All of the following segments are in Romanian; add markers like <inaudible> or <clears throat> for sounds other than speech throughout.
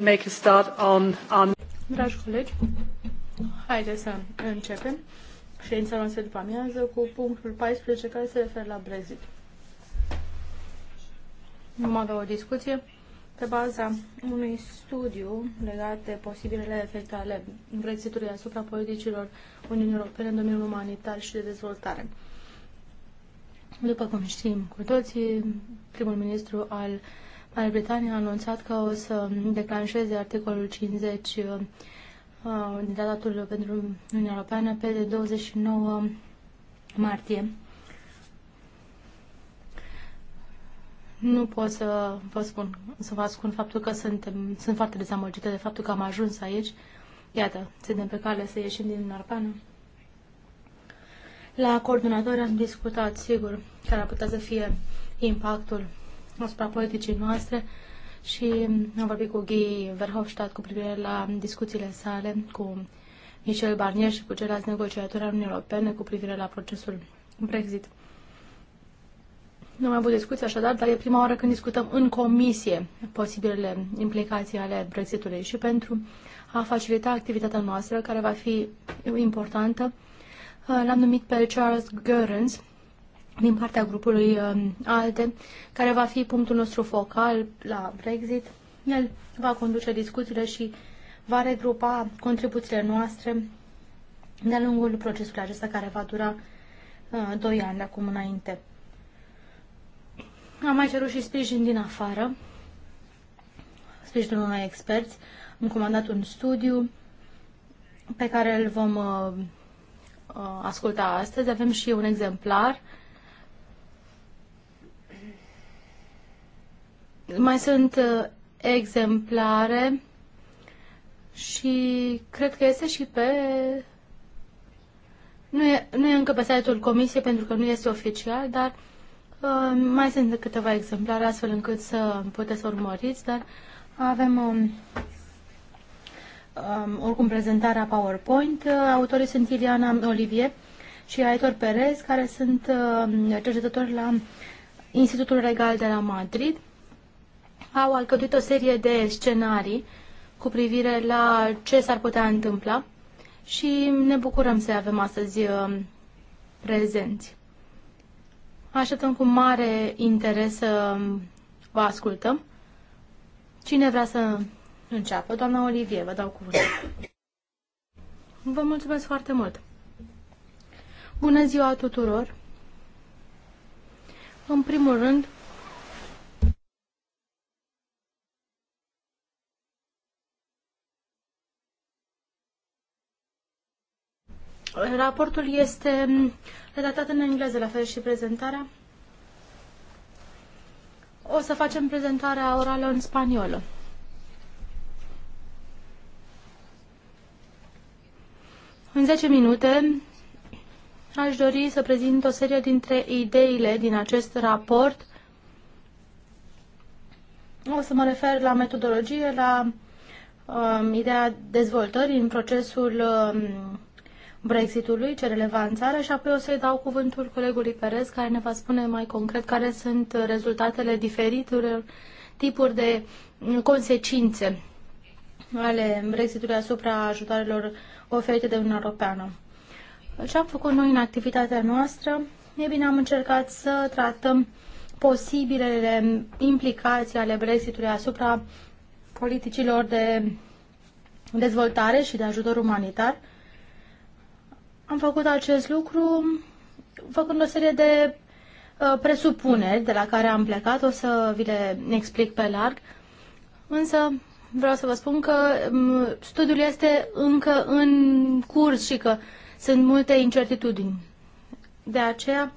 Make a start on, on... Dragi colegi, haideți să începem. Ședința noastră după amiază cu punctul 14 care se referă la Brexit. Vom avea o discuție pe baza unui studiu legat de posibilele efecte ale Brexitului asupra politicilor Uniunii Europene în domeniul umanitar și de dezvoltare. După cum știm cu toții, primul ministru al Marea Britanie a anunțat că o să declanșeze articolul 50 uh, uh, din tratatul pentru Uniunea Europeană pe 29 martie. Nu pot să vă spun, să vă ascund faptul că suntem, sunt foarte dezamăgită de faptul că am ajuns aici. Iată, suntem pe cale să ieșim din Narpană. La coordonatori am discutat, sigur, care ar putea să fie impactul asupra politicii noastre și am vorbit cu Guy Verhofstadt cu privire la discuțiile sale cu Michel Barnier și cu ceilalți negociatori al Uniunii Europene cu privire la procesul Brexit. Nu am avut discuții așadar, dar e prima oară când discutăm în comisie posibilele implicații ale Brexitului și pentru a facilita activitatea noastră, care va fi importantă, l-am numit pe Charles Goerens, din partea grupului um, ALDE, care va fi punctul nostru focal la Brexit. El va conduce discuțiile și va regrupa contribuțiile noastre de-a lungul procesului acesta care va dura uh, 2 ani de acum înainte. Am mai cerut și sprijin din afară, sprijinul unui experți. Am comandat un studiu pe care îl vom uh, uh asculta astăzi. Avem și un exemplar uh, Mai sunt uh, exemplare și cred că este și pe... Nu e, nu e încă pe site-ul comisiei pentru că nu este oficial, dar uh, mai sunt câteva exemplare astfel încât să puteți să urmăriți, dar avem um, um, oricum prezentarea PowerPoint. Autorii sunt Iliana Olivier și Aitor Perez, care sunt uh, cercetători la Institutul Regal de la Madrid au alcătuit o serie de scenarii cu privire la ce s-ar putea întâmpla și ne bucurăm să avem astăzi uh, prezenți. Așteptăm cu mare interes să um, vă ascultăm. Cine vrea să înceapă? Doamna Olivier, vă dau cuvântul. Vă mulțumesc foarte mult! Bună ziua tuturor! În primul rând, Raportul este redactat în engleză, la fel și prezentarea. O să facem prezentarea orală în spaniolă. În 10 minute aș dori să prezint o serie dintre ideile din acest raport. O să mă refer la metodologie, la um, ideea dezvoltării în procesul um, Brexitului, ce releva țară și apoi o să-i dau cuvântul colegului Perez care ne va spune mai concret care sunt rezultatele diferitelor tipuri de consecințe ale Brexitului asupra ajutoarelor oferite de Uniunea Europeană. Ce am făcut noi în activitatea noastră? E bine, am încercat să tratăm posibilele implicații ale Brexitului asupra politicilor de dezvoltare și de ajutor umanitar, am făcut acest lucru făcând o serie de uh, presupuneri de la care am plecat, o să vi le explic pe larg, însă vreau să vă spun că um, studiul este încă în curs și că sunt multe incertitudini. De aceea,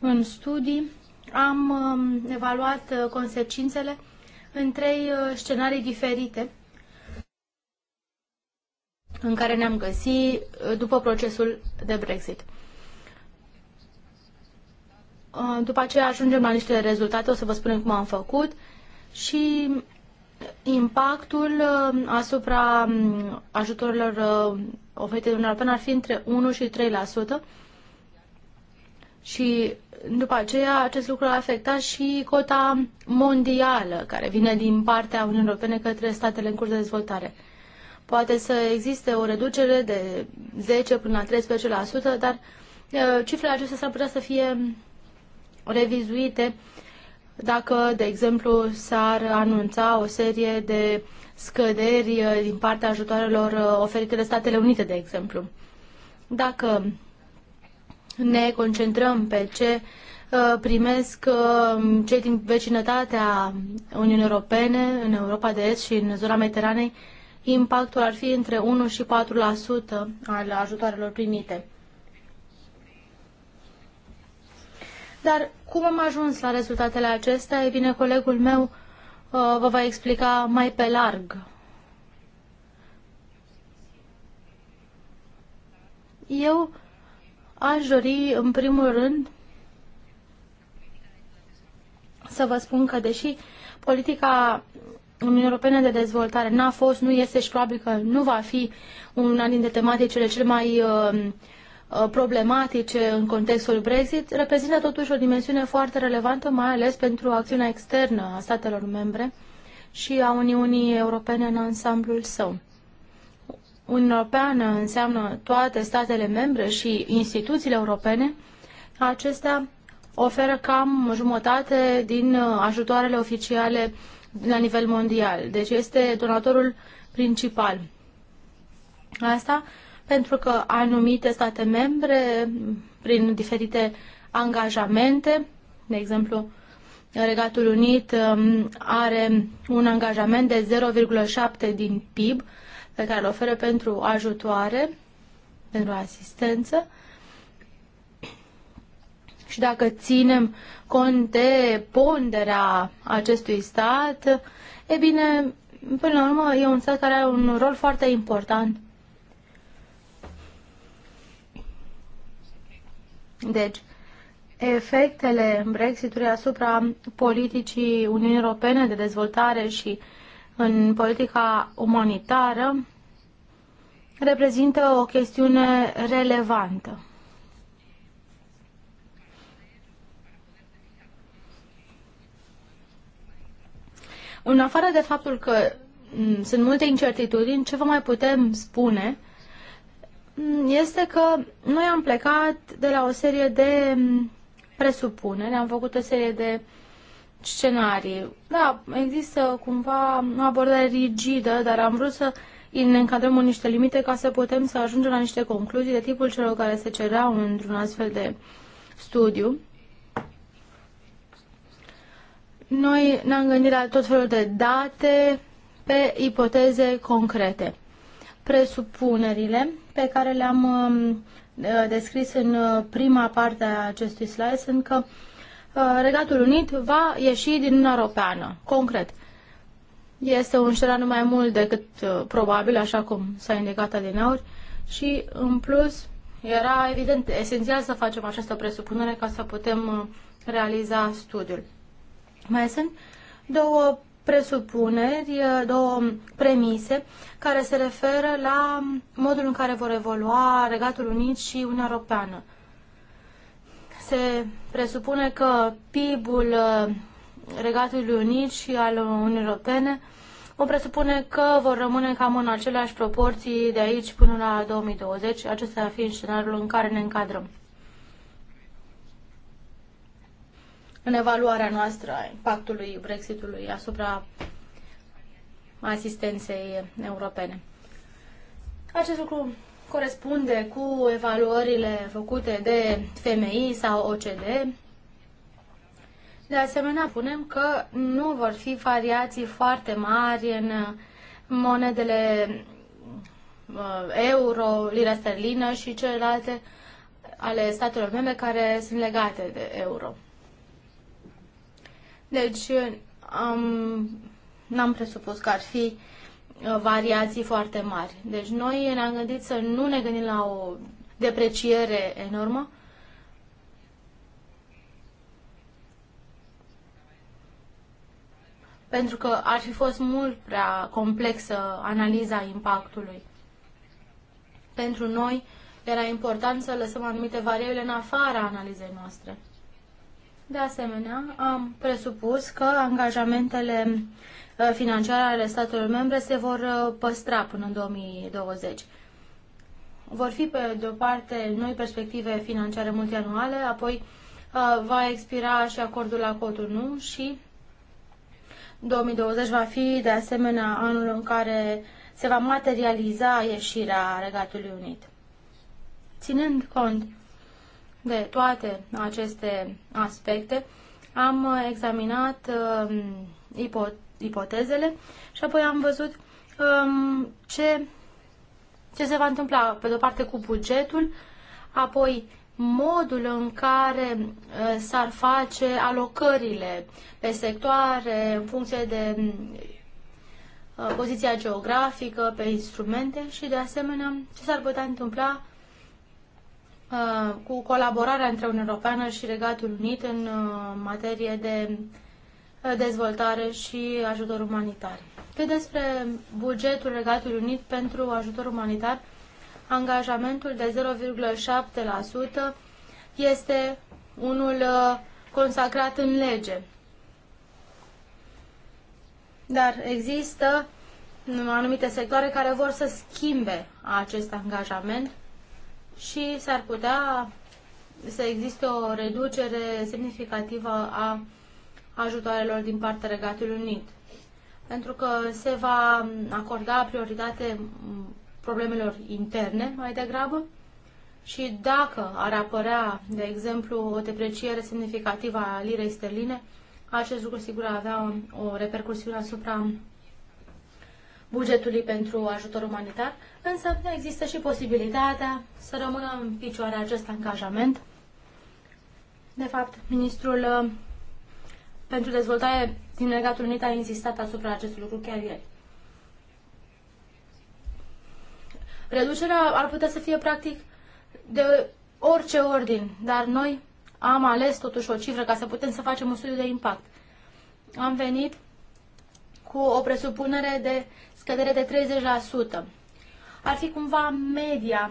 în studii, am um, evaluat uh, consecințele în trei uh, scenarii diferite în care ne-am găsit uh, după procesul de Brexit. Uh, după aceea ajungem la niște rezultate, o să vă spunem cum am făcut și impactul uh, asupra um, ajutorilor oferite de Uniunea Europeană ar fi între 1 și 3% și după aceea acest lucru a afectat și cota mondială care vine din partea Uniunii Europene către statele în curs de dezvoltare. Poate să existe o reducere de 10 până la 13%, dar uh, cifrele acestea s-ar putea să fie revizuite dacă, de exemplu, s-ar anunța o serie de scăderi uh, din partea ajutoarelor uh, oferite de Statele Unite, de exemplu. Dacă ne concentrăm pe ce primesc cei din vecinătatea Uniunii Europene, în Europa de Est și în zona Mediteranei, impactul ar fi între 1 și 4% al ajutoarelor primite. Dar cum am ajuns la rezultatele acestea? E bine, colegul meu uh, vă va explica mai pe larg. Eu aș dori, în primul rând, să vă spun că, deși politica Uniunii Europene de Dezvoltare n-a fost, nu este și probabil că nu va fi una dintre tematicele cele mai um, uh, problematice în contextul Brexit, reprezintă totuși o dimensiune foarte relevantă, mai ales pentru acțiunea externă a statelor membre și a Uniunii Europene în ansamblul său. Uniunea Europeană înseamnă toate statele membre și instituțiile europene, acestea oferă cam jumătate din uh, ajutoarele oficiale la nivel mondial. Deci este donatorul principal. Asta pentru că anumite state membre, prin diferite angajamente, de exemplu, Regatul Unit um, are un angajament de 0,7 din PIB pe care îl oferă pentru ajutoare, pentru asistență, și dacă ținem cont de ponderea acestui stat, e bine, până la urmă e un stat care are un rol foarte important. Deci, efectele Brexitului asupra politicii Uniunii Europene de dezvoltare și în politica umanitară reprezintă o chestiune relevantă. În afară de faptul că mm, sunt multe incertitudini, ce vă mai putem spune mm, este că noi am plecat de la o serie de mm, presupuneri, am făcut o serie de scenarii. Da, există cumva o abordare rigidă, dar am vrut să ne încadrăm în niște limite ca să putem să ajungem la niște concluzii de tipul celor care se cereau într-un astfel de studiu. Noi ne-am gândit la tot felul de date pe ipoteze concrete. Presupunerile pe care le-am um, uh, descris în uh, prima parte a acestui slide sunt că uh, Regatul Unit va ieși din Uniunea Europeană, concret. Este un scenariu mai mult decât probabil, așa cum s-a indicat adineauri, și în plus era evident esențial să facem această presupunere ca să putem realiza studiul. Mai sunt două presupuneri, eh, două premise care se referă la modul în care vor evolua Regatul Unit și Uniunea Europeană. Se presupune că PIB-ul eh, Regatului Unit și al Uniunii Europene o presupune că vor rămâne cam în aceleași proporții de aici până la 2020, acesta fiind scenariul în care ne încadrăm. în evaluarea noastră a impactului Brexitului asupra asistenței europene. Acest lucru corespunde cu evaluările făcute de FMI sau OCD. De asemenea, punem că nu vor fi variații foarte mari în monedele uh, euro, lira sterlină și celelalte ale statelor membre care sunt legate de euro. Deci, am, n-am presupus că ar fi uh, variații foarte mari. Deci noi ne-am gândit să nu ne gândim la o depreciere enormă, pentru că ar fi fost mult prea complexă analiza impactului. Pentru noi era important să lăsăm anumite variabile în afara analizei noastre. De asemenea, am presupus că angajamentele uh, financiare ale statelor membre se vor uh, păstra până în 2020. Vor fi, pe de o parte, noi perspective financiare multianuale, apoi uh, va expira și acordul la nu și 2020 va fi, de asemenea, anul în care se va materializa ieșirea Regatului Unit. Ținând cont de toate aceste aspecte, am examinat uh, um, ipo ipotezele și apoi am văzut um, ce, ce se va întâmpla, pe de-o parte, cu bugetul, apoi modul în care uh, s-ar face alocările pe sectoare, în funcție de uh, poziția geografică, pe instrumente și, de asemenea, ce s-ar putea întâmpla Uh, cu colaborarea între Uniunea Europeană și Regatul Unit în uh, materie de uh, dezvoltare și ajutor umanitar. Cât despre bugetul Regatului Unit pentru ajutor umanitar, angajamentul de 0,7% este unul consacrat în lege. Dar există anumite sectoare care vor să schimbe acest angajament și s-ar putea să existe o reducere semnificativă a ajutoarelor din partea Regatului Unit, pentru că se va acorda prioritate problemelor interne mai degrabă și dacă ar apărea, de exemplu, o depreciere semnificativă a lirei sterline, acest lucru sigur avea o repercusiune asupra bugetului pentru ajutor umanitar, însă există și posibilitatea să rămână în picioare acest angajament. De fapt, ministrul uh, pentru dezvoltare din Legatul Unit a insistat asupra acestui lucru chiar ieri. Reducerea ar putea să fie practic de orice ordin, dar noi am ales totuși o cifră ca să putem să facem un studiu de impact. Am venit cu o presupunere de scădere de 30%. Ar fi cumva media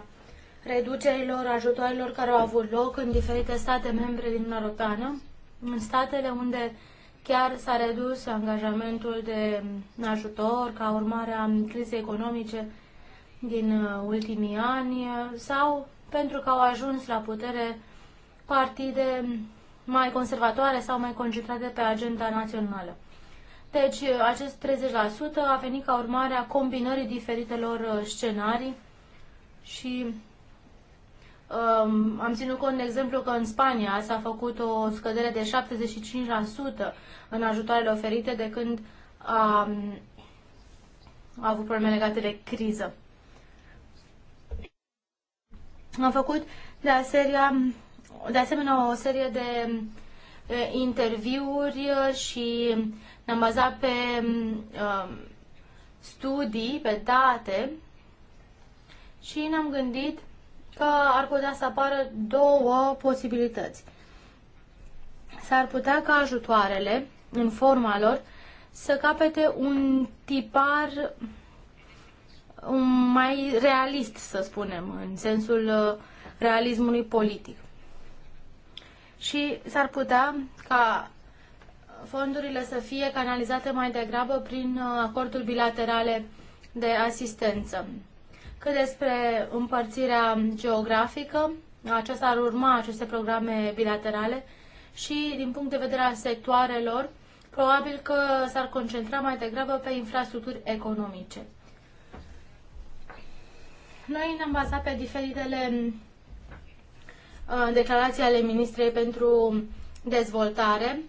reducerilor ajutoarelor care au avut loc în diferite state membre din Uniunea Europeană, în statele unde chiar s-a redus angajamentul de ajutor ca urmare a crizei economice din uh, ultimii ani sau pentru că au ajuns la putere partide mai conservatoare sau mai concentrate pe agenda națională. Deci acest 30% a venit ca urmare a combinării diferitelor uh, scenarii și um, am ținut cont de exemplu că în Spania s-a făcut o scădere de 75% în ajutoarele oferite de când a, a avut probleme legate de criză. Am făcut de aseria, de asemenea o serie de Eh, interviuri eh, și ne-am bazat pe eh, studii, pe date și ne-am gândit că ar putea să apară două posibilități. S-ar putea ca ajutoarele, în forma lor, să capete un tipar mai realist, să spunem, în sensul realismului politic și s-ar putea ca fondurile să fie canalizate mai degrabă prin uh, acorduri bilaterale de asistență. Cât despre împărțirea geografică, aceasta ar urma aceste programe bilaterale și din punct de vedere al sectoarelor, probabil că s-ar concentra mai degrabă pe infrastructuri economice. Noi ne-am bazat pe diferitele Uh, declarații ale Ministrei pentru Dezvoltare,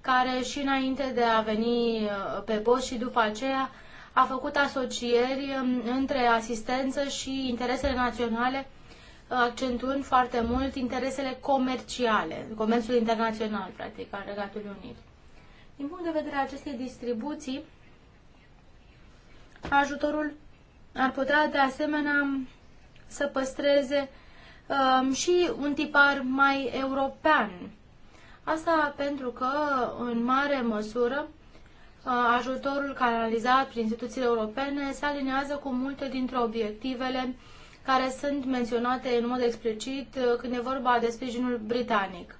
care și înainte de a veni uh, pe post și după aceea a făcut asocieri um, între asistență și interesele naționale, uh, accentuând foarte mult interesele comerciale, comerțul internațional, practic, al Regatului Unit. Din punct de vedere a acestei distribuții, ajutorul ar putea de asemenea să păstreze Um, și un tipar mai european. Asta pentru că, în mare măsură, uh, ajutorul canalizat prin instituțiile europene se alinează cu multe dintre obiectivele care sunt menționate în mod explicit uh, când e vorba de sprijinul britanic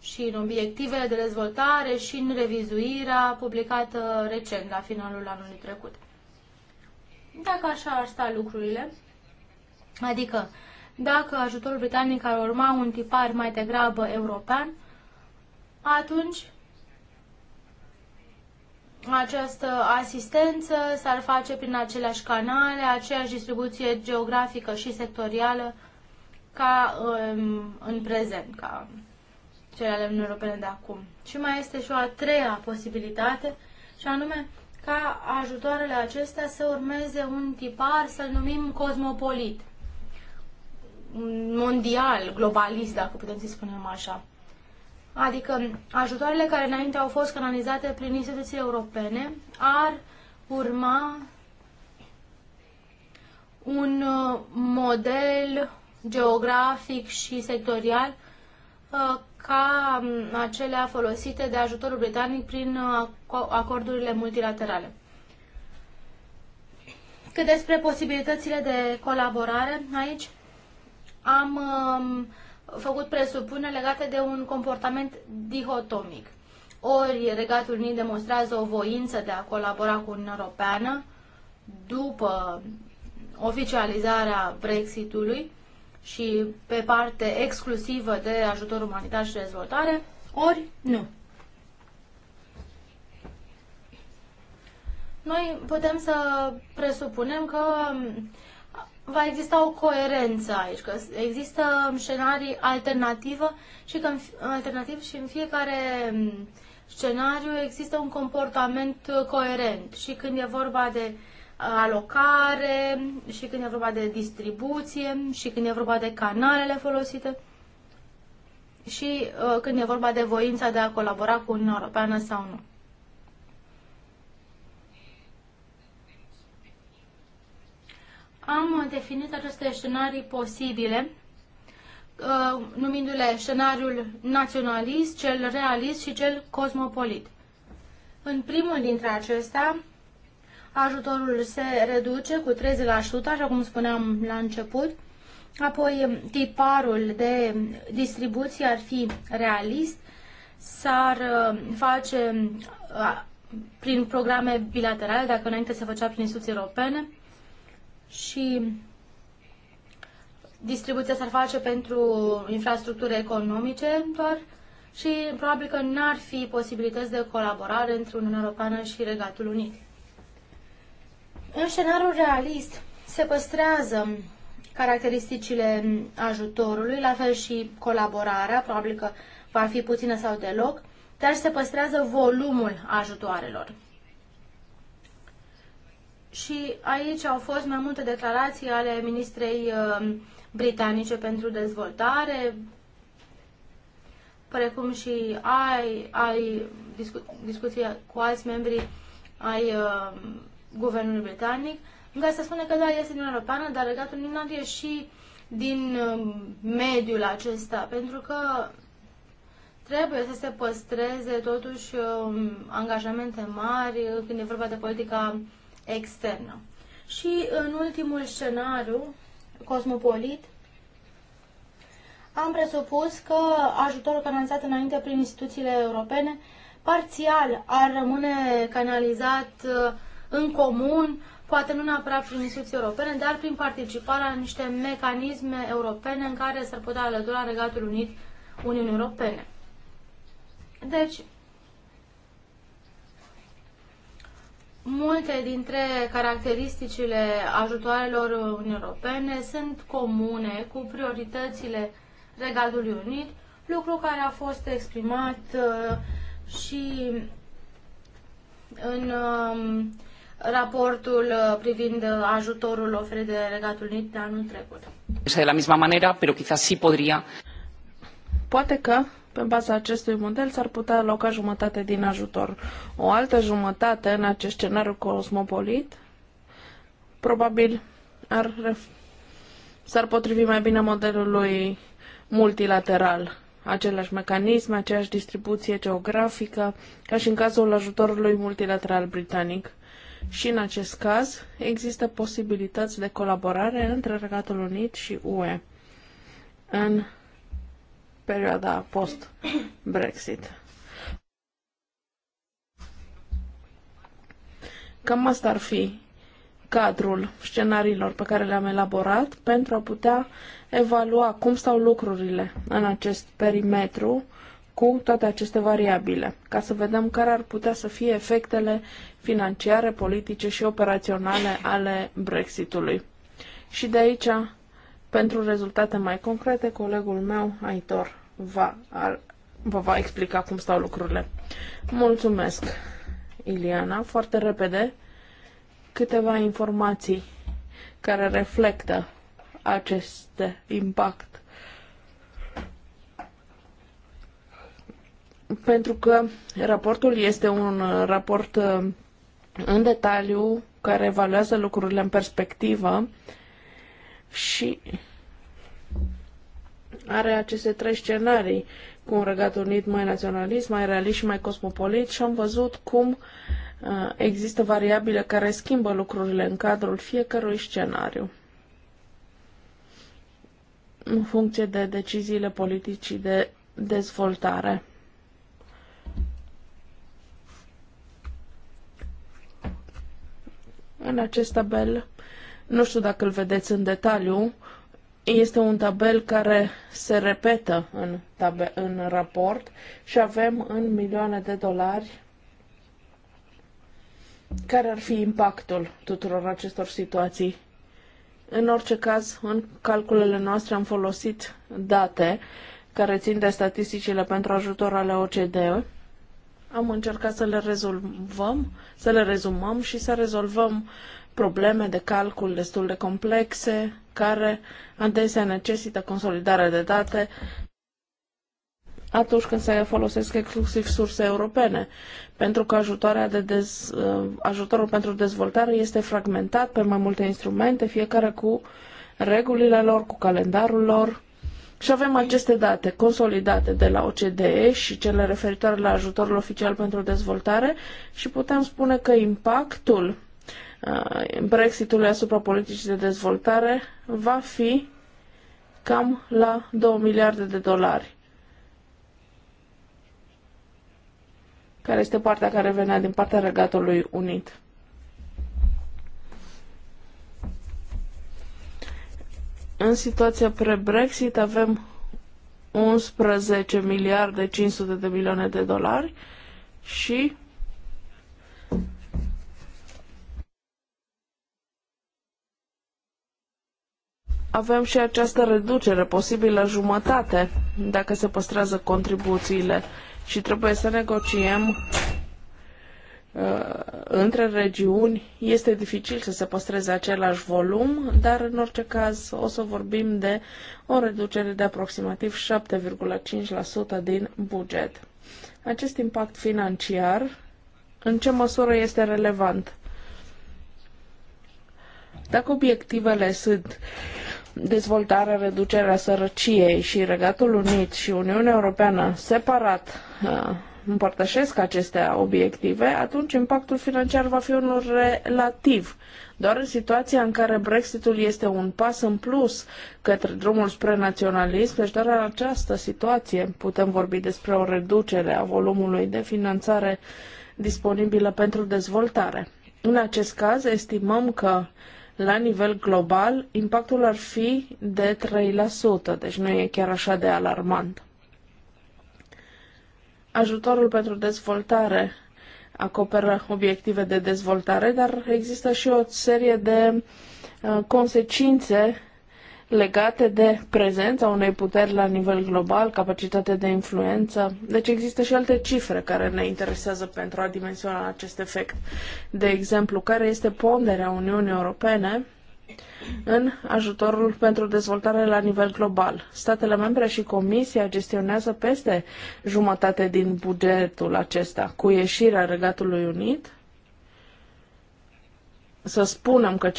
și în obiectivele de dezvoltare și în revizuirea publicată recent, la finalul anului trecut. Dacă așa ar sta lucrurile, adică dacă ajutorul britanic ar urma un tipar mai degrabă european, atunci această asistență s-ar face prin aceleași canale, aceeași distribuție geografică și sectorială ca um, în prezent, ca cele ale Uniunii Europene de acum. Și mai este și o a treia posibilitate, și anume ca ajutoarele acestea să urmeze un tipar, să-l numim cosmopolit mondial, globalist, dacă putem să spunem așa. Adică ajutoarele care înainte au fost canalizate prin instituții europene ar urma un uh, model geografic și sectorial uh, ca um, acelea folosite de ajutorul britanic prin uh, acordurile multilaterale. Cât despre posibilitățile de colaborare aici, am um, făcut presupuneri legate de un comportament dihotomic. Ori Regatul Unit demonstrează o voință de a colabora cu Uniunea Europeană după oficializarea Brexitului și pe parte exclusivă de ajutor umanitar și dezvoltare, ori nu. Noi putem să presupunem că um, va exista o coerență aici, că există scenarii alternative și că, alternativ și în fiecare mm, scenariu există un comportament coerent și când e vorba de alocare, și când e vorba de distribuție, și când e vorba de canalele folosite și uh, când e vorba de voința de a colabora cu Uniunea Europeană sau nu. am definit aceste scenarii posibile, uh, numindu-le scenariul naționalist, cel realist și cel cosmopolit. În primul dintre acestea, ajutorul se reduce cu 30%, așa cum spuneam la început, apoi tiparul de distribuție ar fi realist, s-ar uh, face uh, prin programe bilaterale, dacă înainte se făcea prin instituții europene, și distribuția s-ar face pentru infrastructuri economice doar și probabil că n-ar fi posibilități de colaborare între Uniunea Europeană și Regatul Unit. În scenariul realist se păstrează caracteristicile ajutorului, la fel și colaborarea, probabil că va fi puțină sau deloc, dar se păstrează volumul ajutoarelor. Și aici au fost mai multe declarații ale ministrei um, britanice pentru dezvoltare, precum și ai, ai discu- discuții cu alți membri ai uh, guvernului britanic, în care se spune că da, este din Europeană, dar legatul din nu e și din uh, mediul acesta, pentru că trebuie să se păstreze totuși uh, angajamente mari când e vorba de politica externă. Și în ultimul scenariu, cosmopolit, am presupus că ajutorul canalizat înainte prin instituțiile europene parțial ar rămâne canalizat uh, în comun, poate nu neapărat prin instituții europene, dar prin participarea în niște mecanisme europene în care s-ar putea alătura Regatul Unit Uniunii Europene. Deci, Multe dintre caracteristicile ajutoarelor Uniunii Europene sunt comune cu prioritățile Regatului Unit, lucru care a fost exprimat uh, și în um, raportul uh, privind ajutorul oferit de Regatul Unit de anul trecut. De la misma manera, pero quizás sí podría. Poate că pe baza acestui model s-ar putea aloca jumătate din ajutor. O altă jumătate în acest scenariu cosmopolit probabil ar, s-ar potrivi mai bine modelului multilateral. Aceleași mecanisme, aceeași distribuție geografică, ca și în cazul ajutorului multilateral britanic. Și în acest caz există posibilități de colaborare între Regatul Unit și UE. În perioada post-Brexit. Cam asta ar fi cadrul scenariilor pe care le-am elaborat pentru a putea evalua cum stau lucrurile în acest perimetru cu toate aceste variabile, ca să vedem care ar putea să fie efectele financiare, politice și operaționale ale Brexitului. Și de aici, pentru rezultate mai concrete, colegul meu, Aitor va, ar, vă va explica cum stau lucrurile. Mulțumesc, Iliana. Foarte repede, câteva informații care reflectă acest impact. Pentru că raportul este un raport uh, în detaliu care evaluează lucrurile în perspectivă și are aceste trei scenarii cu un regat unit mai naționalist, mai realist și mai cosmopolit și am văzut cum uh, există variabile care schimbă lucrurile în cadrul fiecărui scenariu în funcție de deciziile politicii de dezvoltare. În acest tabel, nu știu dacă îl vedeți în detaliu, este un tabel care se repetă în, tabe- în raport și avem în milioane de dolari care ar fi impactul tuturor acestor situații. În orice caz, în calculele noastre am folosit date care țin de statisticile pentru ajutor ale OCDE. Am încercat să le rezolvăm, să le rezumăm și să rezolvăm probleme de calcul destul de complexe care adesea necesită consolidare de date atunci când se folosesc exclusiv surse europene, pentru că ajutoarea de dez, uh, ajutorul pentru dezvoltare este fragmentat pe mai multe instrumente, fiecare cu regulile lor, cu calendarul lor. Și avem aceste date consolidate de la OCDE și cele referitoare la ajutorul oficial pentru dezvoltare și putem spune că impactul Uh, Brexitului asupra politicii de dezvoltare va fi cam la 2 miliarde de dolari, care este partea care venea din partea Regatului Unit. În situația pre-Brexit avem 11 miliarde 500 de milioane de dolari și avem și această reducere posibilă jumătate dacă se păstrează contribuțiile și trebuie să negociem uh, între regiuni este dificil să se păstreze același volum, dar în orice caz o să vorbim de o reducere de aproximativ 7,5% din buget. Acest impact financiar în ce măsură este relevant? Dacă obiectivele sunt dezvoltarea, reducerea sărăciei și Regatul Unit și Uniunea Europeană separat uh, împărtășesc aceste obiective, atunci impactul financiar va fi unul relativ. Doar în situația în care Brexitul este un pas în plus către drumul spre naționalism, deci doar în această situație putem vorbi despre o reducere a volumului de finanțare disponibilă pentru dezvoltare. În acest caz, estimăm că la nivel global, impactul ar fi de 3%, deci nu e chiar așa de alarmant. Ajutorul pentru dezvoltare acoperă obiective de dezvoltare, dar există și o serie de uh, consecințe legate de prezența unei puteri la nivel global, capacitatea de influență. Deci există și alte cifre care ne interesează pentru a dimensiona acest efect. De exemplu, care este ponderea Uniunii Europene în ajutorul pentru dezvoltare la nivel global. Statele membre și Comisia gestionează peste jumătate din bugetul acesta, cu ieșirea Regatului Unit, să spunem că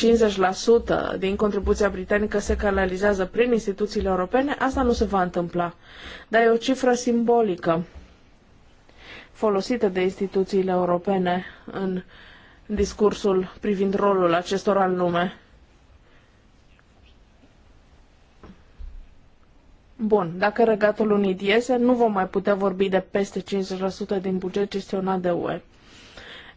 50% din contribuția britanică se canalizează prin instituțiile europene, asta nu se va întâmpla. Dar e o cifră simbolică folosită de instituțiile europene în discursul privind rolul acestor al lume. Bun, dacă Regatul Unit iese, nu vom mai putea vorbi de peste 50% din buget gestionat de UE.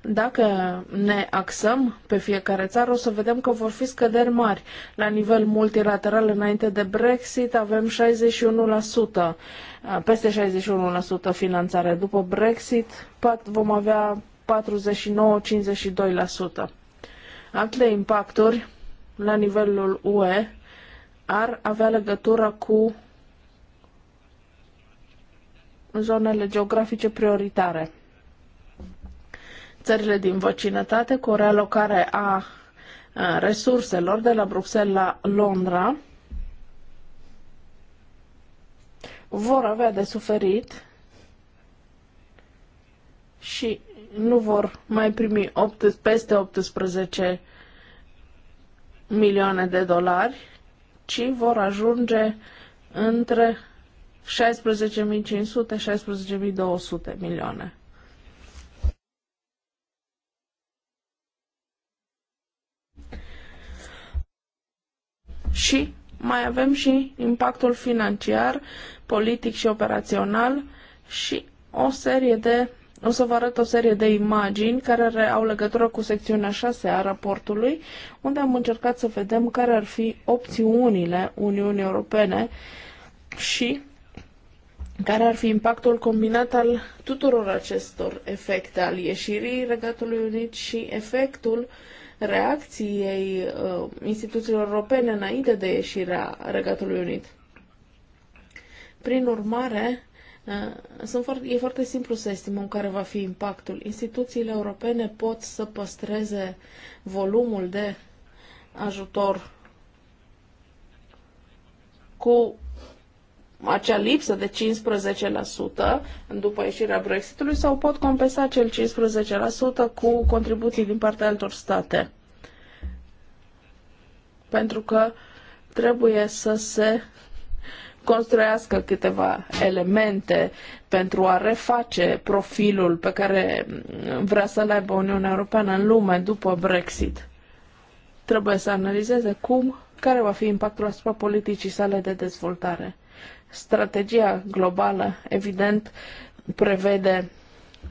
Dacă ne axăm pe fiecare țară, o să vedem că vor fi scăderi mari. La nivel multilateral, înainte de Brexit, avem 61%, peste 61% finanțare. După Brexit, vom avea 49-52%. Alte impacturi la nivelul UE ar avea legătură cu zonele geografice prioritare țările din vecinătate cu o realocare a resurselor de la Bruxelles la Londra vor avea de suferit și nu vor mai primi 8, peste 18 milioane de dolari, ci vor ajunge între 16.500-16.200 milioane. Și mai avem și impactul financiar, politic și operațional și o serie de o să vă arăt o serie de imagini care au legătură cu secțiunea 6 a raportului, unde am încercat să vedem care ar fi opțiunile Uniunii Europene și care ar fi impactul combinat al tuturor acestor efecte al ieșirii Regatului Unit și efectul uh, reacției uh, instituțiilor europene înainte de ieșirea Regatului Unit. Prin urmare, uh, sunt foarte, e foarte simplu să estimăm care va fi impactul. Instituțiile europene pot să păstreze volumul de ajutor cu acea lipsă de 15% după ieșirea Brexitului sau pot compensa cel 15% cu contribuții din partea altor state. Pentru că trebuie să se construiască câteva elemente pentru a reface profilul pe care vrea să-l aibă Uniunea Europeană în lume după Brexit. Trebuie să analizeze cum, care va fi impactul asupra politicii sale de dezvoltare. Strategia globală, evident, prevede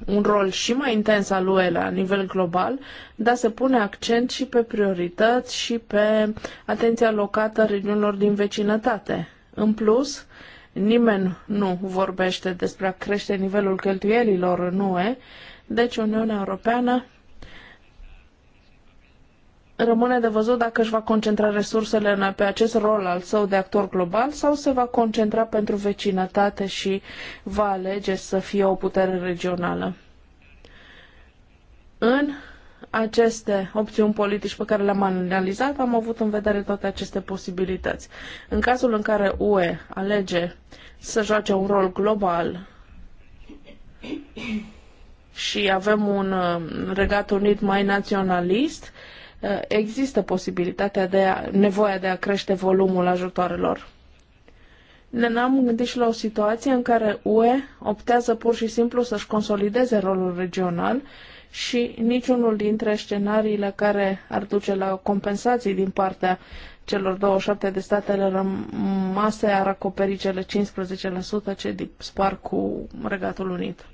un rol și mai intens al UE la nivel global, dar se pune accent și pe priorități și pe atenția locată regiunilor din vecinătate. În plus, nimeni nu vorbește despre a crește nivelul cheltuielilor în UE, deci Uniunea Europeană Rămâne de văzut dacă își va concentra resursele pe acest rol al său de actor global sau se va concentra pentru vecinătate și va alege să fie o putere regională. În aceste opțiuni politici pe care le-am analizat, am avut în vedere toate aceste posibilități. În cazul în care UE alege să joace un rol global și avem un uh, regat unit mai naționalist, Eh, există posibilitatea de a, nevoia de a crește volumul ajutoarelor. Ne-am gândit și la o situație în care UE optează pur și simplu să-și consolideze rolul regional și niciunul dintre scenariile care ar duce la compensații din partea celor 27 de statele rămase ar acoperi cele 15% ce dispar cu Regatul Unit.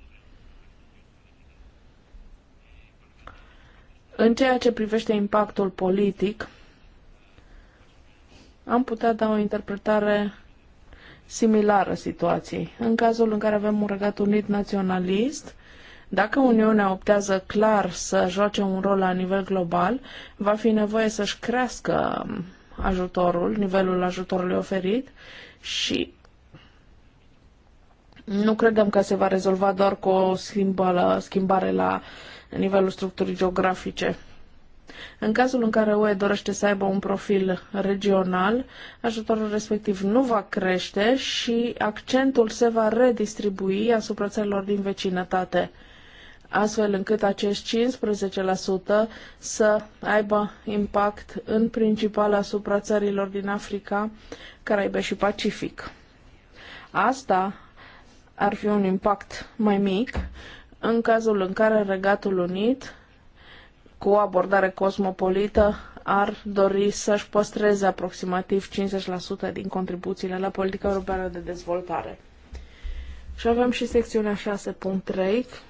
În ceea ce privește impactul politic, am putea da o interpretare similară situației. În cazul în care avem un regat unit naționalist, dacă Uniunea optează clar să joace un rol la nivel global, va fi nevoie să-și crească um, ajutorul, nivelul ajutorului oferit și nu credem că se va rezolva doar cu o schimbă, schimbare la uh, la nivelul structurii geografice. În cazul în care UE dorește să aibă un profil regional, ajutorul respectiv nu va crește și accentul se va redistribui asupra țărilor din vecinătate, astfel încât acești 15% să aibă impact în principal asupra țărilor din Africa, Caraibe și Pacific. Asta ar fi un impact mai mic în cazul în care Regatul Unit, cu o abordare cosmopolită, ar dori să-și păstreze aproximativ 50% din contribuțiile la politica europeană de dezvoltare. Și avem și secțiunea 6.3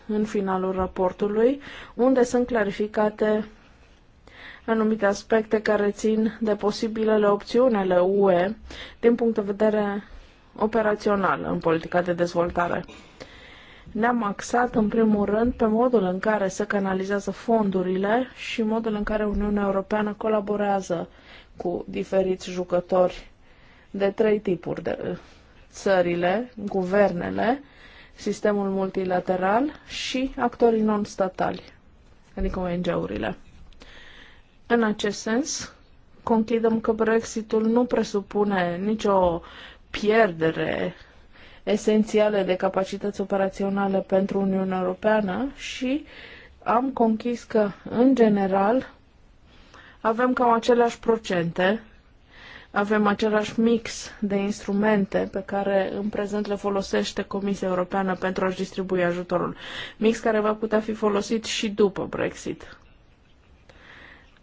în finalul raportului, unde sunt clarificate anumite aspecte care țin de posibilele opțiuni ale UE din punct de vedere operațional în politica de dezvoltare. Ne-am axat, în primul rând, pe modul în care se canalizează fondurile și modul în care Uniunea Europeană colaborează cu diferiți jucători de trei tipuri de uh, țările, guvernele, sistemul multilateral și actorii non-statali, adică ONG-urile. În acest sens, concludem că Brexitul nu presupune nicio pierdere esențiale de capacități operaționale pentru Uniunea Europeană și am conchis că, în general, avem cam aceleași procente, avem același mix de instrumente pe care în prezent le folosește Comisia Europeană pentru a-și distribui ajutorul. Mix care va putea fi folosit și după Brexit.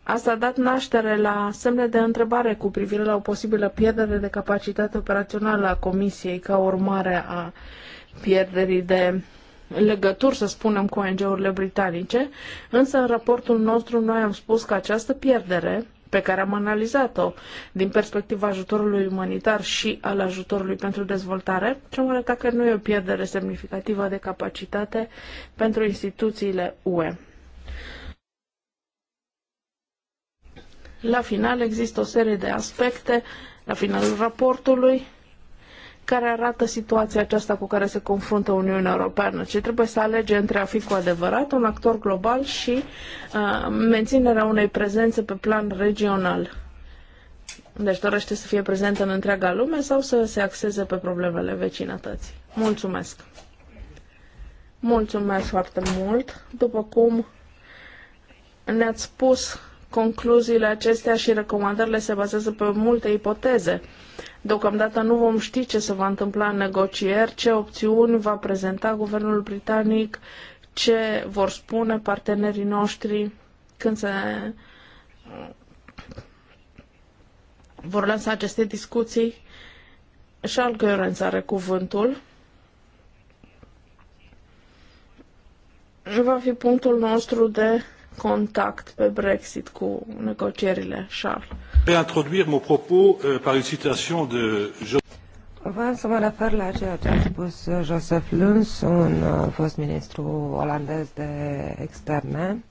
Asta a dat naștere la semne de întrebare cu privire la o posibilă pierdere de capacitate operațională a Comisiei ca urmare a pierderii de legături, să spunem, cu ONG-urile britanice, însă în raportul nostru noi am spus că această pierdere pe care am analizat-o din perspectiva ajutorului umanitar și al ajutorului pentru dezvoltare, ce am arătat că nu e o pierdere semnificativă de capacitate pentru instituțiile UE. La final există o serie de aspecte, la finalul raportului, care arată situația aceasta cu care se confruntă Uniunea Europeană, ce trebuie să alege între a fi cu adevărat un actor global și uh, menținerea unei prezențe pe plan regional. Deci dorește să fie prezentă în întreaga lume sau să se axeze pe problemele vecinătății. Mulțumesc! Mulțumesc foarte mult! După cum ne-ați spus Concluziile acestea și recomandările se bazează pe multe ipoteze. Deocamdată nu vom ști ce se va întâmpla în negocieri, ce opțiuni va prezenta guvernul britanic, ce vor spune partenerii noștri când se uh, vor lansa aceste discuții. și al are cuvântul. Va fi punctul nostru de contact pe Brexit cu negocierile, Charles. Reintroduire mon propos uh, par une citation de Vreau să mă refer la ceea ce a spus euh, Joseph Luns, un euh, fost ministru olandez de externe,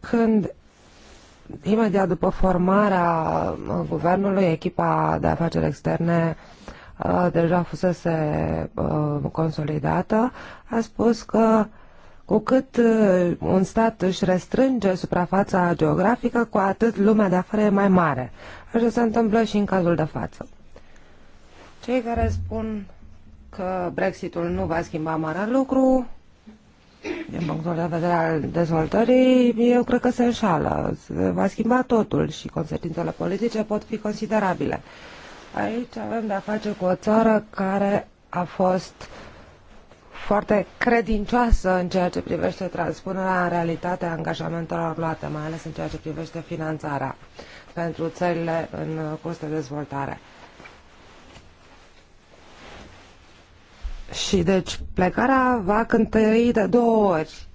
când imediat după formarea guvernului, echipa de afaceri externe deja fusese consolidată, a spus că cu cât un stat își restrânge suprafața geografică, cu atât lumea de afară e mai mare. Așa se întâmplă și în cazul de față. Cei care spun că Brexitul nu va schimba mare lucru, din punctul de vedere al dezvoltării, eu cred că se înșală. Va schimba totul și consecințele politice pot fi considerabile. Aici avem de-a face cu o țară care a fost foarte credincioasă în ceea ce privește transpunerea în realitate a angajamentelor luate, mai ales în ceea ce privește finanțarea pentru țările în curs de dezvoltare. Și deci plecarea va cântări de două ori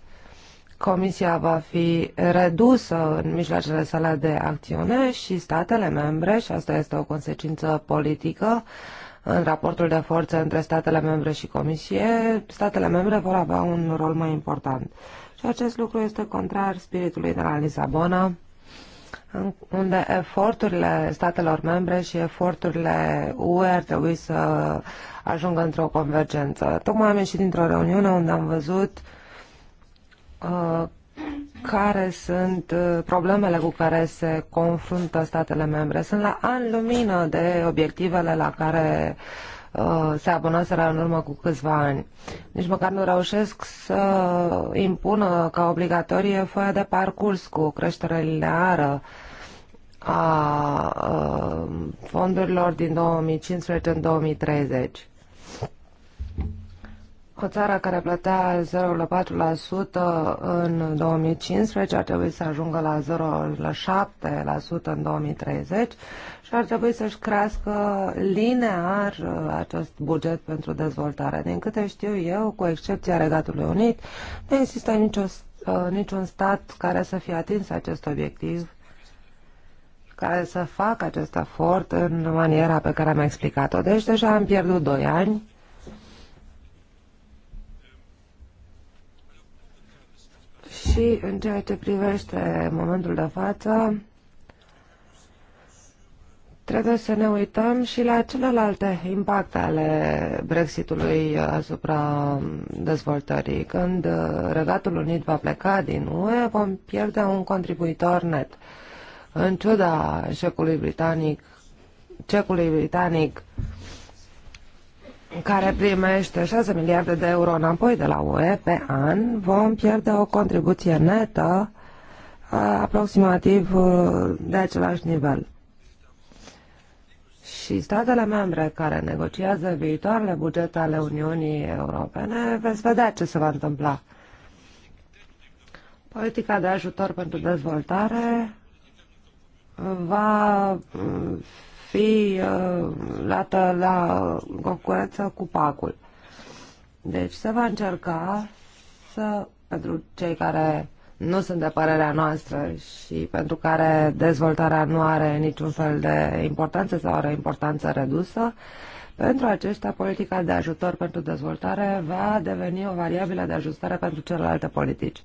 Comisia va fi redusă în mijloacele sale de acțiune și statele membre, și asta este o consecință politică, în raportul de forțe între statele membre și Comisie, statele membre vor avea un rol mai important. Și acest lucru este contrar spiritului de la Lisabona, unde eforturile statelor membre și eforturile UE ar trebui să ajungă într-o convergență. Tocmai am ieșit dintr-o reuniune unde am văzut uh, Uh, care sunt uh, problemele cu care se confruntă statele membre. Sunt la an lumină de obiectivele la care uh, se abonaseră în urmă cu câțiva ani. Nici măcar nu reușesc să impună ca obligatorie foaia de parcurs cu creșterea lineară a fondurilor din 2015 în 2030. O țară care plătea 0,4% în 2015 ar trebui să ajungă la 0,7% în 2030 și ar trebui să-și crească linear uh, acest buget pentru dezvoltare. Din câte știu eu, cu excepția Regatului Unit, nu există nicio, uh, niciun stat care să fie atins acest obiectiv care să facă acest efort în maniera pe care am explicat-o. Deci deja am pierdut 2 ani Și în ceea ce privește momentul de față, trebuie să ne uităm și la celelalte impacte ale Brexitului uh, asupra dezvoltării. Când uh, Regatul Unit va pleca din UE, vom pierde un contribuitor net. În ciuda șecului britanic, cecului britanic, care primește 6 miliarde de euro înapoi de la UE pe an, vom pierde o contribuție netă aproximativ de același nivel. Și statele membre care negociază viitoarele bugete ale Uniunii Europene, veți vedea ce se va întâmpla. Politica de ajutor pentru dezvoltare va fi uh, luată la concurență cu pacul. Deci se va încerca să, pentru cei care nu sunt de părerea noastră și pentru care dezvoltarea nu are niciun fel de importanță sau are importanță redusă, pentru aceștia, politica de ajutor pentru dezvoltare va deveni o variabilă de ajustare pentru celelalte politici.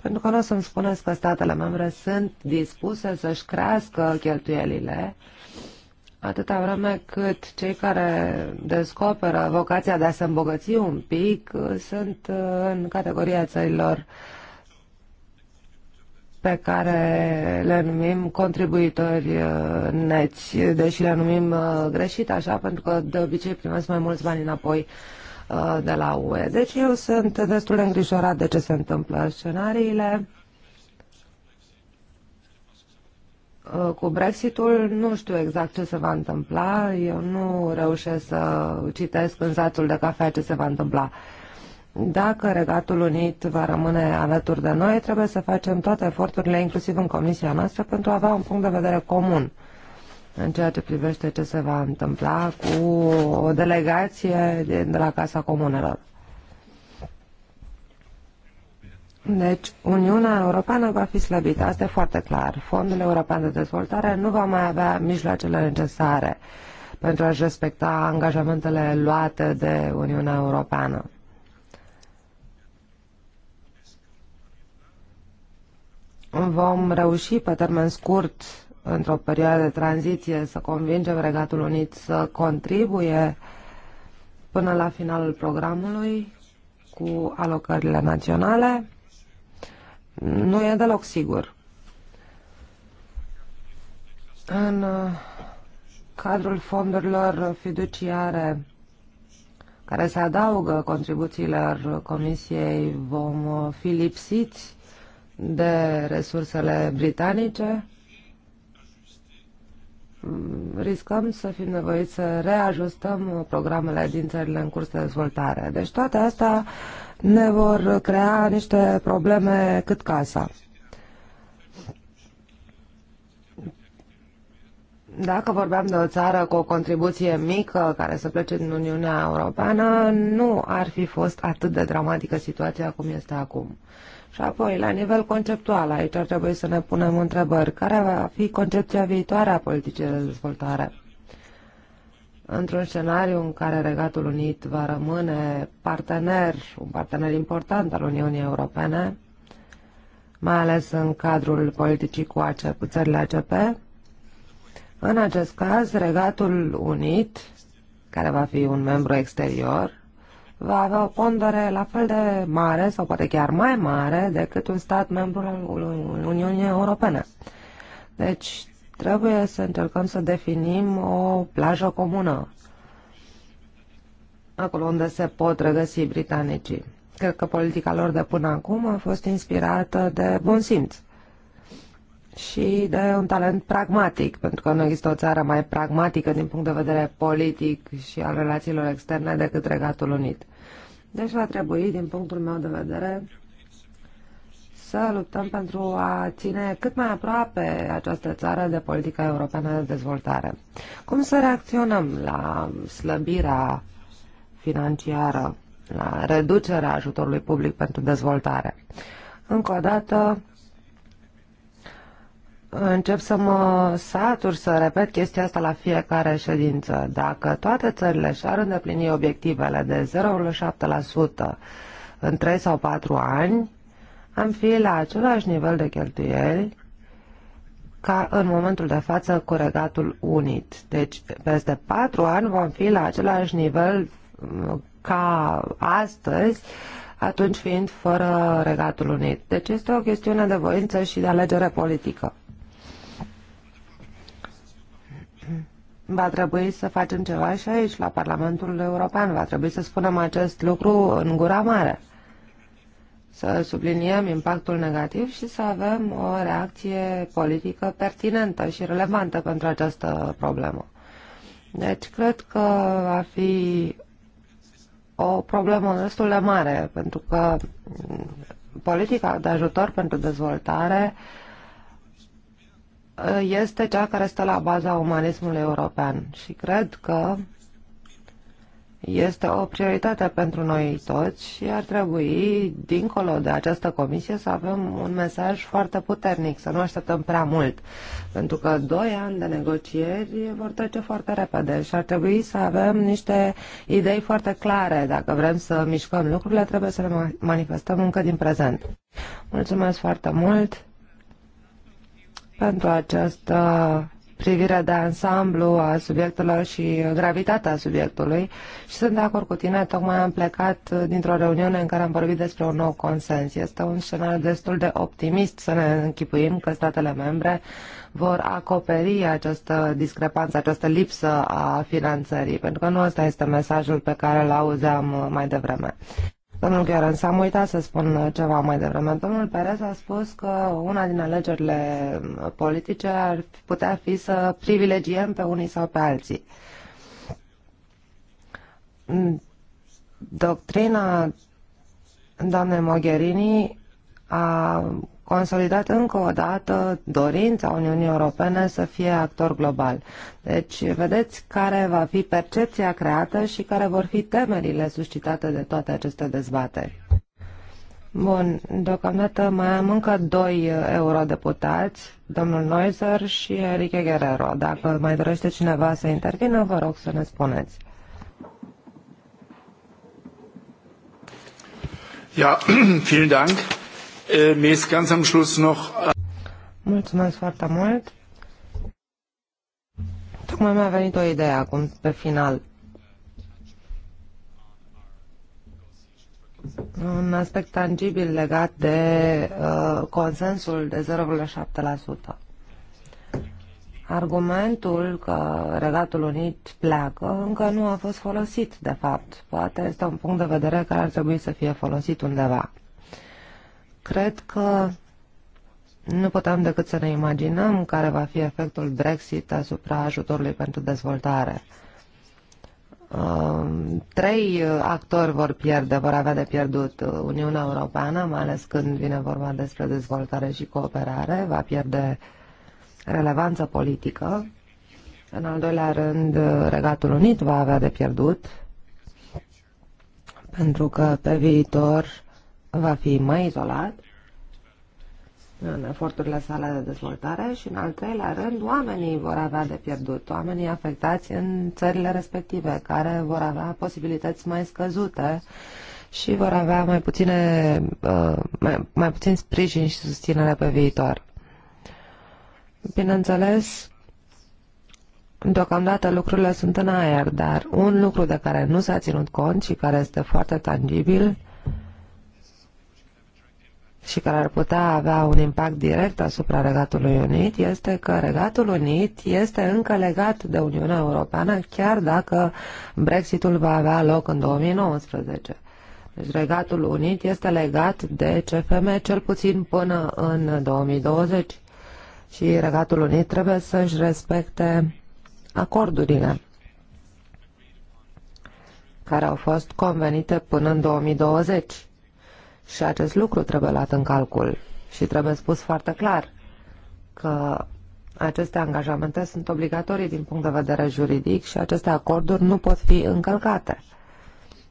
Pentru că nu o să-mi spuneți că statele membre sunt dispuse să-și crească cheltuielile atâta vreme cât cei care descoperă vocația de a se îmbogăți un pic uh, sunt uh, în categoria țărilor pe care le numim contribuitori uh, neți, deși le numim greșit așa, pentru că de obicei primesc mai mulți bani înapoi de la UE. Deci eu sunt destul de îngrijorat de ce se întâmplă. Scenariile Uh, cu Brexitul nu știu exact ce se va întâmpla, eu nu reușesc să citesc în zatul de cafea ce se va întâmpla. Dacă Regatul Unit va rămâne alături de noi, trebuie să facem toate eforturile, inclusiv în comisia noastră, pentru a avea un punct de vedere comun în ceea ce privește ce se va întâmpla cu o delegație de la Casa Comunelor. Deci, Uniunea Europeană va fi slăbită, asta e foarte clar. Fondul European de Dezvoltare nu va mai avea mijloacele necesare pentru a-și respecta angajamentele luate de Uniunea Europeană. Vom reuși pe termen scurt, într-o perioadă de tranziție, să convingem Regatul Unit să contribuie până la finalul programului cu alocările naționale nu e deloc sigur. În uh, cadrul fondurilor fiduciare care se adaugă contribuțiilor Comisiei, vom uh, fi lipsiți de resursele britanice riscăm să fim nevoiți să reajustăm uh, programele din țările în curs de dezvoltare. Deci toate astea ne vor crea niște probleme cât casa. Dacă vorbeam de o țară cu o contribuție mică care să plece din Uniunea Europeană, nu ar fi fost atât de dramatică situația cum este acum. Uh, și apoi, la nivel conceptual, aici ar trebui să ne punem întrebări. Care va fi concepția viitoare a politicii de dezvoltare? Într-un scenariu în care Regatul Unit va rămâne partener, un partener important al Uniunii Europene, mai ales în cadrul politicii cu, ACE, cu țările ACP, în acest caz, Regatul Unit, care va fi un membru exterior, va avea o pondere la fel de mare sau poate chiar mai mare decât un stat membru al Uniunii Europene. Deci trebuie să încercăm să definim o plajă comună acolo unde se pot regăsi britanicii. Cred că politica lor de până acum a fost inspirată de bun simț și de un talent pragmatic, pentru că nu există o țară mai pragmatică din punct de vedere politic și al relațiilor externe decât Regatul Unit. Deci va trebui, din punctul meu de vedere, să luptăm pentru a ține cât mai aproape această țară de politica europeană de dezvoltare. Cum să reacționăm la slăbirea financiară, la reducerea ajutorului public pentru dezvoltare? Încă o dată, încep să mă satur să repet chestia asta la fiecare ședință. Dacă toate țările și-ar îndeplini obiectivele de 0,7% în 3 sau 4 ani, am fi la același nivel de cheltuieli ca în momentul de față cu regatul unit. Deci, peste 4 ani vom fi la același nivel uh, ca astăzi, atunci fiind fără regatul unit. Deci este o chestiune de voință și de alegere politică. Va trebui să facem ceva și aici, la Parlamentul European. Va trebui să spunem acest lucru în gura mare. Să subliniem impactul negativ și să avem o reacție politică pertinentă și relevantă pentru această problemă. Deci, cred că va fi o problemă destul de mare, pentru că politica de ajutor pentru dezvoltare uh, este cea care stă la baza umanismului european și cred că este o prioritate pentru noi toți și ar trebui, dincolo de această comisie, să avem un mesaj foarte puternic, să nu așteptăm prea mult, pentru că doi ani de negocieri vor trece foarte repede și ar trebui să avem niște idei foarte clare. Dacă vrem să mișcăm lucrurile, trebuie să le manifestăm încă din prezent. Mulțumesc foarte mult! pentru această privire de ansamblu a subiectelor și gravitatea subiectului și sunt de acord cu tine, tocmai am plecat dintr-o reuniune în care am vorbit despre un nou consens. Este un scenariu destul de optimist să ne închipuim că statele membre vor acoperi această discrepanță, această lipsă a finanțării, pentru că nu ăsta este mesajul pe care l auzeam mai devreme. Domnul Gheorens, am uitat să spun ceva mai devreme. Domnul Perez a spus că una din alegerile politice ar putea fi să privilegiem pe unii sau pe alții. Doctrina doamnei Mogherini a consolidat încă o dată dorința Uniunii Europene să fie actor global. Deci, vedeți care va fi percepția creată și care vor fi temerile suscitate de toate aceste dezbateri. Bun, deocamdată mai am încă doi uh, eurodeputați, domnul Neuser și Enrique Guerrero. Dacă mai dorește cineva să intervină, vă rog să ne spuneți. Ja, <clears throat> vielen Dank. Äh, mir ist ganz am Schluss noch... Äh, Mulțumesc foarte mult. Tocmai mi-a venit o idee acum, pe final. Un aspect tangibil legat de uh, consensul de 0,7%. Argumentul că Regatul Unit pleacă încă nu a fost folosit, de fapt. Poate este un punct de vedere care ar trebui să fie folosit undeva. Cred că nu putem decât să ne imaginăm care va fi efectul Brexit asupra ajutorului pentru dezvoltare. Um, trei actori vor pierde, vor avea de pierdut Uniunea Europeană, mai ales când vine vorba despre dezvoltare și cooperare, va pierde relevanță politică. În al doilea rând, Regatul Unit va avea de pierdut, pentru că pe viitor va fi mai izolat în eforturile sale de dezvoltare și, în al treilea rând, oamenii vor avea de pierdut, oamenii afectați în țările respective, care vor avea posibilități mai scăzute și vor avea mai, puține, uh, mai, mai puțin sprijin și susținere pe viitor. Bineînțeles, deocamdată lucrurile sunt în aer, dar un lucru de care nu s-a ținut cont și care este foarte tangibil și care ar putea avea un impact direct asupra Regatului Unit este că Regatul Unit este încă legat de Uniunea Europeană chiar dacă Brexitul va avea loc în 2019. Deci Regatul Unit este legat de CFM cel puțin până în 2020 și Regatul Unit trebuie să-și respecte acordurile care au fost convenite până în 2020 și acest lucru trebuie luat în calcul și trebuie spus foarte clar că aceste angajamente sunt obligatorii din punct de vedere juridic și aceste acorduri nu pot fi încălcate.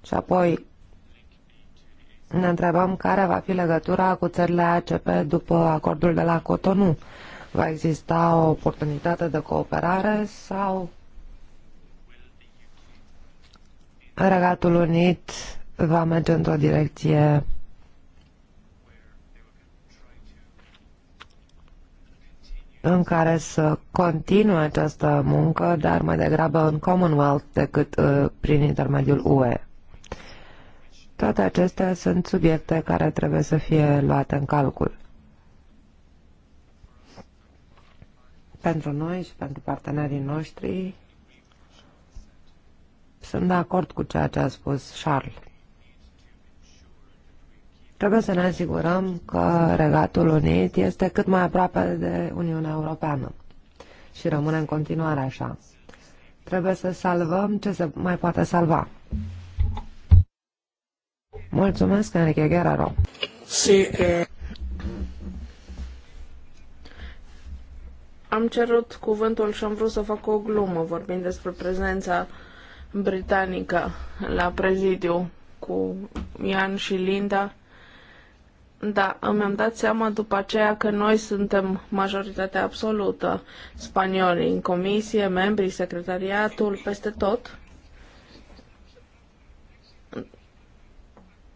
Și apoi ne întrebăm care va fi legătura cu țările ACP după acordul de la Cotonou. Va exista o oportunitate de cooperare sau Regatul Unit va merge într-o direcție în care să continue această muncă, dar mai degrabă în Commonwealth decât uh, prin intermediul UE. Toate acestea sunt subiecte care trebuie să fie luate în calcul. Pentru noi și pentru partenerii noștri sunt de acord cu ceea ce a spus Charles. Trebuie să ne asigurăm că Regatul Unit este cât mai aproape de Uniunea Europeană și rămâne în continuare așa. Trebuie să salvăm ce se mai poate salva. Mulțumesc, Enrique Guerrero. Si, eh... Am cerut cuvântul și am vrut să fac o glumă vorbind despre prezența britanică la prezidiu cu Ian și Linda da, îmi am dat seama după aceea că noi suntem majoritatea absolută, spanioli în comisie, membrii, secretariatul, peste tot.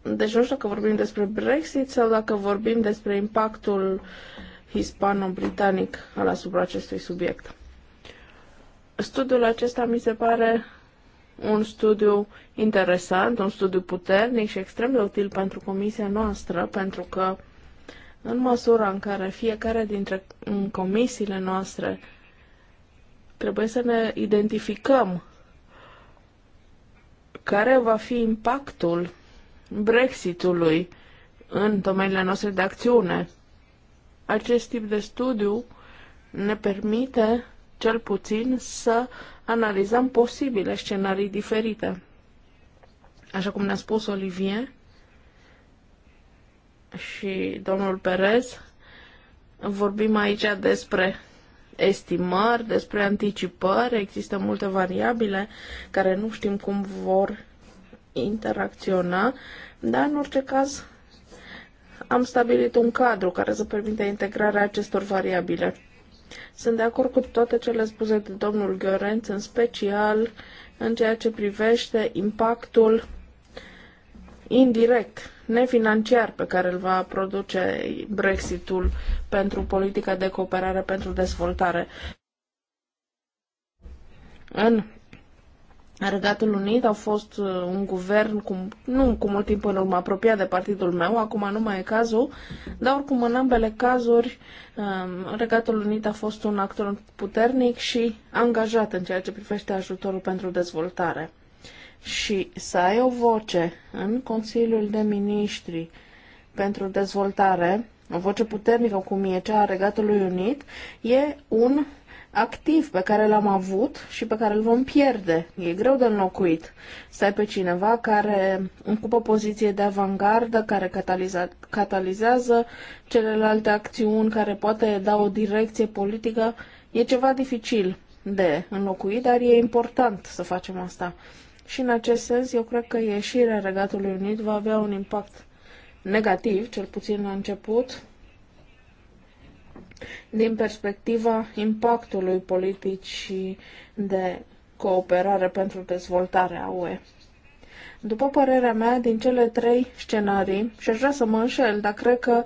Deci nu știu dacă vorbim despre Brexit sau dacă vorbim despre impactul hispano-britanic al asupra acestui subiect. Studiul acesta mi se pare un studiu interesant, un studiu puternic și extrem de util pentru comisia noastră, pentru că în măsura în care fiecare dintre comisiile noastre trebuie să ne identificăm care va fi impactul Brexitului în domeniile noastre de acțiune. Acest tip de studiu ne permite cel puțin să analizăm posibile scenarii diferite. Așa cum ne-a spus Olivier și domnul Perez, vorbim aici despre estimări, despre anticipări, există multe variabile care nu știm cum vor interacționa, dar în orice caz am stabilit un cadru care să permită integrarea acestor variabile. Sunt de acord cu toate cele spuse de domnul Gheorenț, în special în ceea ce privește impactul indirect, nefinanciar pe care îl va produce Brexitul pentru politica de cooperare pentru dezvoltare. În Regatul Unit a fost uh, un guvern cu, nu cu mult timp în urmă apropiat de partidul meu, acum nu mai e cazul, dar oricum în ambele cazuri um, Regatul Unit a fost un actor puternic și angajat în ceea ce privește ajutorul pentru dezvoltare. Și să ai o voce în Consiliul de Ministri pentru dezvoltare, o voce puternică cum e cea a Regatului Unit, e un activ pe care l-am avut și pe care îl vom pierde. E greu de înlocuit să ai pe cineva care încupă poziție de avangardă, care cataliza, catalizează celelalte acțiuni, care poate da o direcție politică. E ceva dificil de înlocuit, dar e important să facem asta. Și în acest sens, eu cred că ieșirea Regatului Unit va avea un impact negativ, cel puțin la început, din perspectiva impactului și de cooperare pentru dezvoltarea UE. După părerea mea, din cele trei scenarii, și aș vrea să mă înșel, dar cred că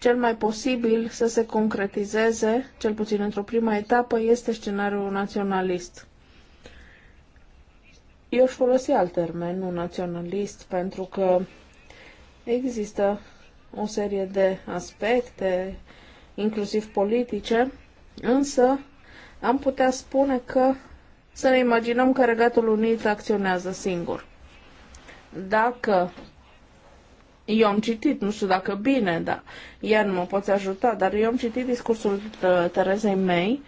cel mai posibil să se concretizeze, cel puțin într-o prima etapă, este scenariul naționalist. Eu își folosi alt termen, nu naționalist, pentru că există o serie de aspecte inclusiv politice, însă am putea spune că să ne imaginăm că Regatul Unit acționează singur. Dacă eu am citit, nu știu dacă bine, dar iar nu mă poți ajuta, dar eu am citit discursul uh, Terezei mei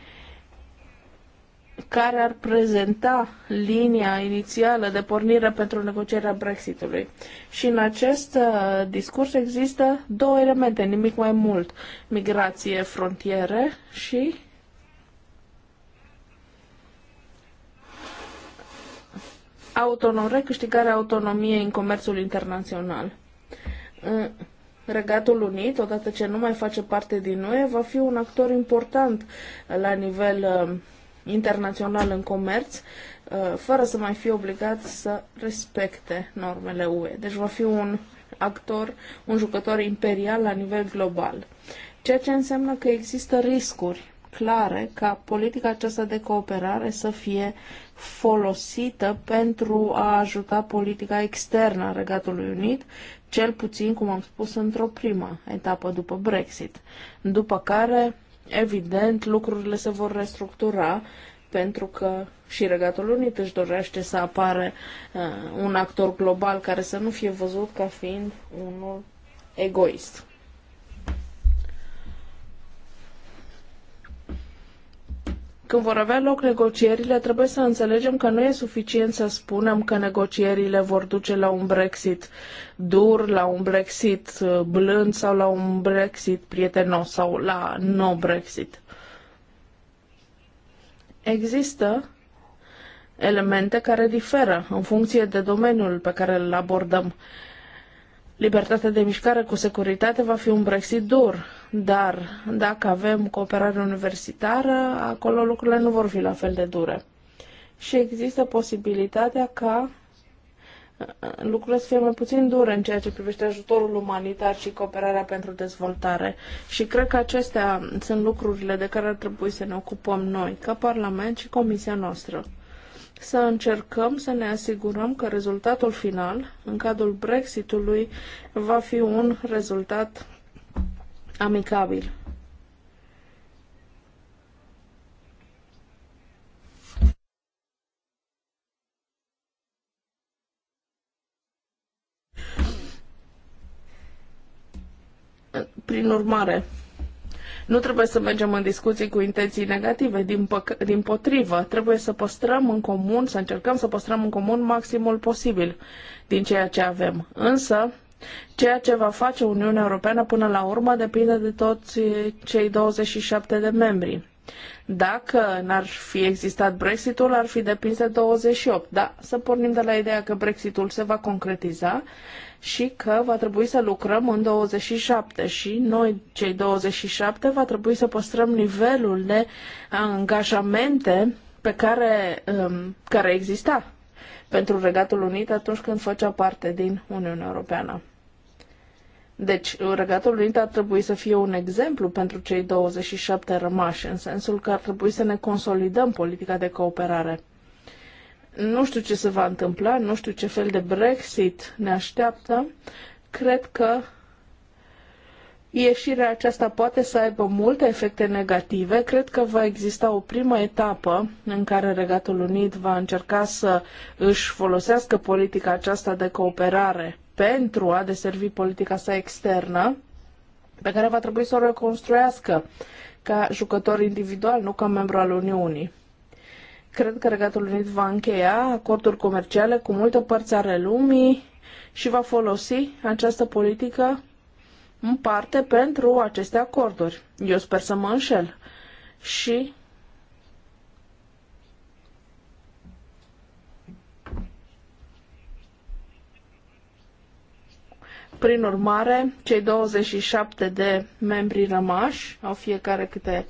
care ar prezenta linia inițială de pornire pentru negocierea Brexitului. Și în acest uh, discurs există două elemente, nimic mai mult. Migrație, frontiere și autonom, recâștigarea autonomiei în comerțul internațional. Regatul Unit, odată ce nu mai face parte din UE, va fi un actor important la nivel uh, internațional în comerț, uh, fără să mai fie obligat să respecte normele UE. Deci va fi un actor, un jucător imperial la nivel global. Ceea ce înseamnă că există riscuri clare ca politica aceasta de cooperare să fie folosită pentru a ajuta politica externă a Regatului Unit, cel puțin, cum am spus, într-o prima etapă după Brexit, după care Evident, lucrurile se vor restructura pentru că și Regatul Unit își dorește să apare uh, un actor global care să nu fie văzut ca fiind unul egoist. Când vor avea loc negocierile, trebuie să înțelegem că nu e suficient să spunem că negocierile vor duce la un Brexit dur, la un Brexit uh, blând sau la un Brexit prietenos sau la no Brexit. Există elemente care diferă în funcție de domeniul pe care îl abordăm libertatea de mișcare cu securitate va fi un Brexit dur, dar dacă avem cooperare universitară, acolo lucrurile nu vor fi la fel de dure. Și există posibilitatea ca uh, lucrurile să fie mai puțin dure în ceea ce privește ajutorul umanitar și cooperarea pentru dezvoltare. Și cred că acestea sunt lucrurile de care ar trebui să ne ocupăm noi, ca Parlament și Comisia noastră să încercăm să ne asigurăm că rezultatul final, în cadrul Brexitului, va fi un rezultat amicabil. Prin urmare, nu trebuie să mergem în discuții cu intenții negative, din, păc- din potrivă, trebuie să păstrăm în comun, să încercăm să păstrăm în comun maximul posibil din ceea ce avem. Însă, Ceea ce va face Uniunea Europeană până la urmă depinde de toți eh, cei 27 de membri. Dacă n-ar fi existat Brexitul, ar fi depins de 28. Da, să pornim de la ideea că Brexitul se va concretiza și că va trebui să lucrăm în 27 și noi, cei 27, va trebui să păstrăm nivelul de angajamente pe care, um, care exista pentru Regatul Unit atunci când făcea parte din Uniunea Europeană. Deci, Regatul Unit ar trebui să fie un exemplu pentru cei 27 rămași, în sensul că ar trebui să ne consolidăm politica de cooperare. Nu știu ce se va întâmpla, nu știu ce fel de Brexit ne așteaptă. Cred că ieșirea aceasta poate să aibă multe efecte negative. Cred că va exista o primă etapă în care Regatul Unit va încerca să își folosească politica aceasta de cooperare pentru a deservi politica sa externă, pe care va trebui să o reconstruiască ca jucător individual, nu ca membru al Uniunii. Cred că Regatul Unit va încheia acorduri comerciale cu multe părți ale lumii și va folosi această politică în parte pentru aceste acorduri. Eu sper să mă înșel. Și Prin urmare, cei 27 de membri rămași au fiecare câte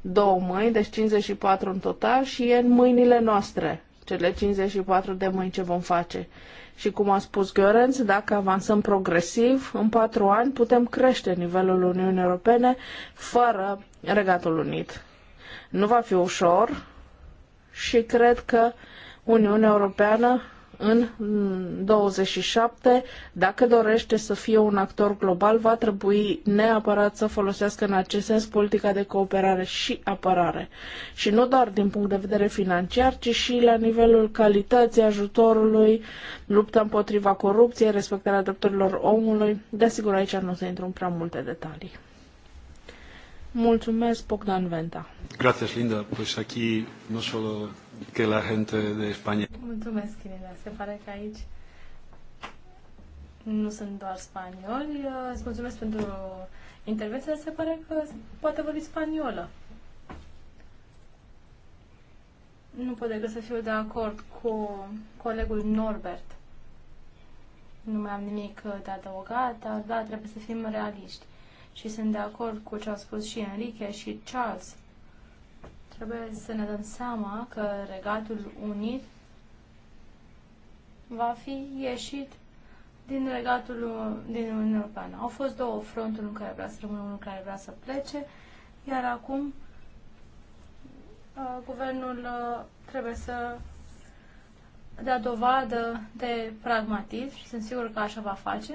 două mâini, deci 54 în total și e în mâinile noastre, cele 54 de mâini ce vom face. Și cum a spus Gheorenț, dacă avansăm progresiv, în patru ani putem crește nivelul Uniunii Europene fără Regatul Unit. Nu va fi ușor și cred că Uniunea Europeană în 27, dacă dorește să fie un actor global, va trebui neapărat să folosească în acest sens politica de cooperare și apărare. Și nu doar din punct de vedere financiar, ci și la nivelul calității ajutorului, lupta împotriva corupției, respectarea drepturilor omului. Desigur, aici nu se intru în prea multe detalii. Mulțumesc, Bogdan Venta. Grazie, Linda. Pues aquí no solo que la gente de España. Mulțumesc, Irina. Se pare că aici nu sunt doar spanioli. Îți mulțumesc pentru intervenția. Se pare că poate vorbi spaniolă. Nu pot decât să fiu de acord cu colegul Norbert. Nu mai am nimic de adăugat, dar da, trebuie să fim realiști. Și sunt de acord cu ce au spus și Enrique și Charles. Trebuie să ne dăm seama că Regatul Unit va fi ieșit din regatul din Uniunea Europeană. Au fost două fronturi în care vrea să rămână, unul care vrea să plece, iar acum uh, guvernul uh, trebuie să dea dovadă de pragmatism și sunt sigur că așa va face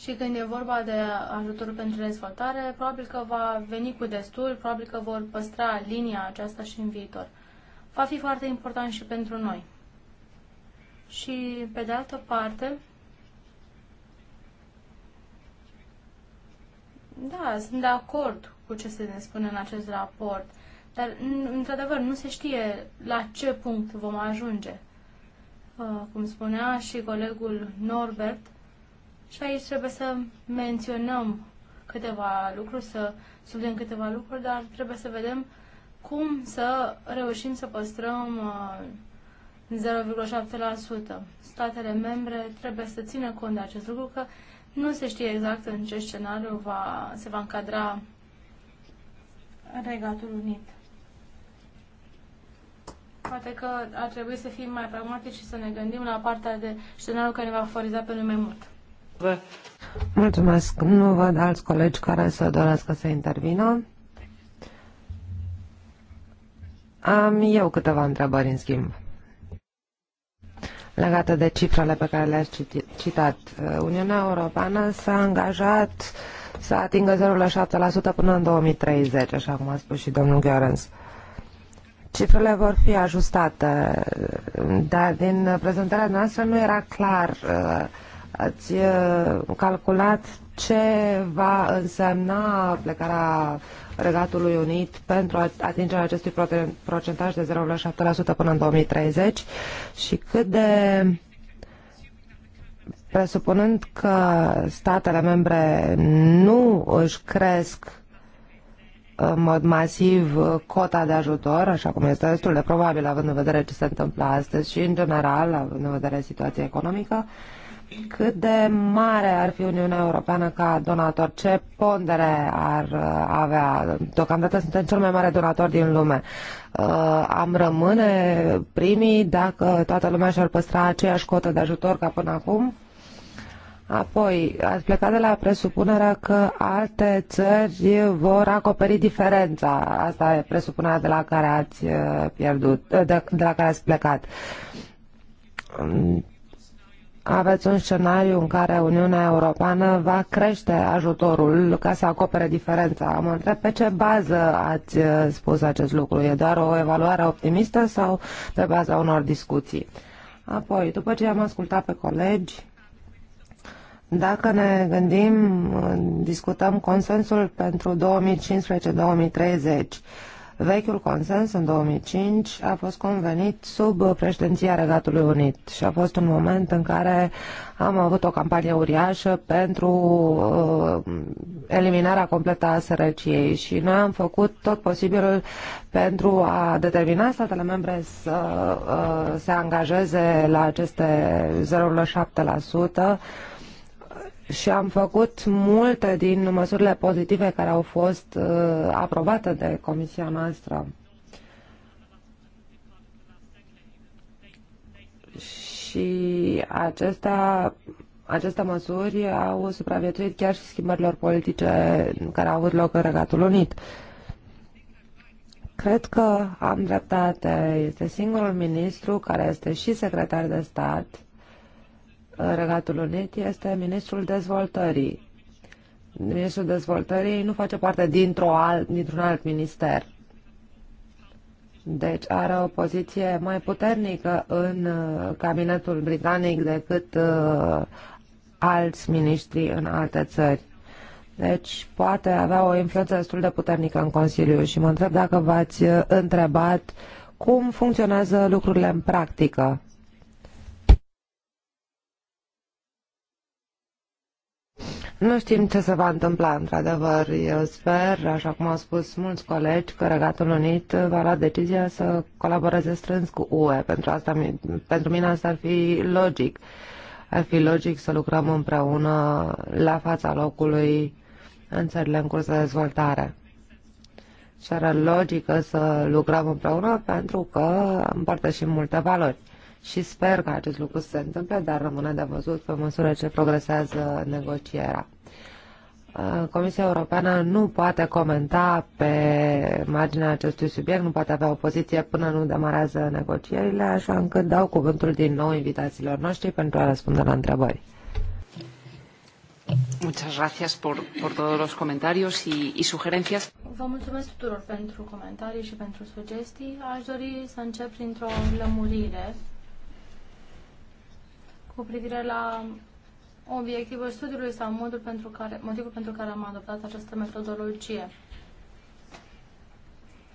și când e vorba de ajutorul pentru dezvoltare, probabil că va veni cu destul, probabil că vor păstra linia aceasta și în viitor. Va fi foarte important și pentru noi. Și, pe de altă parte, da, sunt de acord cu ce se ne spune în acest raport, dar, într-adevăr, nu se știe la ce punct vom ajunge. Uh, cum spunea și colegul Norbert, și aici trebuie să menționăm câteva lucruri, să subliniem câteva lucruri, dar trebuie să vedem cum să reușim să păstrăm 0,7%. Uh, Statele membre trebuie să țină cont de acest lucru, că nu se știe exact în ce scenariu va, se va încadra Regatul Unit. Poate că ar trebui să fim mai pragmatici și să ne gândim la partea de scenariu care ne va favoriza pe noi mai mult. Mulțumesc. Nu văd alți colegi care să dorească să intervină. Am eu câteva întrebări, în schimb, legate de cifrele pe care le-ați citat. Uniunea Europeană s-a angajat să atingă 0,7% până în 2030, așa cum a spus și domnul Gheorens. Cifrele vor fi ajustate, dar din prezentarea noastră nu era clar uh, Ați uh, calculat ce va însemna plecarea Regatului Unit pentru atingerea acestui procentaj de 0,7% până în 2030 și cât de presupunând că statele membre nu își cresc în mod masiv cota de ajutor, așa cum este destul de probabil având în vedere ce se întâmplă astăzi și în general având în vedere situația economică, uh, cât de mare ar fi Uniunea Europeană ca donator? Ce pondere ar uh, avea? Deocamdată suntem cel mai mare donator din lume. Uh, am rămâne primii dacă toată lumea și-ar păstra aceeași cotă de ajutor ca până acum? Apoi, ați plecat de la presupunerea că alte țări vor acoperi diferența. Asta e presupunerea de la care ați uh, pierdut, de, de la care ați plecat aveți un scenariu în care Uniunea Europeană va crește ajutorul ca să acopere diferența. Mă întreb pe ce bază ați uh, spus acest lucru. E doar o evaluare optimistă sau pe baza unor discuții? Apoi, după ce am ascultat pe colegi, dacă ne gândim, uh, discutăm consensul pentru 2015-2030 Vechiul consens în 2005 a fost convenit sub președinția Regatului Unit și a fost un moment în care am avut o campanie uriașă pentru uh, eliminarea completă a sărăciei și noi am făcut tot posibilul pentru a determina statele membre să uh, se angajeze la aceste 0,7% și am făcut multe din măsurile pozitive care au fost uh, aprobate de comisia noastră. Și acestea, aceste măsuri au supraviețuit chiar și schimbărilor politice care au avut loc în Regatul Unit. Cred că am dreptate. Este singurul ministru care este și secretar de stat Regatul Unit este ministrul dezvoltării. Ministrul dezvoltării nu face parte dintr-un alt, dintr alt minister. Deci are o poziție mai puternică în uh, cabinetul britanic decât uh, alți miniștri în alte țări. Deci poate avea o influență destul de puternică în Consiliu și mă întreb dacă v-ați uh, întrebat cum funcționează lucrurile în practică Nu știm ce se va întâmpla, într-adevăr. Eu sper, așa cum au spus mulți colegi, că Regatul Unit va lua decizia să colaboreze strâns cu UE. Pentru, asta, pentru mine asta ar fi logic. Ar fi logic să lucrăm împreună la fața locului în țările în curs de dezvoltare. Și era logică să lucrăm împreună pentru că împărtășim multe valori și sper că acest lucru se întâmple, dar rămâne de văzut pe măsură ce progresează negocierea. Uh, Comisia Europeană nu poate comenta pe marginea acestui subiect, nu poate avea o poziție până nu demarează negocierile, așa încât dau cuvântul din nou invitațiilor noștri pentru a răspunde la întrebări. Muchas gracias por, por todos los comentarios y, y sugerencias. Vă mulțumesc tuturor pentru comentarii și pentru sugestii. Aș dori să încep printr-o lămurire cu privire la obiectivul studiului sau modul pentru care, motivul pentru care am adoptat această metodologie.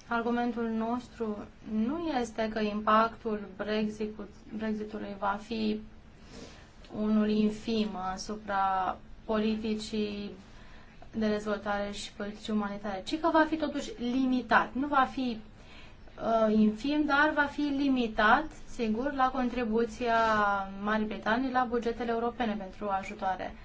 Argumentul nostru nu este că impactul Brexitului va fi unul infim asupra politicii de dezvoltare și politici umanitare, ci că va fi totuși limitat, nu va fi uh, infim, dar va fi limitat, sigur, la contribuția Marii Britanii la bugetele europene pentru ajutoare.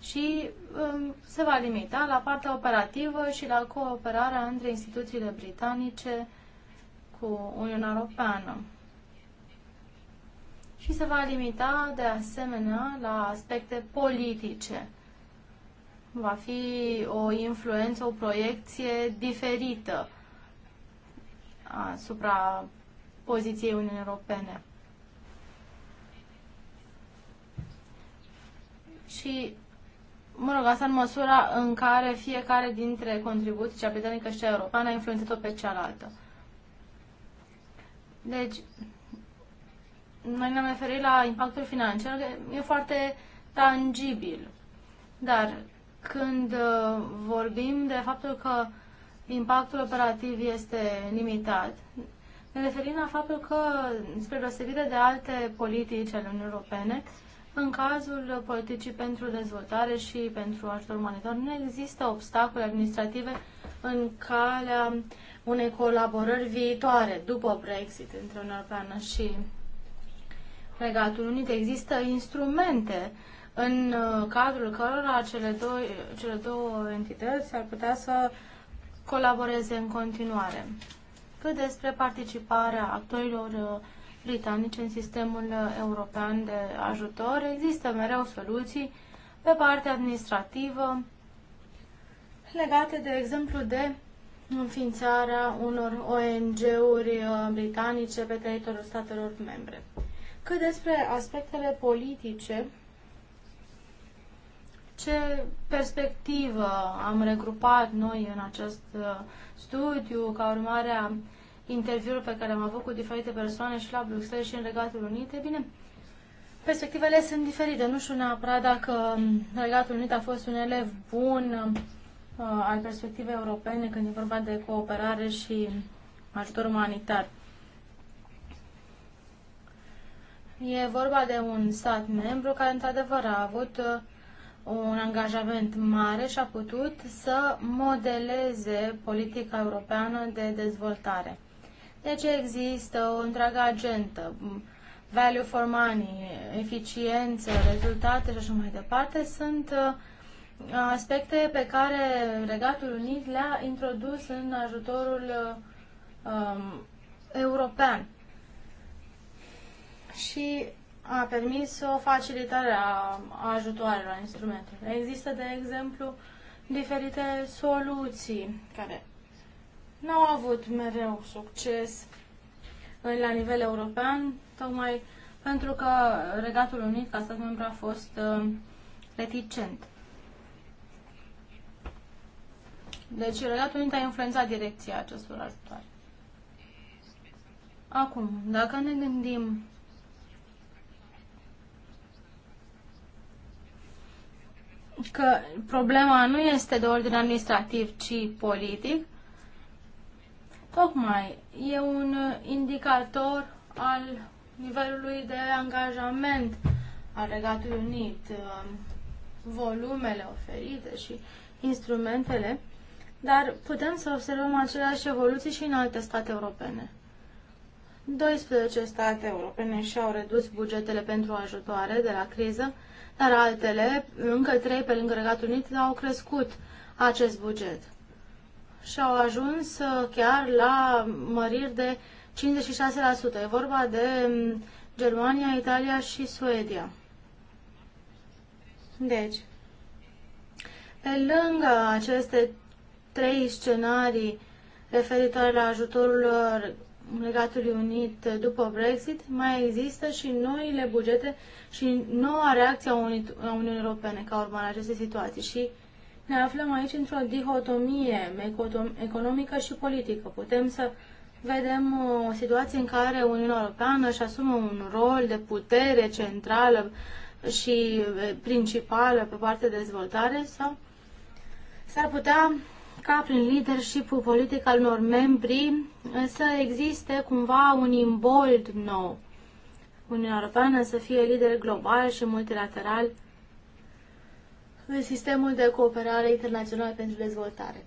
Și um, se va limita la partea operativă și la cooperarea între instituțiile britanice cu Uniunea Europeană. Și se va limita, de asemenea, la aspecte politice va fi o influență, o proiecție diferită asupra poziției Uniunii Europene. Și, mă rog, asta în măsura în care fiecare dintre contribuții, cea britanică și cea europeană, a influențat-o pe cealaltă. Deci, noi ne-am referit la impactul financiar, e foarte tangibil. Dar când uh, vorbim de faptul că impactul operativ este limitat, ne referim la faptul că, spre deosebire de alte politici ale Uniunii Europene, în cazul politicii pentru dezvoltare și pentru ajutor umanitar, nu există obstacole administrative în calea unei colaborări viitoare după Brexit între Uniunea Europeană și Regatul Unit. Există instrumente în uh, cadrul cărora cele două, cele două entități ar putea să uh, colaboreze în continuare. Cât despre participarea actorilor uh, britanici în sistemul uh, european de ajutor, există mereu soluții pe partea administrativă legate, de exemplu, de înființarea unor ONG-uri uh, britanice pe teritoriul statelor membre. Cât despre aspectele politice, ce perspectivă am regrupat noi în acest uh, studiu ca urmare a interviului pe care am avut cu diferite persoane și la Bruxelles și în Regatul Unit. E bine, perspectivele sunt diferite. Nu știu neapărat dacă um, Regatul Unit a fost un elev bun um, uh, al perspectivei europene când e vorba de cooperare și ajutor umanitar. E vorba de un stat membru care, într-adevăr, a avut uh, un angajament mare și a putut să modeleze politica europeană de dezvoltare. Deci există o întreagă agentă, value for money, eficiență, rezultate și așa mai departe, sunt uh, aspecte pe care Regatul Unit le-a introdus în ajutorul uh, um, european. Și a permis o facilitare a ajutoarelor, instrumentelor. Există, de exemplu, diferite soluții care nu au avut mereu succes la nivel european, tocmai pentru că Regatul Unit, ca stat membru, a fost uh, reticent. Deci Regatul Unit a influențat direcția acestor ajutoare. Acum, dacă ne gândim că problema nu este de ordin administrativ, ci politic. Tocmai e un indicator al nivelului de angajament al Regatului Unit, um, volumele oferite și instrumentele, dar putem să observăm aceleași evoluții și în alte state europene. 12 state europene și-au redus bugetele pentru ajutoare de la criză, dar altele, încă trei pe lângă Regatul Unit, au crescut acest buget și au ajuns uh, chiar la măriri de 56%. E vorba de mm, Germania, Italia și Suedia. Deci, pe lângă aceste trei scenarii referitoare la ajutorul uh, Regatului Unit după Brexit, mai există și noile bugete și noua reacție a, a Uniunii Europene ca urmare a acestei situații. Și ne aflăm aici într-o dihotomie economică și politică. Putem să vedem uh, o situație în care Uniunea Europeană își asumă un rol de putere centrală și uh, principală pe partea de dezvoltare sau s-ar putea ca prin leadership-ul politic al unor membri eh, să existe cumva un imbold nou. Uniunea Europeană să fie lider global și multilateral în sistemul de cooperare internațională pentru dezvoltare.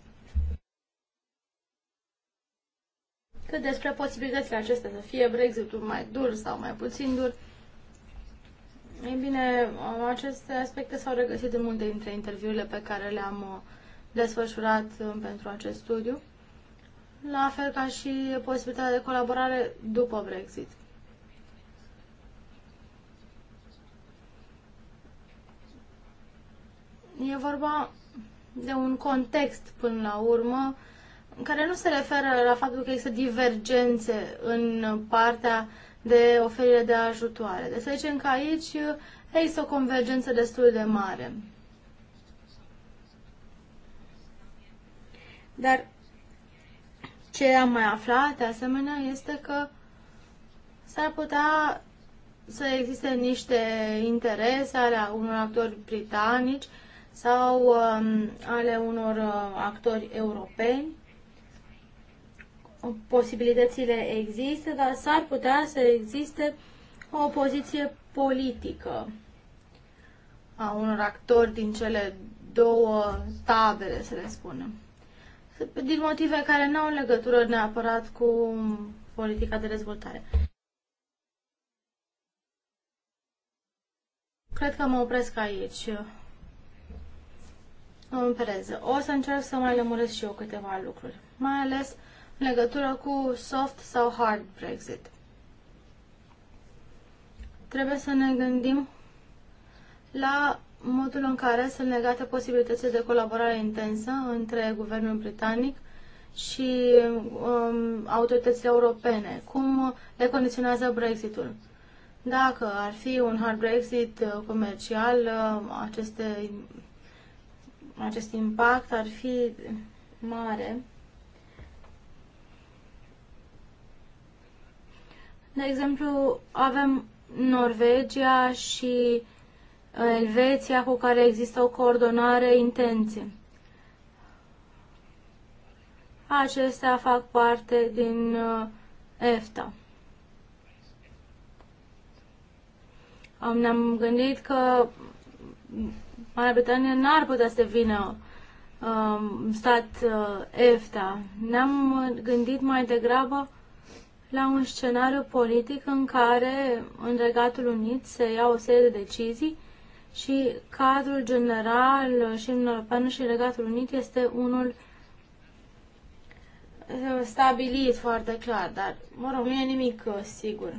Cât despre posibilitățile acestea să fie Brexitul mai dur sau mai puțin dur, ei bine, aceste aspecte s-au regăsit în multe dintre interviurile pe care le-am uh, desfășurat uh, pentru acest studiu, la fel ca și posibilitatea de colaborare după Brexit. E vorba de un context până la urmă care nu se referă la faptul că există divergențe în partea de oferire de ajutoare. Deci să zicem că aici uh, există o convergență destul de mare. Dar ce am mai aflat, de asemenea, este că s-ar putea să existe niște interese ale unor actori britanici sau um, ale unor uh, actori europeni. Posibilitățile există, dar s-ar putea să existe o poziție politică a unor actori din cele două tabere, să le spunem din motive care nu au legătură neapărat cu politica de dezvoltare. Cred că mă opresc aici. În pereză. O să încerc să mai lămuresc și eu câteva lucruri, mai ales în legătură cu soft sau hard Brexit. Trebuie să ne gândim la modul în care sunt legate posibilitățile de colaborare intensă între guvernul britanic și um, autoritățile europene. Cum le condiționează Brexitul? Dacă ar fi un hard Brexit uh, comercial, uh, aceste, acest impact ar fi mare. De exemplu, avem Norvegia și Elveția, cu care există o coordonare intenție. Acestea fac parte din uh, EFTA. Ne-am gândit că Marea Britanie n-ar putea să devină um, stat uh, EFTA. Ne-am gândit mai degrabă la un scenariu politic în care în Regatul Unit se ia o serie de decizii și cadrul general uh, și în european și Regatul Unit este unul uh, stabilit foarte clar, dar, mă rog, nu e nimic uh, sigur.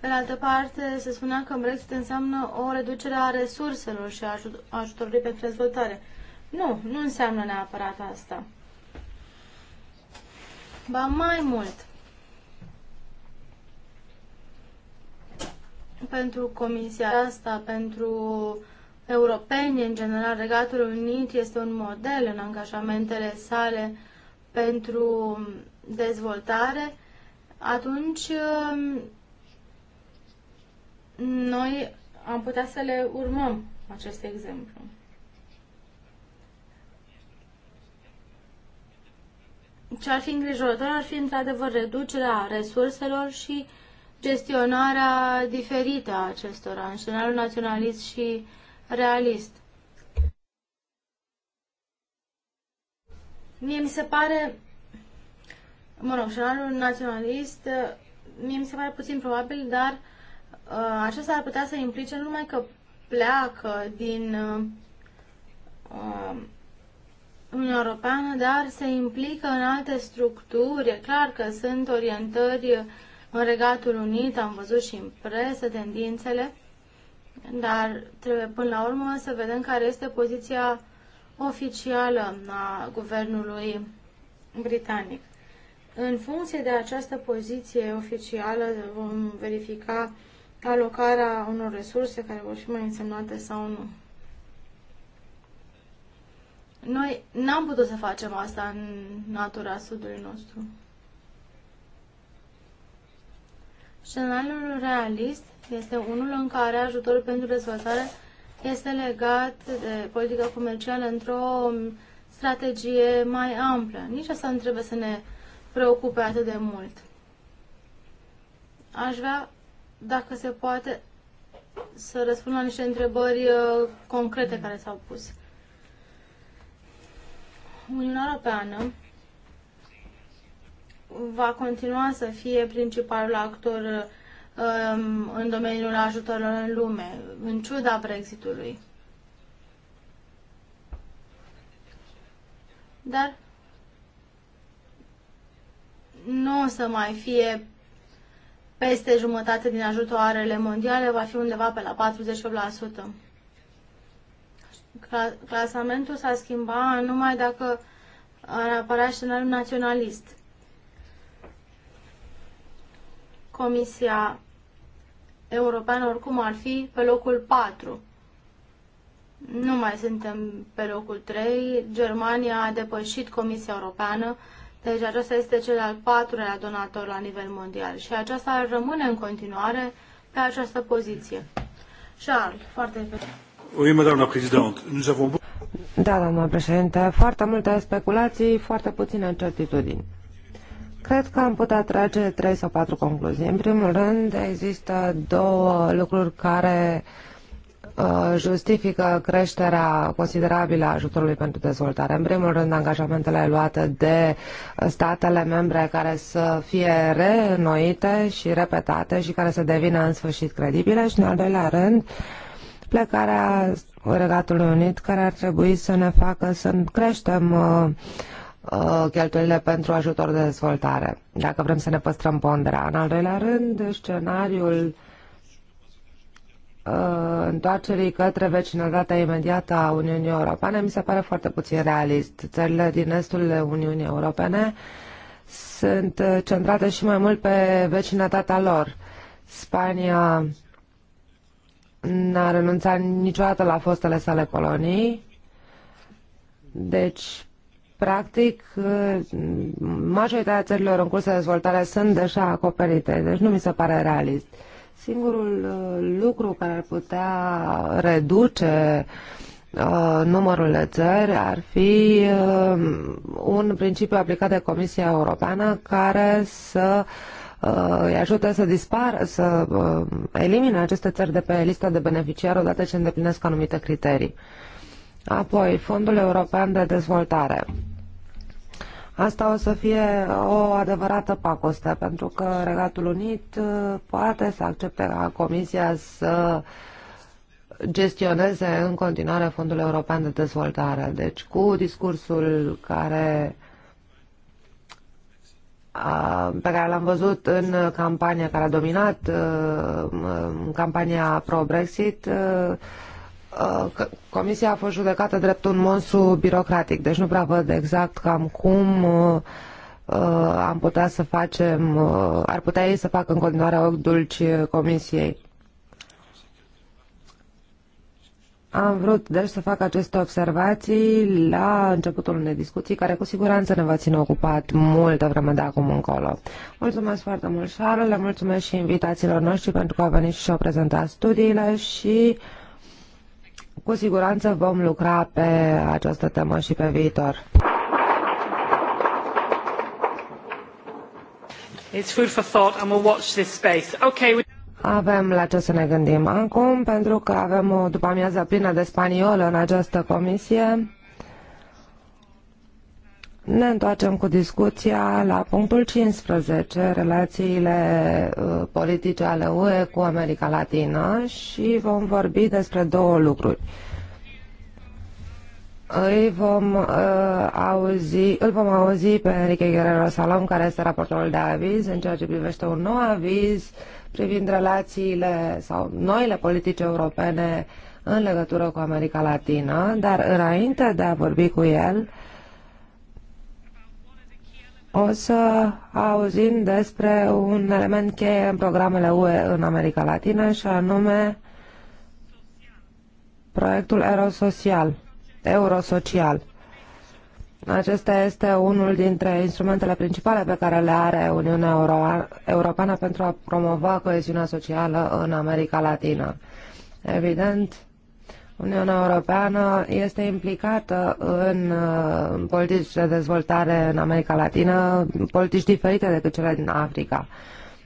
Pe de altă parte, se spunea că Brexit înseamnă o reducere a resurselor și a ajutorului pentru dezvoltare. Nu, nu înseamnă neapărat asta. Ba mai mult, pentru Comisia asta, pentru europeni, în general, Regatul Unit este un model în angajamentele sale pentru dezvoltare, atunci noi am putea să le urmăm acest exemplu. Ce ar fi îngrijorător ar fi într-adevăr reducerea resurselor și uh, gestionarea diferită a acestora, în scenariul naționalist și realist. Mie mi se pare, mă rog, scenariul naționalist, mie mi se pare puțin probabil, dar uh, acesta ar putea să implice nu numai că pleacă din uh, Uniunea Europeană, dar se implică în alte structuri. E clar că sunt orientări în Regatul Unit am văzut și în presă tendințele, dar trebuie până la urmă să vedem care este poziția oficială a guvernului britanic. În funcție de această poziție oficială vom verifica alocarea unor resurse care vor fi mai însemnate sau nu. Noi n-am putut să facem asta în natura sudului nostru. Scenariul realist este unul în care ajutorul pentru dezvoltare este legat de politica comercială într-o strategie mai amplă. Nici asta nu trebuie să ne preocupe atât de mult. Aș vrea, dacă se poate, să răspund la niște întrebări uh, concrete care s-au pus. Uniunea Europeană va continua să fie principalul actor um, în domeniul ajutorului în lume, în ciuda Brexitului. Dar nu o să mai fie peste jumătate din ajutoarele mondiale, va fi undeva pe la 48%. Clasamentul s-a schimbat numai dacă ar apărea scenariul naționalist. Comisia Europeană oricum ar fi pe locul 4. Nu mai suntem pe locul 3. Germania a depășit Comisia Europeană, deci acesta este cel al patrulea donator la nivel mondial și aceasta ar rămâne în continuare pe această poziție. Charles, foarte bine. Oui, madame présidente, nous avons... Da, doamna președinte, foarte multe speculații, foarte puține certitudini. Cred că am putea trage trei sau patru concluzii. În primul rând, există două lucruri care uh, justifică creșterea considerabilă a ajutorului pentru dezvoltare. În primul rând, angajamentele luate de statele membre care să fie reînnoite și repetate și care să devină în sfârșit credibile și, în al doilea rând, plecarea Regatului Unit, care ar trebui să ne facă să creștem uh, Uh, cheltuielile pentru ajutor de dezvoltare, dacă vrem să ne păstrăm ponderea. În al doilea rând, scenariul uh, întoarcerii către vecinătatea imediată a Uniunii Europene mi se pare foarte puțin realist. Țările din estul Uniunii Europene sunt uh, centrate și mai mult pe vecinătatea lor. Spania n-a renunțat niciodată la fostele sale colonii, deci practic, majoritatea țărilor în curs de dezvoltare sunt deja acoperite, deci nu mi se pare realist. Singurul uh, lucru care ar putea reduce uh, numărul de țări ar fi uh, un principiu aplicat de Comisia Europeană care să îi ajută să dispară, să elimine aceste țări de pe lista de beneficiari odată ce îndeplinesc anumite criterii. Apoi, Fondul European de Dezvoltare. Asta o să fie o adevărată pacoste, pentru că Regatul Unit uh, poate să accepte ca Comisia să gestioneze în continuare Fondul European de Dezvoltare. Deci, cu discursul care pe care l-am văzut în campania care a dominat, uh, în campania pro-Brexit, uh, Uh, comisia a fost judecată drept un monstru birocratic, deci nu prea văd exact cam cum uh, uh, am putea să facem, ar putea ei să facă în continuare ochi dulci Comisiei. Am vrut deci să fac aceste observații la începutul unei discuții care cu siguranță ne va ține ocupat multă vreme de acum încolo. Mulțumesc foarte mult, Charles, le mulțumesc și invitațiilor noștri pentru că au venit și și-au prezentat studiile și cu siguranță vom lucra pe această temă și pe viitor. It's food for thought and we'll watch this space. Okay, we... Avem la ce să ne gândim acum, pentru că avem o după-amiază plină de spaniol în această comisie. Ne întoarcem cu discuția la punctul 15, relațiile uh, politice ale UE cu America Latină și vom vorbi despre două lucruri. Îi vom, uh, auzi, îl vom auzi pe Enrique Guerrero Salom, care este raportorul de aviz în ceea ce privește un nou aviz privind relațiile sau noile politici europene în legătură cu America Latină, dar înainte de a vorbi cu el, uh, o să auzim despre un element cheie în programele UE în America Latină și anume proiectul Eurosocial. Eurosocial. Acesta este unul dintre instrumentele principale pe care le are Uniunea Euro Europeană pentru a promova coeziunea socială în America Latină. Evident, Uniunea Europeană este implicată în uh, politici de dezvoltare în America Latină, politici diferite decât cele din Africa.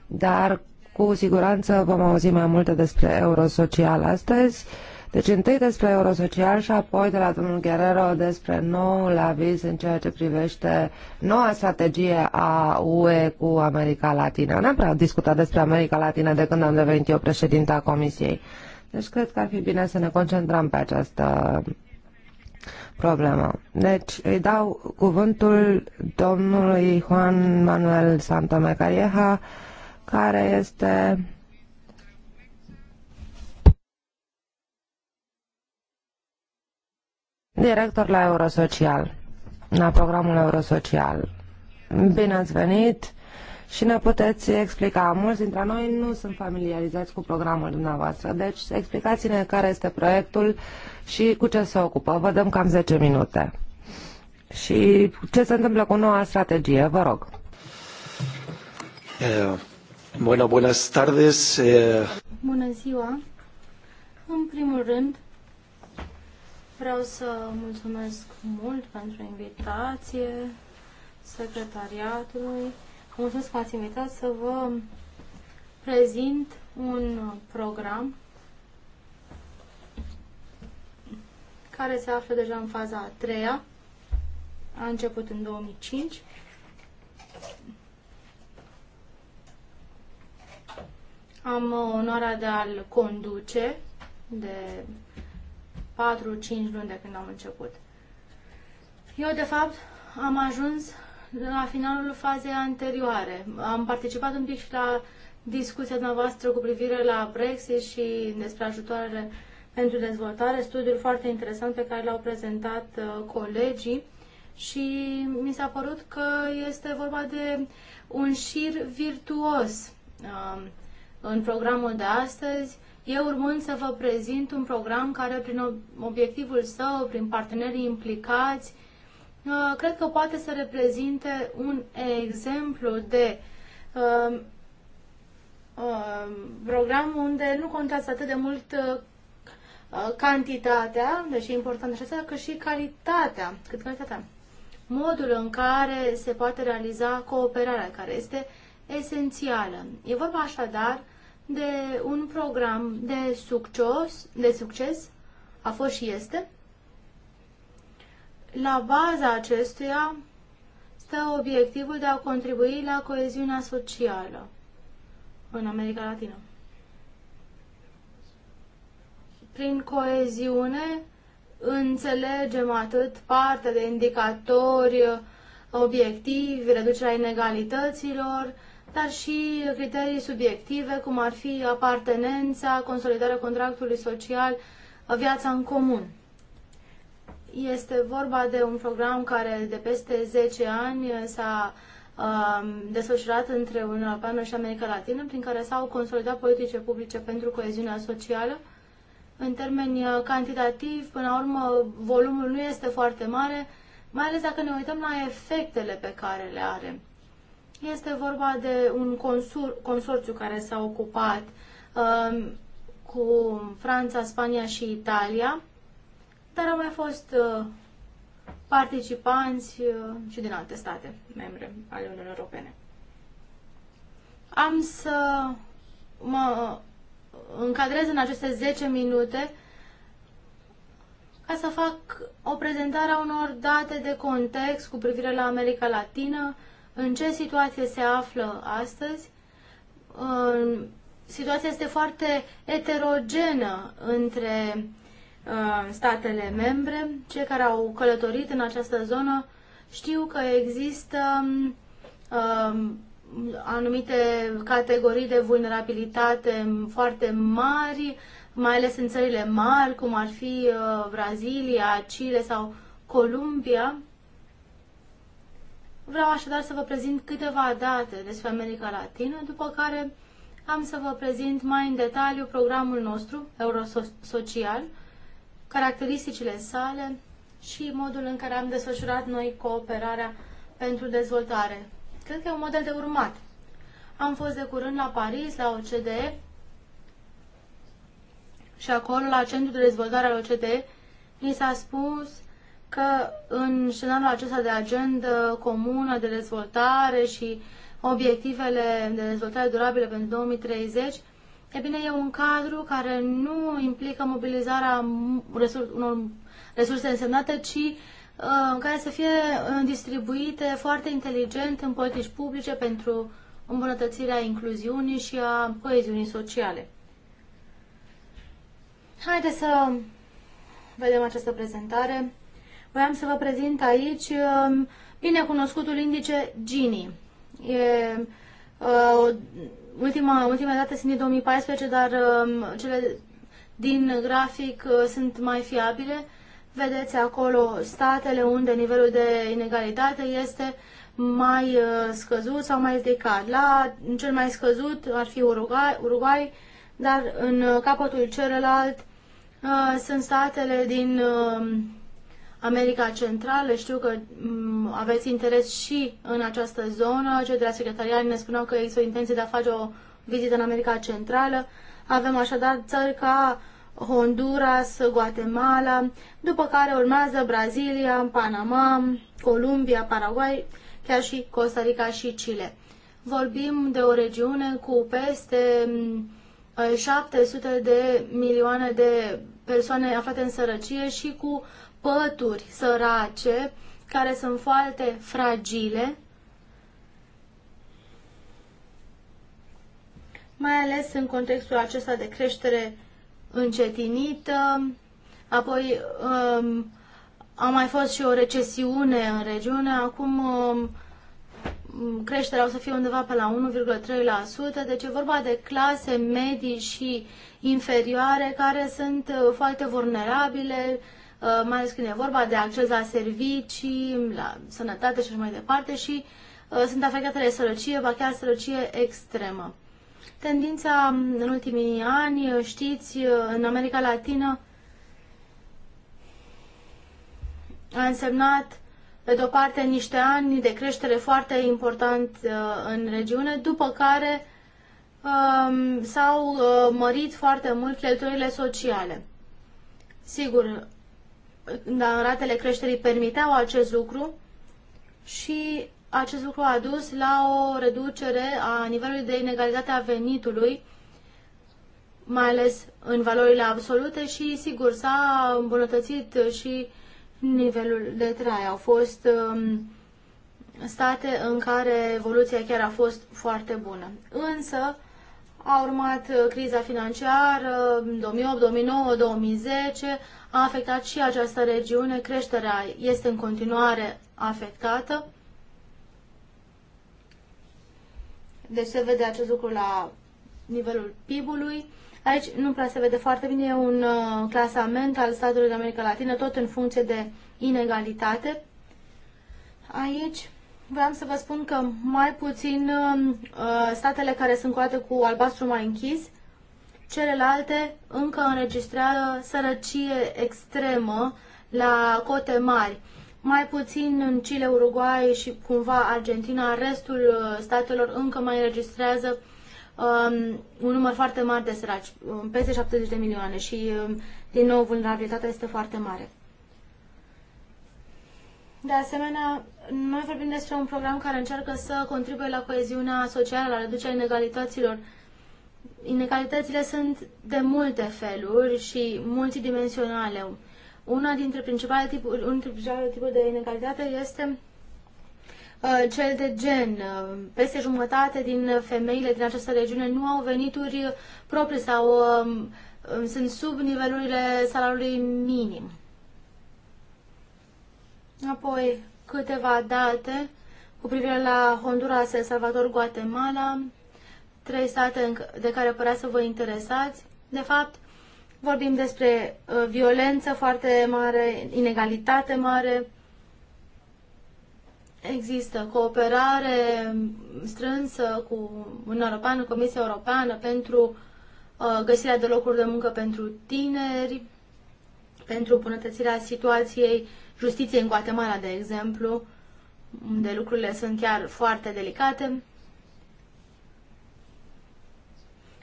Dar cu siguranță vom auzi mai multe despre eurosocial astăzi. Deci întâi despre eurosocial și apoi de la domnul Guerrero despre noul aviz în ceea ce privește noua strategie a UE cu America Latină. N-am prea discutat despre America Latină de când am devenit eu președinta Comisiei. Uh, deci cred că ar fi bine să ne concentrăm pe această problemă. Deci îi dau cuvântul domnului Juan Manuel Santomecalieha, care este director la Eurosocial, la programul Eurosocial. Bine ați venit! și ne puteți explica. Mulți dintre noi nu sunt familiarizați cu programul dumneavoastră, deci explicați-ne care este proiectul și cu ce se ocupă. Vă dăm cam 10 minute. Și ce se întâmplă cu noua strategie, vă rog. Eh, bueno, buenas tardes. Eh... Bună ziua. În primul rând, vreau să mulțumesc mult pentru invitație, secretariatului, am ajuns că ați invitat să vă prezint un program care se află deja în faza a treia. A început în 2005. Am onoarea de a-l conduce de 4-5 luni de când am început. Eu, de fapt, am ajuns la finalul fazei anterioare. Am participat un pic și la discuția noastră cu privire la Brexit și despre ajutoarele pentru dezvoltare, studiul foarte interesant pe care l-au prezentat uh, colegii și mi s-a părut că este vorba de un șir virtuos um, în programul de astăzi. Eu urmând să vă prezint un program care, prin obiectivul său, prin partenerii implicați, Uh, cred că poate să reprezinte un exemplu de um, um, program unde nu contează atât de mult uh, cantitatea, deși e important așa, cât și calitatea, cât calitatea. Modul în care se poate realiza cooperarea, care este esențială. E vorba așadar de un program de succes, de succes a fost și este, la baza acestuia stă obiectivul de a contribui la coeziunea socială în America Latină. Prin coeziune înțelegem atât partea de indicatori, obiectivi, reducerea inegalităților, dar și criterii subiective, cum ar fi apartenența, consolidarea contractului social, viața în comun. Este vorba de un program care de peste 10 ani s-a um, desfășurat între Uniunea Europeană și America Latină, prin care s-au consolidat politice publice pentru coeziunea socială. În termeni uh, cantitativ, până la urmă, volumul nu este foarte mare, mai ales dacă ne uităm la efectele pe care le are. Este vorba de un consor- consorțiu care s-a ocupat um, cu Franța, Spania și Italia dar au mai fost uh, participanți uh, și din alte state membre ale Uniunii Europene. Am să mă uh, încadrez în aceste 10 minute ca să fac o prezentare a unor date de context cu privire la America Latină, în ce situație se află astăzi. Situația este foarte eterogenă între Uh, statele membre. Cei care au călătorit în această zonă știu că există um, anumite categorii de vulnerabilitate foarte mari, mai ales în țările mari, cum ar fi uh, Brazilia, Chile sau Columbia. Vreau așadar să vă prezint câteva date despre America Latină, după care am să vă prezint mai în detaliu programul nostru, Eurosocial, caracteristicile sale și modul în care am desfășurat noi cooperarea pentru dezvoltare. Cred că e un model de urmat. Am fost de curând la Paris, la OCDE, și acolo, la Centrul de Dezvoltare al OCDE, mi s-a spus că în scenariul acesta de agendă comună de dezvoltare și obiectivele de dezvoltare durabilă pentru 2030, E bine, e un cadru care nu implică mobilizarea unor resurse însemnate, ci uh, care să fie uh, distribuite foarte inteligent în politici publice pentru îmbunătățirea incluziunii și a coeziunii sociale. Haideți să vedem această prezentare. Voiam să vă prezint aici um, binecunoscutul indice Gini. E uh, ultima, ultima dată sunt din 2014, dar um, cele din grafic uh, sunt mai fiabile. Vedeți acolo statele unde nivelul de inegalitate este mai uh, scăzut sau mai ridicat. La cel mai scăzut ar fi Uruguay, Uruguay dar în uh, capătul celălalt uh, sunt statele din um, America Centrală. Știu că mm, aveți interes și în această zonă. Cei de la secretariat ne spuneau că există o intenție de a face o vizită în America Centrală. Avem așadar țări ca Honduras, Guatemala, după care urmează Brazilia, Panama, Columbia, Paraguay, chiar și Costa Rica și Chile. Vorbim de o regiune cu peste 700 mm, de milioane de persoane aflate în sărăcie și cu pături sărace care sunt foarte fragile, mai ales în contextul acesta de creștere încetinită, apoi um, a mai fost și o recesiune în regiune, acum um, creșterea o să fie undeva pe la 1,3%, deci e vorba de clase medii și inferioare care sunt uh, foarte vulnerabile, uh, mai ales când e vorba de acces la servicii, la sănătate și așa mai departe și uh, sunt afectate de sărăcie, ba chiar sărăcie extremă. Tendința mm, în ultimii ani, știți, în America Latină a însemnat pe de-o parte, niște ani de creștere foarte important uh, în regiune, după care um, s-au uh, mărit foarte mult cheltuielile sociale. Sigur, dar ratele creșterii permiteau acest lucru și acest lucru a dus la o reducere a nivelului de inegalitate a venitului, mai ales în valorile absolute și, sigur, s-a îmbunătățit și nivelul de trai. Au fost um, state în care evoluția chiar a fost foarte bună. Însă a urmat uh, criza financiară 2008, 2009, 2010, a afectat și această regiune, creșterea este în continuare afectată. Deci se vede acest lucru la nivelul PIB-ului Aici nu prea se vede foarte bine, e un uh, clasament al statelor din America Latină, tot în funcție de inegalitate. Aici vreau să vă spun că mai puțin um, uh, statele care sunt coate cu albastru mai închis, celelalte încă înregistrează sărăcie extremă la cote mari. Mai puțin în Chile, Uruguay și cumva Argentina, restul uh, statelor încă mai înregistrează um, un număr foarte mare de săraci, um, peste 70 de milioane și, um, din nou, vulnerabilitatea este foarte mare. De asemenea, noi vorbim despre un program care încearcă să contribuie la coeziunea socială, la reducerea inegalităților. Inegalitățile sunt de multe feluri și multidimensionale. Una dintre principalele tipuri, un dintre tipuri de inegalitate este Uh, cel de gen. Uh, peste jumătate din femeile din această regiune nu au venituri proprii sau um, um, sunt sub nivelurile salariului minim. Apoi câteva date cu privire la Honduras, El Salvador, Guatemala, trei state de care părea să vă interesați. De fapt, vorbim despre uh, violență foarte mare, inegalitate mare, Există cooperare strânsă cu Uniunea Europeană, Comisia Europeană pentru uh, găsirea de locuri de muncă pentru tineri, pentru bunătățirea situației justiției în Guatemala, de exemplu, unde lucrurile sunt chiar foarte delicate.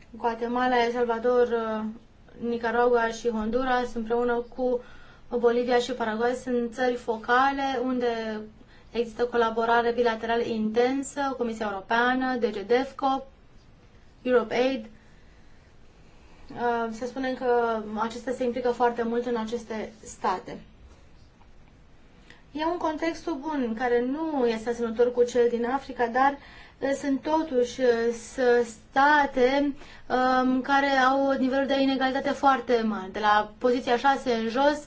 Guatemala, El Salvador, uh, Nicaragua și Honduras, împreună cu Bolivia și Paraguay, sunt țări focale unde Există o colaborare bilaterală intensă, Comisia Europeană, DGDEFCO, EuropeAid. Uh, se spune că acestea se implică foarte mult în aceste state. E un context bun, care nu este asemănător cu cel din Africa, dar uh, sunt totuși uh, state um, care au nivelul de inegalitate foarte mare. De la poziția 6 în jos,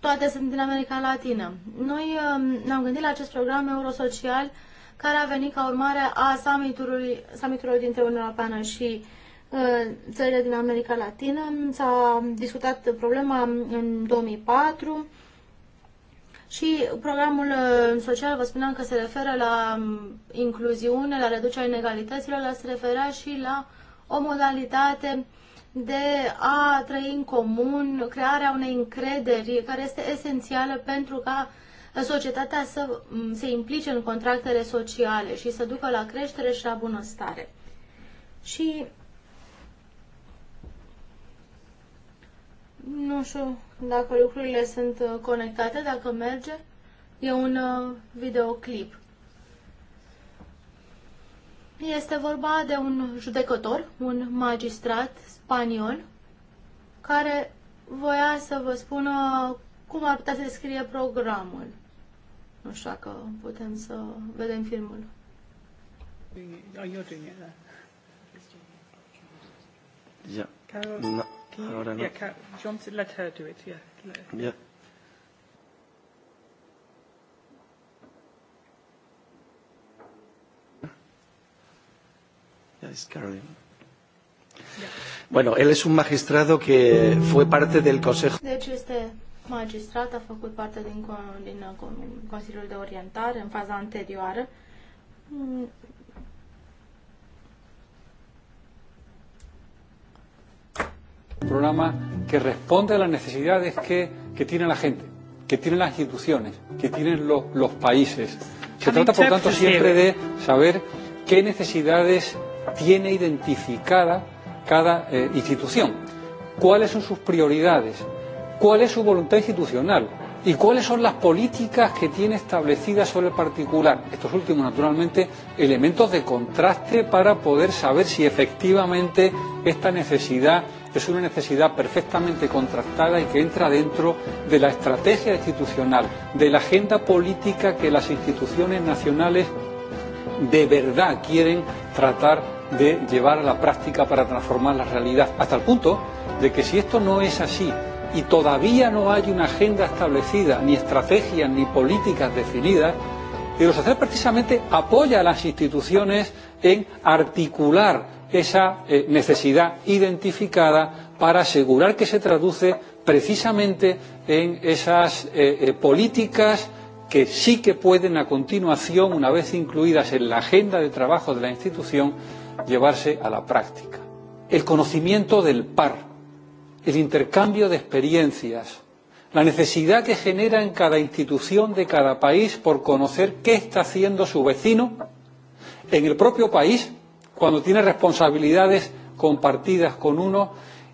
toate sunt din America Latină. Noi um, ne-am gândit la acest program eurosocial care a venit ca urmare a summiturilor summit dintre Uniunea Europeană și uh, țările din America Latină. S-a discutat problema în 2004 și programul uh, social, vă spuneam că se referă la um, incluziune, la reducerea inegalităților, dar se referea și la o modalitate uh, de a trăi în comun, crearea unei încrederi care este esențială pentru ca societatea să se implice în contractele sociale și să ducă la creștere și la bunăstare. Și nu știu dacă lucrurile sunt uh, conectate, dacă merge, e un uh, videoclip. Este vorba de un judecător, un magistrat spaniol, care voia să vă spună cum ar putea să descrie programul. Nu știu dacă putem să vedem filmul. Yeah. Carol, no, can you, yeah, Carol, do you want to let her do it? Yeah. Yeah. Yes, Caroline. Bueno, él es un magistrado que fue parte del Consejo. De deci hecho, este magistrat a făcut parte din, din uh, Consiliul de Orientare în faza anterioară. Mm. programa que responde a las necesidades que, que tiene la gente, que tienen las instituciones, que tienen lo, los países. Se trata, por tanto, siempre de saber qué necesidades tiene identificada cada eh, institución, cuáles son sus prioridades, cuál es su voluntad institucional y cuáles son las políticas que tiene establecidas sobre el particular. Estos últimos, naturalmente, elementos de contraste para poder saber si efectivamente esta necesidad es una necesidad perfectamente contrastada y que entra dentro de la estrategia institucional, de la agenda política que las instituciones nacionales de verdad quieren tratar de llevar a la práctica para transformar la realidad, hasta el punto de que si esto no es así y todavía no hay una agenda establecida, ni estrategias, ni políticas definidas, lo social precisamente apoya a las instituciones en articular esa eh, necesidad identificada para asegurar que se traduce precisamente en esas eh, eh, políticas que sí que pueden a continuación, una vez incluidas en la agenda de trabajo de la institución, llevarse a la práctica. El conocimiento del par, el intercambio de experiencias, la necesidad que genera en cada institución de cada país por conocer qué está haciendo su vecino en el propio país cuando tiene responsabilidades compartidas con uno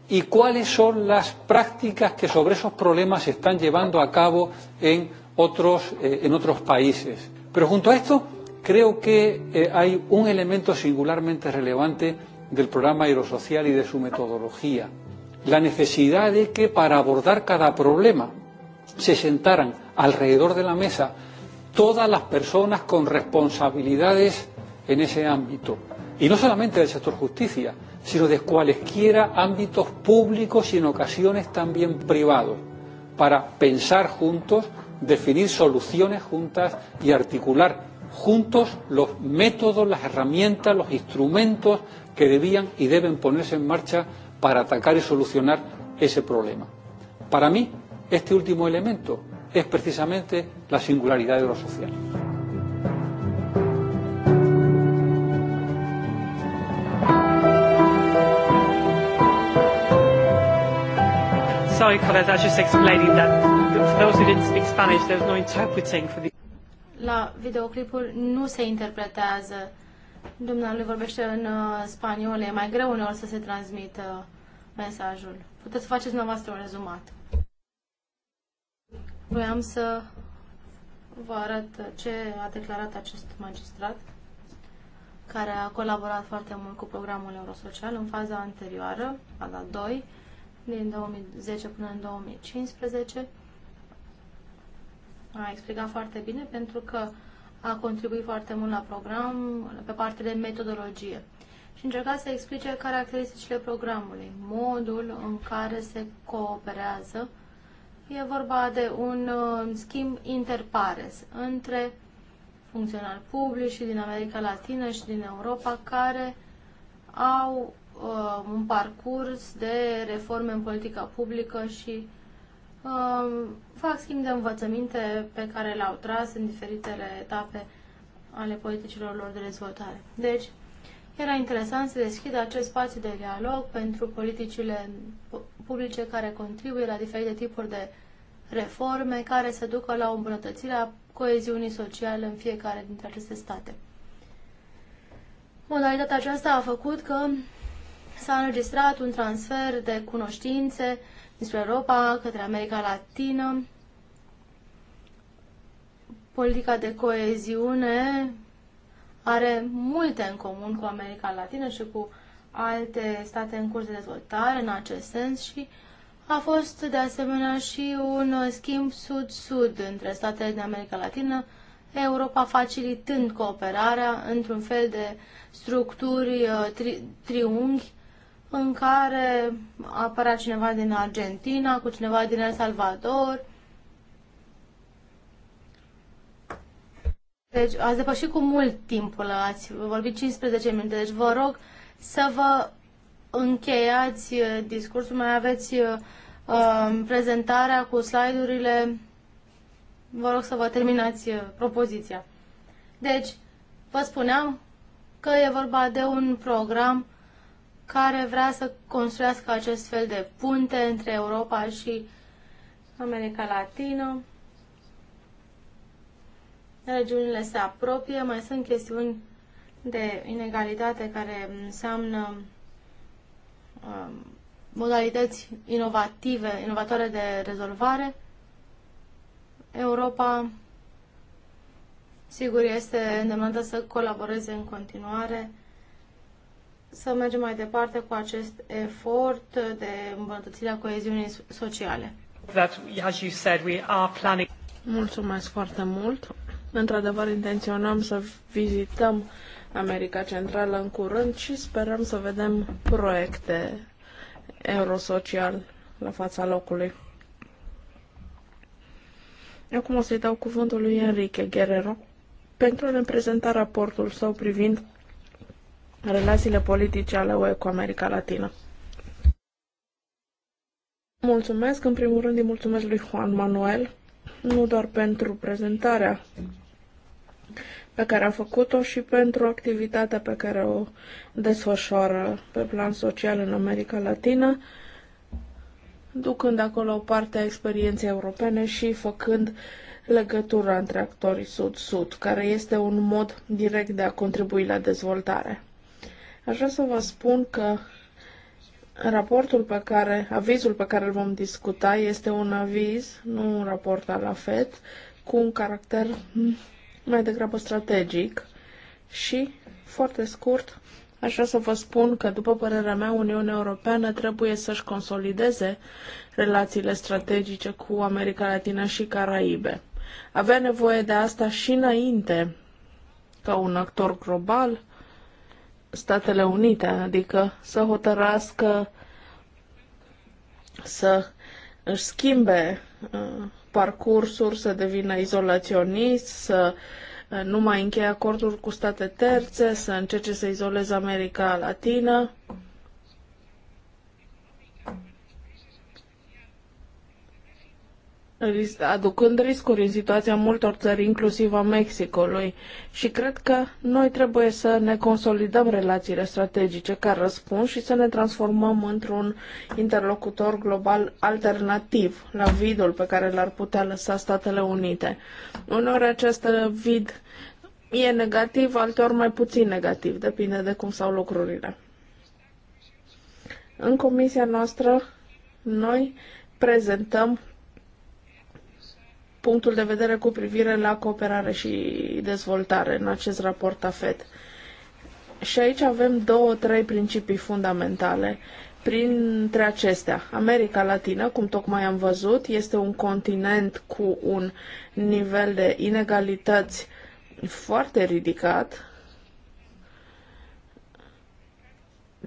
y cuáles son las prácticas que sobre esos problemas se están llevando a cabo en otros, eh, en otros países. Pero junto a esto, creo que eh, hay un elemento singularmente relevante del programa aerosocial y de su metodología. La necesidad de que para abordar cada problema se sentaran alrededor de la mesa todas las personas con responsabilidades en ese ámbito. Y no solamente del sector justicia, sino de cualesquiera ámbitos públicos y en ocasiones también privados, para pensar juntos definir soluciones juntas y articular juntos los métodos, las herramientas, los instrumentos que debían y deben ponerse en marcha para atacar y solucionar ese problema. Para mí, este último elemento es precisamente la singularidad de lo social. sorry, Colette, I was just explaining that for those who didn't speak Spanish, there was no interpreting for the... La videoclipul nu se interpretează. Dumnealui vorbește în uh, spaniol, e mai greu uneori să se transmită uh, mesajul. Puteți să faceți dumneavoastră un rezumat. Vreau să vă arăt ce a declarat acest magistrat, care a colaborat foarte mult cu programul Eurosocial în faza anterioară, faza 2, din 2010 până în 2015 a explicat foarte bine pentru că a contribuit foarte mult la program pe partea de metodologie și încerca să explice caracteristicile programului, modul în care se cooperează. E vorba de un uh, schimb interpares între funcționari publici și din America Latină și din Europa care au uh, un parcurs de reforme în politica publică și uh, fac schimb de învățăminte pe care le-au tras în diferitele etape ale politicilor lor de dezvoltare. Deci, era interesant să deschid acest spațiu de dialog pentru politicile publice care contribuie la diferite tipuri de reforme care să ducă la o îmbunătățire a coeziunii sociale în fiecare dintre aceste state. Modalitatea aceasta a făcut că s-a înregistrat un transfer de cunoștințe dinspre Europa către America Latină. Politica de coeziune are multe în comun cu America Latină și cu alte state în curs de dezvoltare în acest sens și a fost de asemenea și un schimb sud-sud între statele din America Latină, Europa facilitând cooperarea într-un fel de structuri uh, tri- triunghi în care apărea cineva din Argentina cu cineva din El Salvador. Deci ați depășit cu mult timpul, ați vorbit 15 minute, deci vă rog să vă încheiați uh, discursul, mai aveți uh, um, prezentarea cu slide-urile, vă rog să vă terminați uh, propoziția. Deci, vă spuneam că e vorba de un program care vrea să construiască acest fel de punte între Europa și America Latină. Regiunile se apropie, mai sunt chestiuni de inegalitate care înseamnă um, modalități inovative, inovatoare de rezolvare. Europa, sigur, este îndemnată să colaboreze în continuare să mergem mai departe cu acest efort de îmbunătățire a coeziunii sociale. That, as you said, we are planning... Mulțumesc foarte mult. Într-adevăr, intenționăm să vizităm America Centrală în curând și sperăm să vedem proiecte eurosocial la fața locului. Acum o să-i dau cuvântul lui Enrique Guerrero pentru a ne prezenta raportul său privind relațiile politice ale UE cu America Latină. Mulțumesc, în primul rând îi mulțumesc lui Juan Manuel, nu doar pentru prezentarea pe care a făcut-o și pentru activitatea pe care o desfășoară pe plan social în America Latină, ducând acolo o parte a experienței europene și făcând legătura între actorii sud-sud, care este un mod direct de a contribui la dezvoltare. Aș vrea să vă spun că raportul pe care, avizul pe care îl vom discuta este un aviz, nu un raport al AFET, cu un caracter mai degrabă strategic și, foarte scurt, Aș vrea să vă spun că, după părerea mea, Uniunea Europeană trebuie să-și consolideze relațiile strategice cu America Latină și Caraibe. Avea nevoie de asta și înainte, ca un actor global, Statele Unite, adică să hotărască să își schimbe uh, parcursuri, să devină izolaționist, să uh, nu mai încheie acorduri cu state terțe, să încerce să izoleze America Latină. aducând riscuri în situația multor țări, inclusiv a Mexicului. Și cred că noi trebuie să ne consolidăm relațiile strategice ca răspuns și să ne transformăm într-un interlocutor global alternativ la vidul pe care l-ar putea lăsa Statele Unite. Uneori acest vid e negativ, alteori mai puțin negativ, depinde de cum stau lucrurile. În comisia noastră, noi prezentăm punctul de vedere cu privire la cooperare și dezvoltare în acest raport AFET. Și aici avem două, trei principii fundamentale. Printre acestea, America Latină, cum tocmai am văzut, este un continent cu un nivel de inegalități foarte ridicat,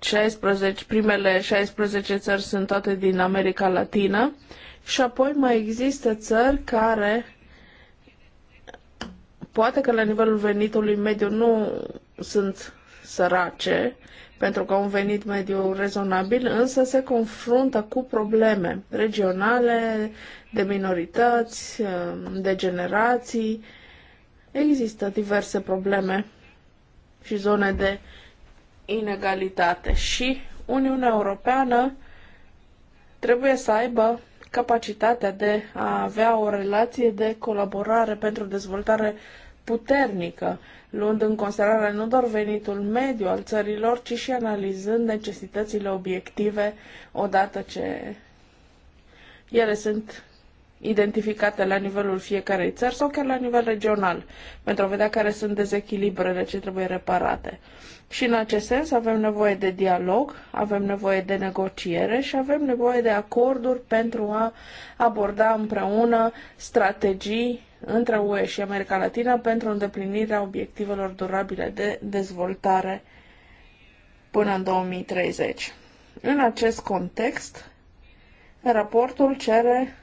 16, primele 16 țări sunt toate din America Latină și apoi mai există țări care poate că la nivelul venitului mediu nu sunt sărace, pentru că au un venit mediu rezonabil, însă se confruntă cu probleme regionale, de minorități, de generații. Există diverse probleme și zone de inegalitate și Uniunea Europeană trebuie să aibă capacitatea de a avea o relație de colaborare pentru dezvoltare puternică, luând în considerare nu doar venitul mediu al țărilor, ci și analizând necesitățile obiective odată ce ele sunt identificate la nivelul fiecarei țări sau chiar la nivel regional, pentru a vedea care sunt dezechilibrele ce trebuie reparate. Și în acest sens avem nevoie de dialog, avem nevoie de negociere și avem nevoie de acorduri pentru a aborda împreună strategii între UE și America Latină pentru îndeplinirea obiectivelor durabile de dezvoltare până în 2030. În acest context, raportul cere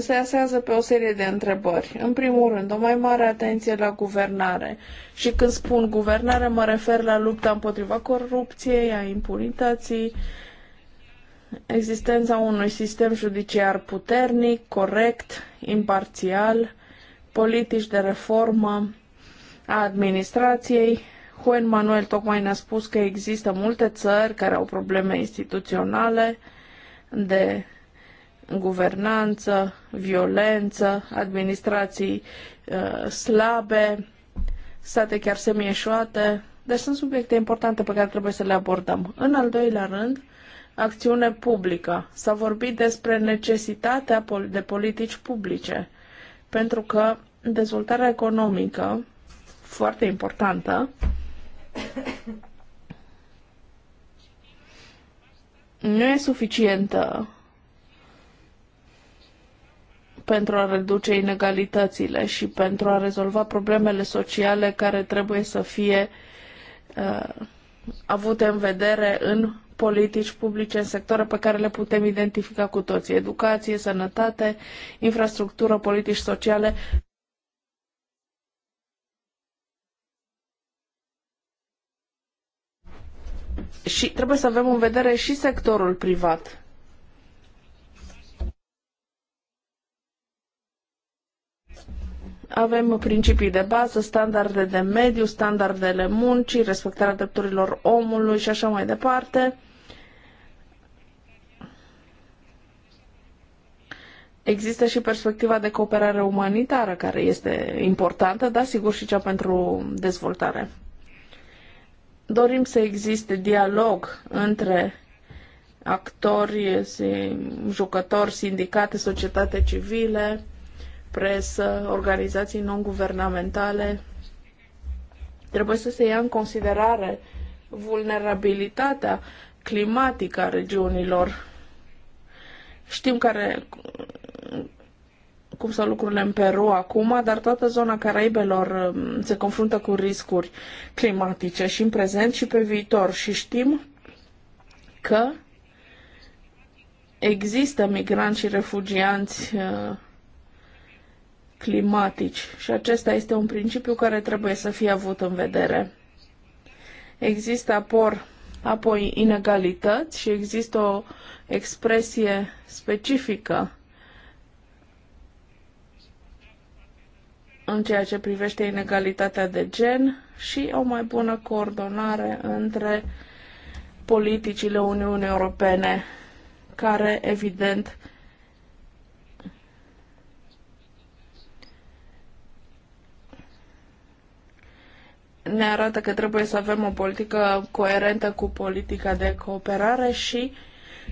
se asează pe o serie de întrebări. În primul rând, o mai mare atenție la guvernare. Și când spun guvernare, mă refer la lupta împotriva corupției, a impunității, existența unui sistem judiciar puternic, corect, imparțial, politici de reformă a administrației. Juan Manuel tocmai ne-a spus că există multe țări care au probleme instituționale de guvernanță, violență, administrații uh, slabe, state chiar semieșoate. Deci sunt subiecte importante pe care trebuie să le abordăm. În al doilea rând, acțiune publică. S-a vorbit despre necesitatea de politici publice, pentru că dezvoltarea economică, foarte importantă, nu e suficientă pentru a reduce inegalitățile și pentru a rezolva problemele sociale care trebuie să fie uh, avute în vedere în politici publice în sectoare pe care le putem identifica cu toții. Educație, sănătate, infrastructură, politici sociale. Și trebuie să avem în vedere și sectorul privat Avem principii de bază, standarde de mediu, standardele muncii, respectarea drepturilor omului și așa mai departe. Există și perspectiva de cooperare umanitară, care este importantă, dar sigur și cea pentru dezvoltare. Dorim să existe dialog între actori, jucători, sindicate, societate civile, presă, organizații non-guvernamentale. Trebuie să se ia în considerare vulnerabilitatea climatică a regiunilor. Știm care, cum sunt lucrurile în Peru acum, dar toată zona Caraibelor um, se confruntă cu riscuri climatice și în prezent și pe viitor. Și știm că există migranți și refugianți uh, climatici și acesta este un principiu care trebuie să fie avut în vedere. Există apor, apoi inegalități și există o expresie specifică în ceea ce privește inegalitatea de gen și o mai bună coordonare între politicile Uniunii Europene, care, evident, ne arată că trebuie să avem o politică coerentă cu politica de cooperare și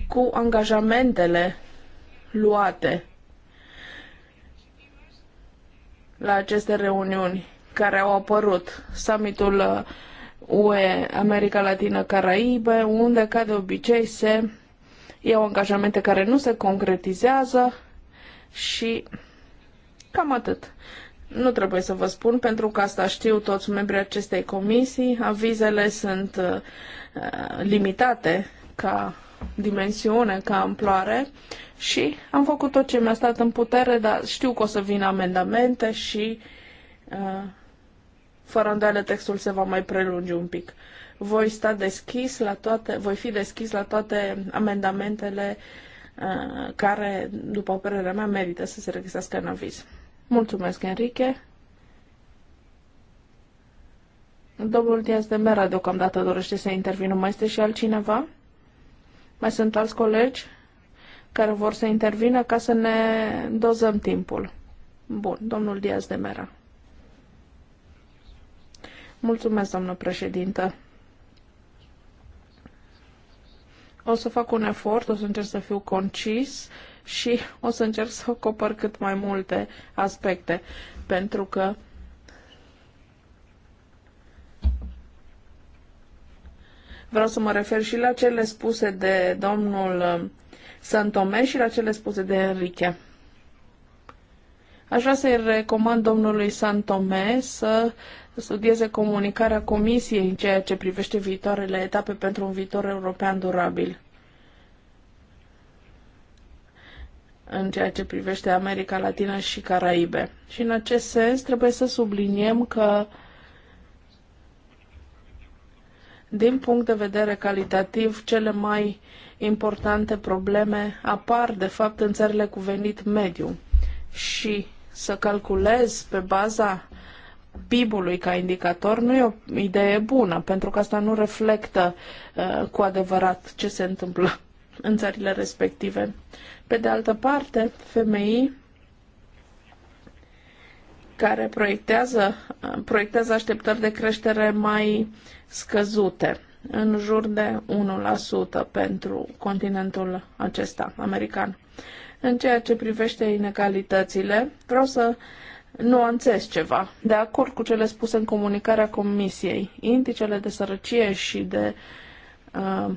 cu angajamentele luate la aceste reuniuni care au apărut. Summitul UE uh, America Latină Caraibe, unde ca de obicei se iau angajamente care nu se concretizează și cam atât. Nu trebuie să vă spun, pentru că asta știu toți membrii acestei comisii. Avizele sunt uh, limitate ca dimensiune, ca amploare și am făcut tot ce mi-a stat în putere, dar știu că o să vină amendamente și uh, fără îndoială textul se va mai prelungi un pic. Voi sta deschis la toate, voi fi deschis la toate amendamentele uh, care, după părerea mea, merită să se regăsească în aviz. Mulțumesc, Enrique. Domnul Diaz de Mera deocamdată dorește să intervină. Mai este și altcineva? Mai sunt alți colegi care vor să intervină ca să ne dozăm timpul. Bun, domnul Diaz de Mera. Mulțumesc, doamnă președintă. O să fac un efort, o să încerc să fiu concis. Uh, și o să încerc să acopăr cât mai multe aspecte, pentru că vreau să mă refer și la cele spuse de domnul um, Santome și la cele spuse de Enrique. Aș vrea să-i recomand domnului Santome să studieze comunicarea Comisiei în ceea ce privește viitoarele etape pentru un viitor european durabil. în ceea ce privește America Latină și Caraibe. Și în acest sens trebuie să subliniem că din punct de vedere calitativ, cele mai importante probleme apar de fapt în țările cu venit mediu. Și să calculez pe baza PIB-ului ca indicator nu e o idee bună, pentru că asta nu reflectă uh, cu adevărat ce se întâmplă <laughs> în țările respective. Pe de altă parte, femeii care proiectează, proiectează așteptări de creștere mai scăzute, în jur de 1% pentru continentul acesta american. În ceea ce privește inegalitățile, vreau să nuanțez ceva. De acord cu cele spuse în comunicarea Comisiei, indicele de sărăcie și de uh,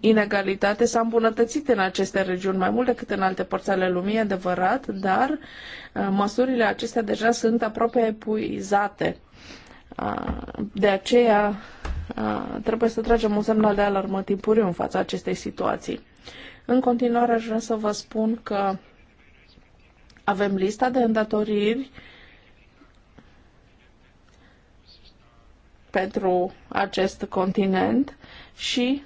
inegalitate s-a îmbunătățit în aceste regiuni mai mult decât în alte părți ale lumii, e adevărat, dar uh, măsurile acestea deja sunt aproape epuizate. Uh, de aceea uh, trebuie să tragem un semnal de alarmă timpuriu în fața acestei situații. În continuare aș vrea să vă spun că avem lista de îndatoriri pentru acest continent și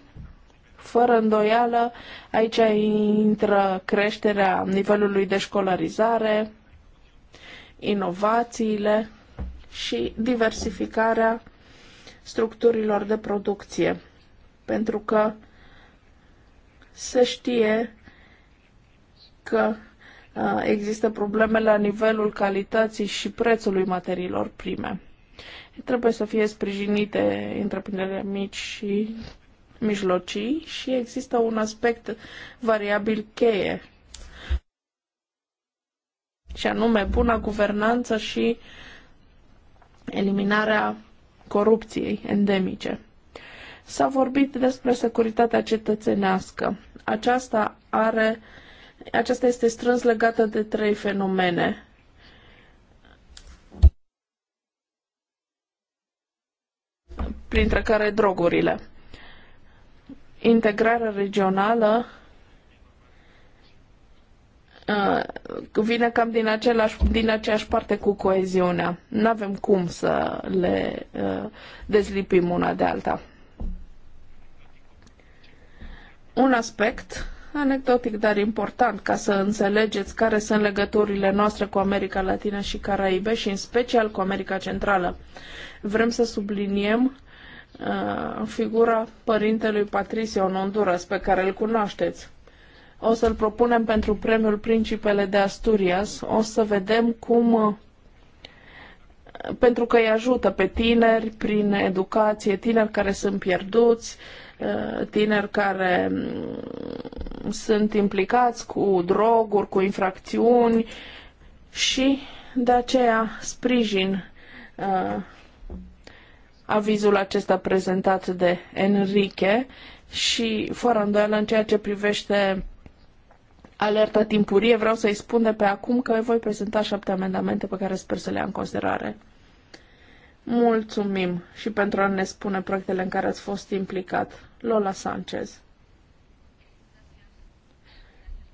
fără îndoială, aici intră creșterea nivelului de școlarizare, inovațiile și diversificarea structurilor de producție. Pentru că se știe că există probleme la nivelul calității și prețului materiilor prime. Trebuie să fie sprijinite întreprinderile mici și mijlocii și există un aspect variabil cheie, și anume buna guvernanță și eliminarea corupției endemice. S-a vorbit despre securitatea cetățenească. Aceasta are aceasta este strâns legată de trei fenomene. printre care drogurile integrarea regională uh, vine cam din, același, din aceeași parte cu coeziunea. Nu avem cum să le uh, dezlipim una de alta. Un aspect anecdotic, dar important, ca să înțelegeți care sunt legăturile noastre cu America Latină și Caraibe și în special cu America Centrală. Vrem să subliniem Uh, figura părintelui Patricio în Honduras, pe care îl cunoașteți. O să-l propunem pentru premiul Principele de Asturias. O să vedem cum uh, pentru că îi ajută pe tineri prin educație, tineri care sunt pierduți, uh, tineri care mm, sunt implicați cu droguri, cu infracțiuni și de aceea sprijin avizul acesta prezentat de Enrique și, fără îndoială, în ceea ce privește alerta timpurie, vreau să-i spun de pe acum că voi prezenta șapte amendamente pe care sper să le am în considerare. Mulțumim și pentru a ne spune proiectele în care ați fost implicat. Lola Sanchez.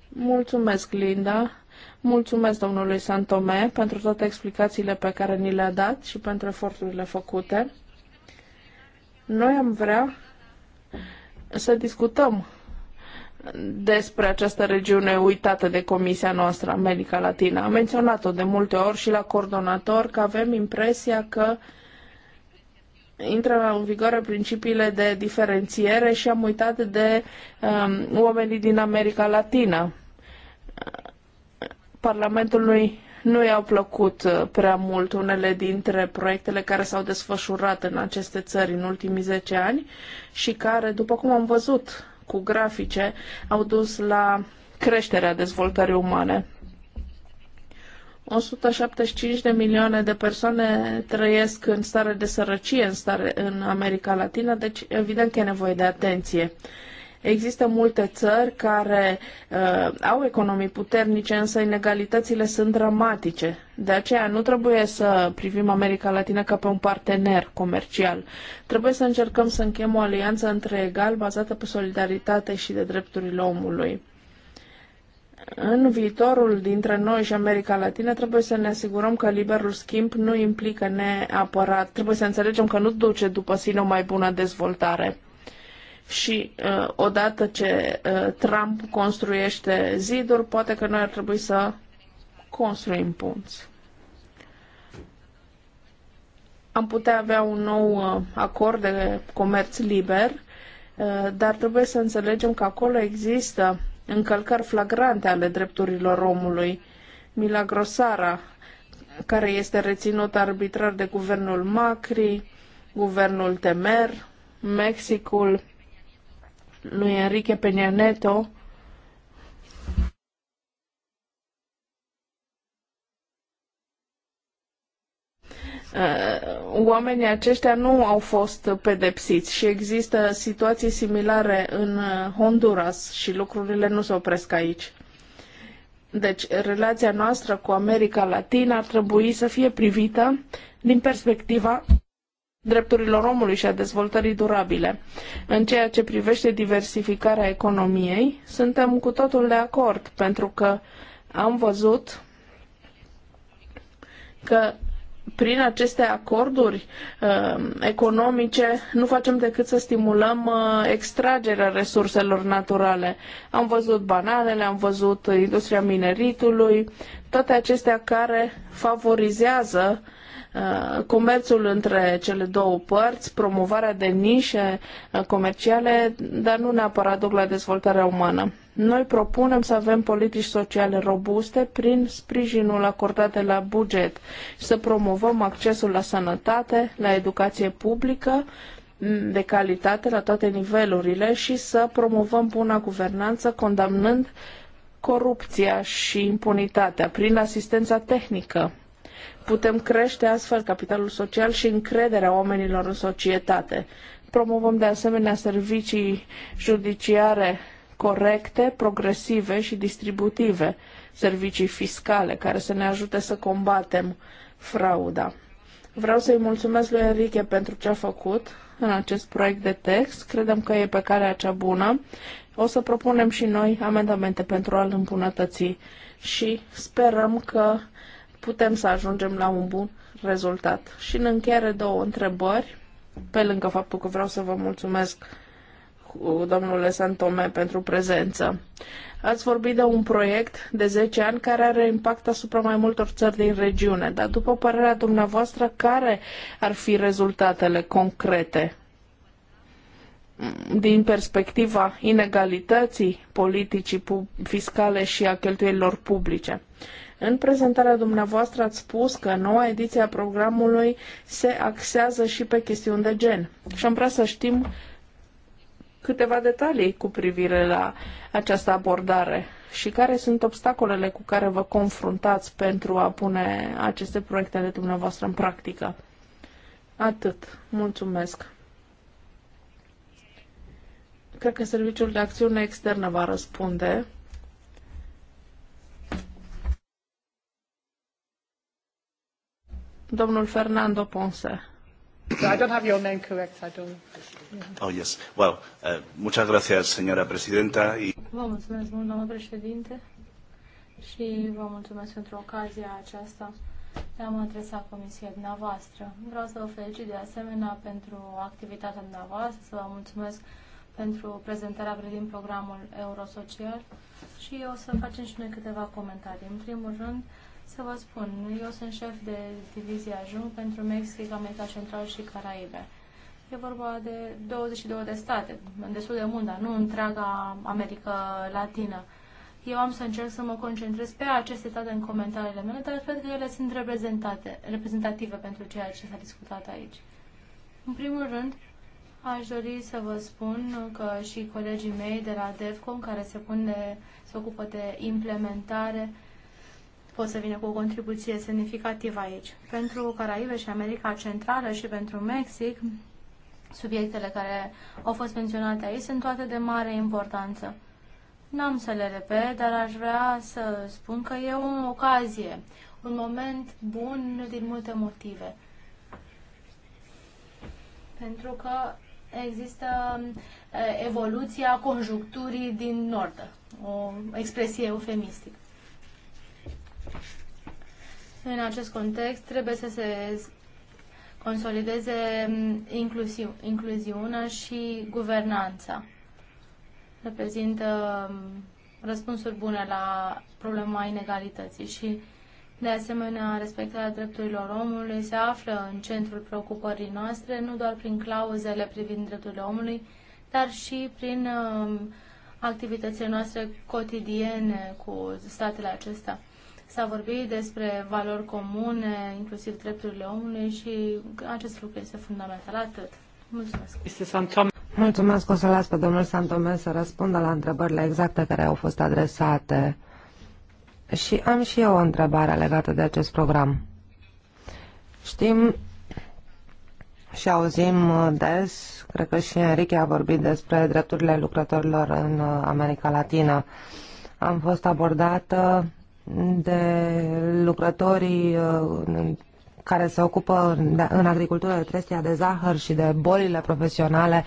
Mulțumesc, Linda. Mulțumesc domnului Santome pentru toate explicațiile pe care ni le-a dat și pentru eforturile făcute. Noi am vrea să discutăm despre această regiune uitată de Comisia noastră, America Latina. Am menționat-o de multe ori și la coordonator că avem impresia că intră în vigoare principiile de diferențiere și am uitat de um, oamenii din America Latina. Parlamentul lui nu i-au plăcut uh, prea mult unele dintre proiectele care s-au desfășurat în aceste țări în ultimii 10 ani și care, după cum am văzut cu grafice, au dus la creșterea dezvoltării umane. 175 de milioane de persoane trăiesc în stare de sărăcie în, stare, în America Latină, deci evident că e nevoie de atenție. Uh, Există multe țări care uh, au economii puternice, însă inegalitățile sunt dramatice. De aceea nu trebuie să privim America Latină ca pe un partener comercial. Trebuie să încercăm să încheiem o alianță între egal bazată pe solidaritate și de drepturile omului în viitorul dintre noi și America Latină trebuie să ne asigurăm că liberul schimb nu implică neapărat, trebuie să înțelegem că nu duce după sine o mai bună dezvoltare și uh, odată ce uh, Trump construiește ziduri, poate că noi ar trebui să construim punți. Am putea avea un nou uh, acord de comerț liber, uh, dar trebuie să înțelegem că acolo există încălcări flagrante ale drepturilor omului. Milagrosara, care este reținut arbitrar de guvernul Macri, guvernul Temer, Mexicul, lui Enrique Peña Neto, uh, oamenii aceștia nu au fost pedepsiți și există situații similare în uh, Honduras și lucrurile nu se opresc aici. Deci, relația noastră cu America Latina ar trebui să fie privită din perspectiva drepturilor omului și a dezvoltării durabile. În ceea ce privește diversificarea economiei, suntem cu totul de acord, pentru că am văzut că prin aceste acorduri uh, economice nu facem decât să stimulăm uh, extragerea resurselor naturale. Am văzut bananele, am văzut industria mineritului, toate acestea care favorizează uh, Uh, comerțul între cele două părți, promovarea de nișe uh, comerciale, dar nu neapărat duc la dezvoltarea umană. Noi propunem să avem politici sociale robuste prin sprijinul acordat de la buget și să promovăm accesul la sănătate, la educație publică, mm, de calitate la toate nivelurile și să promovăm buna guvernanță, condamnând corupția și impunitatea prin asistența tehnică putem crește astfel capitalul social și încrederea oamenilor în societate. Promovăm de asemenea servicii judiciare corecte, progresive și distributive, servicii fiscale care să ne ajute să combatem frauda. Vreau să-i mulțumesc lui Enrique pentru ce a făcut în acest proiect de text. Credem că e pe calea cea bună. O să propunem și noi amendamente pentru a-l îmbunătăți și sperăm că putem să ajungem la un bun rezultat. Și în încheiere două întrebări, pe lângă faptul că vreau să vă mulțumesc domnule Santome pentru prezență. Ați vorbit de un proiect de 10 ani care are impact asupra mai multor țări din regiune, dar după părerea dumneavoastră, care ar fi rezultatele concrete din perspectiva inegalității politicii fiscale și a cheltuielilor publice? În prezentarea dumneavoastră ați spus că noua ediție a programului se axează și pe chestiuni de gen. Și am vrea să știm câteva detalii cu privire la această abordare și care sunt obstacolele cu care vă confruntați pentru a pune aceste proiecte ale dumneavoastră în practică. Atât. Mulțumesc. Cred că Serviciul de Acțiune Externă va răspunde. Domnul Fernando Ponce. I don't have your name correct, I don't. Oh, yes. Well, uh, muchas gracias, señora presidenta. Y... Vă mulțumesc mult, doamnă președinte, și vă mulțumesc pentru ocazia aceasta. Le-am adresat comisiei dumneavoastră. Vreau să vă felicit de asemenea pentru activitatea dumneavoastră, să vă mulțumesc pentru prezentarea privind programul Eurosocial și o să facem și noi câteva comentarii. În primul rând, să vă spun, eu sunt șef de divizie ajung pentru Mexic, America Centrală și Caraibe. E vorba de 22 de state, în destul de mult, dar nu întreaga America Latină. Eu am să încerc să mă concentrez pe aceste state în comentariile mele, dar cred că ele sunt reprezentate, reprezentative pentru ceea ce s-a discutat aici. În primul rând, aș dori să vă spun că și colegii mei de la DEFCON, care se, pun se ocupă de implementare, pot să vină cu o contribuție semnificativă aici. Pentru Caraibe și America Centrală și pentru Mexic, subiectele care au fost menționate aici sunt toate de mare importanță. N-am să le repet, dar aș vrea să spun că e o ocazie, un moment bun din multe motive. Pentru că există eh, evoluția conjuncturii din nord, o expresie eufemistică. În acest context trebuie să se consolideze mm, inclusiv, incluziunea și guvernanța. Reprezintă mm, răspunsuri bune la problema inegalității și, de asemenea, respectarea drepturilor omului se află în centrul preocupării noastre, nu doar prin clauzele privind drepturile omului, dar și prin mm, activitățile noastre cotidiene cu statele acestea. S-a vorbit despre valori comune, inclusiv drepturile omului și acest lucru este fundamental. Atât. Mulțumesc. Mulțumesc. O să las pe domnul Santome să răspundă la întrebările exacte care au fost adresate. Și am și eu o întrebare legată de acest program. Știm și auzim des, cred că și Enrique a vorbit despre drepturile lucrătorilor în America Latină. Am fost abordată de lucrătorii uh, care se ocupă în agricultură de trestia de zahăr și de bolile profesionale.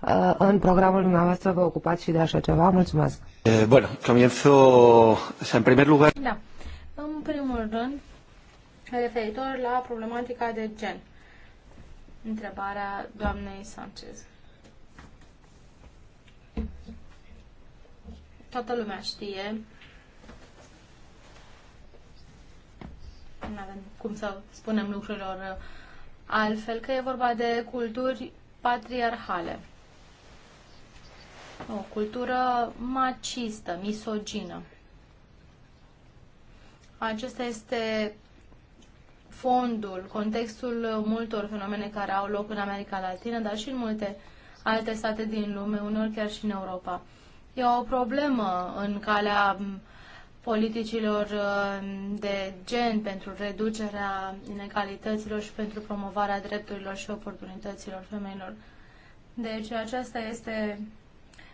Uh, în programul dumneavoastră vă ocupați și de așa ceva? Mulțumesc! Eh, comienzo, în primer lugar... Da. În primul rând, referitor la problematica de gen. Întrebarea doamnei Sanchez. Toată lumea știe nu avem cum să spunem lucrurilor uh, altfel, că e vorba de culturi patriarhale. O cultură macistă, misogină. Acesta este fondul, contextul multor fenomene care au loc în America Latină, dar și în multe alte state din lume, unor chiar și în Europa. E o problemă în calea politicilor uh, de gen pentru reducerea inegalităților și pentru promovarea drepturilor și oportunităților femeilor. Deci aceasta este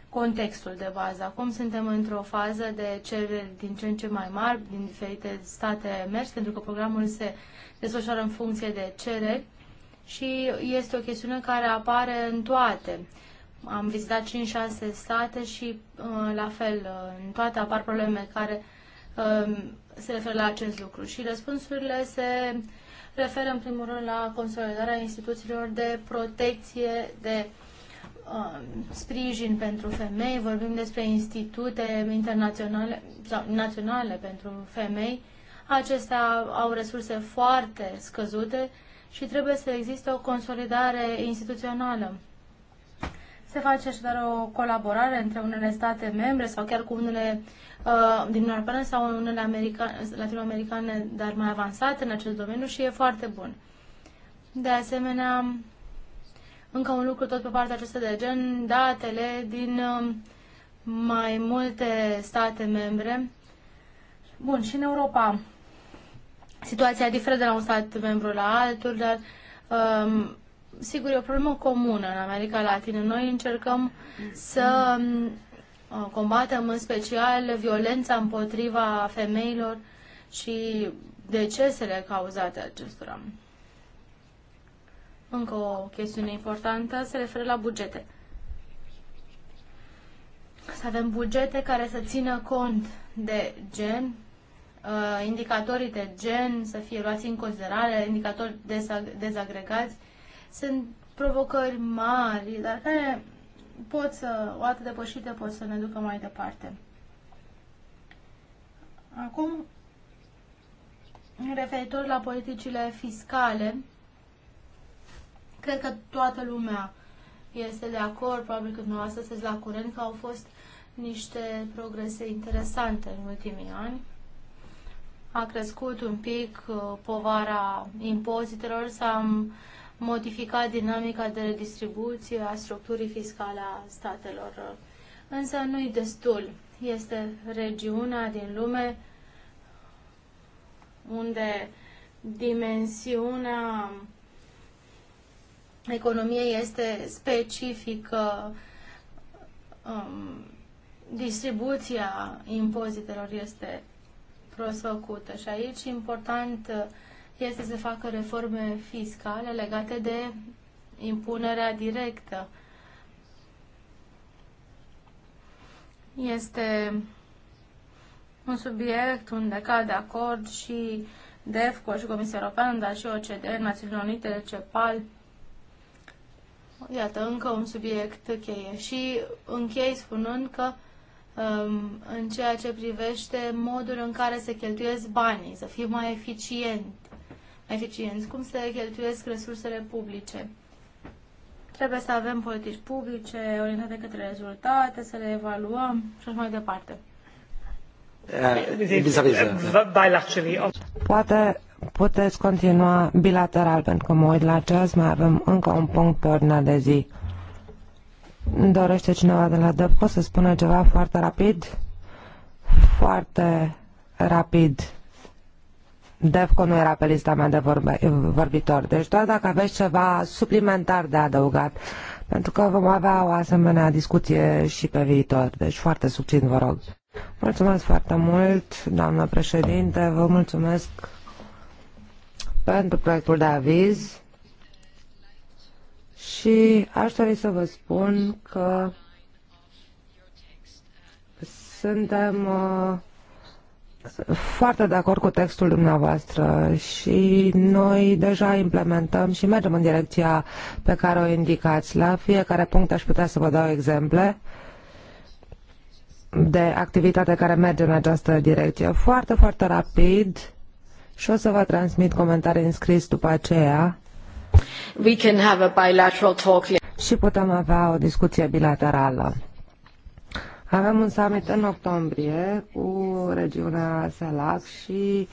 contextul de bază. Acum suntem într-o fază de cereri din ce în ce mai mari din diferite state mers, pentru că programul se desfășoară în funcție de cereri și este o chestiune care apare în toate. Am vizitat 5-6 state și uh, la fel, uh, în toate apar probleme care Um, se referă la acest lucru și răspunsurile se referă în primul rând la consolidarea instituțiilor de protecție, de um, sprijin pentru femei, vorbim despre institute internaționale sau naționale pentru femei. Acestea au resurse foarte scăzute și trebuie să existe o consolidare instituțională se face așadar o colaborare între unele state membre sau chiar cu unele uh, din Europa Europeană sau unele americane, latinoamericane, dar mai avansate în acest domeniu și e foarte bun. De asemenea, încă un lucru tot pe partea aceasta de gen, datele din uh, mai multe state membre. Bun, și în Europa situația diferă de la un stat membru la altul, dar um, sigur, e o problemă comună în America Latină. Noi încercăm să uh, combatem în special violența împotriva femeilor și decesele cauzate acestora. Încă o chestiune importantă se referă la bugete. Să avem bugete care să țină cont de gen, uh, indicatorii de gen să fie luați în considerare, indicatori dezagregați sunt provocări mari, dar care pot să, o dată depășite, pot să ne ducă mai departe. Acum, referitor la politicile fiscale, cred că toată lumea este de acord, probabil că dumneavoastră sunteți la curent, că au fost niște progrese interesante în ultimii ani. A crescut un pic uh, povara impozitelor, s-a modifica dinamica de redistribuție a structurii fiscale a statelor. Însă nu-i destul. Este regiunea din lume unde dimensiunea economiei este specifică, um, distribuția impozitelor este prost făcută și aici important este să facă reforme fiscale legate de impunerea directă. Este un subiect unde cad de acord și DEFCO și Comisia Europeană, dar și OCDE, Națiunile Unite, CEPAL. Iată, încă un subiect cheie. Și închei spunând că um, în ceea ce privește modul în care se cheltuiesc banii, să fim mai eficienți eficienți, cum se cheltuiesc resursele publice. Trebuie să avem politici publice orientate către rezultate, să le evaluăm și așa mai departe. Eh, Poate puteți continua bilateral, pentru că mă uit la ceas, mai avem încă un punct pe ordinea de zi. Dorește cineva de la DEPCO să spună ceva foarte rapid? Foarte rapid. DEFCO nu era pe lista mea de vorbe, vorbitori, deci doar dacă aveți ceva suplimentar de adăugat, pentru că vom avea o asemenea discuție și pe viitor, deci foarte subțin vă rog. Mulțumesc foarte mult, doamnă președinte, vă mulțumesc pentru proiectul de aviz și aș dori să vă spun că suntem uh, foarte de acord cu textul dumneavoastră și noi deja implementăm și mergem în direcția pe care o indicați. La fiecare punct aș putea să vă dau exemple de activitate care merge în această direcție. Foarte, foarte rapid și o să vă transmit comentarii înscris după aceea. We can have a bilateral talk. Și putem avea o discuție bilaterală. Avem un summit în octombrie cu regiunea SELAC și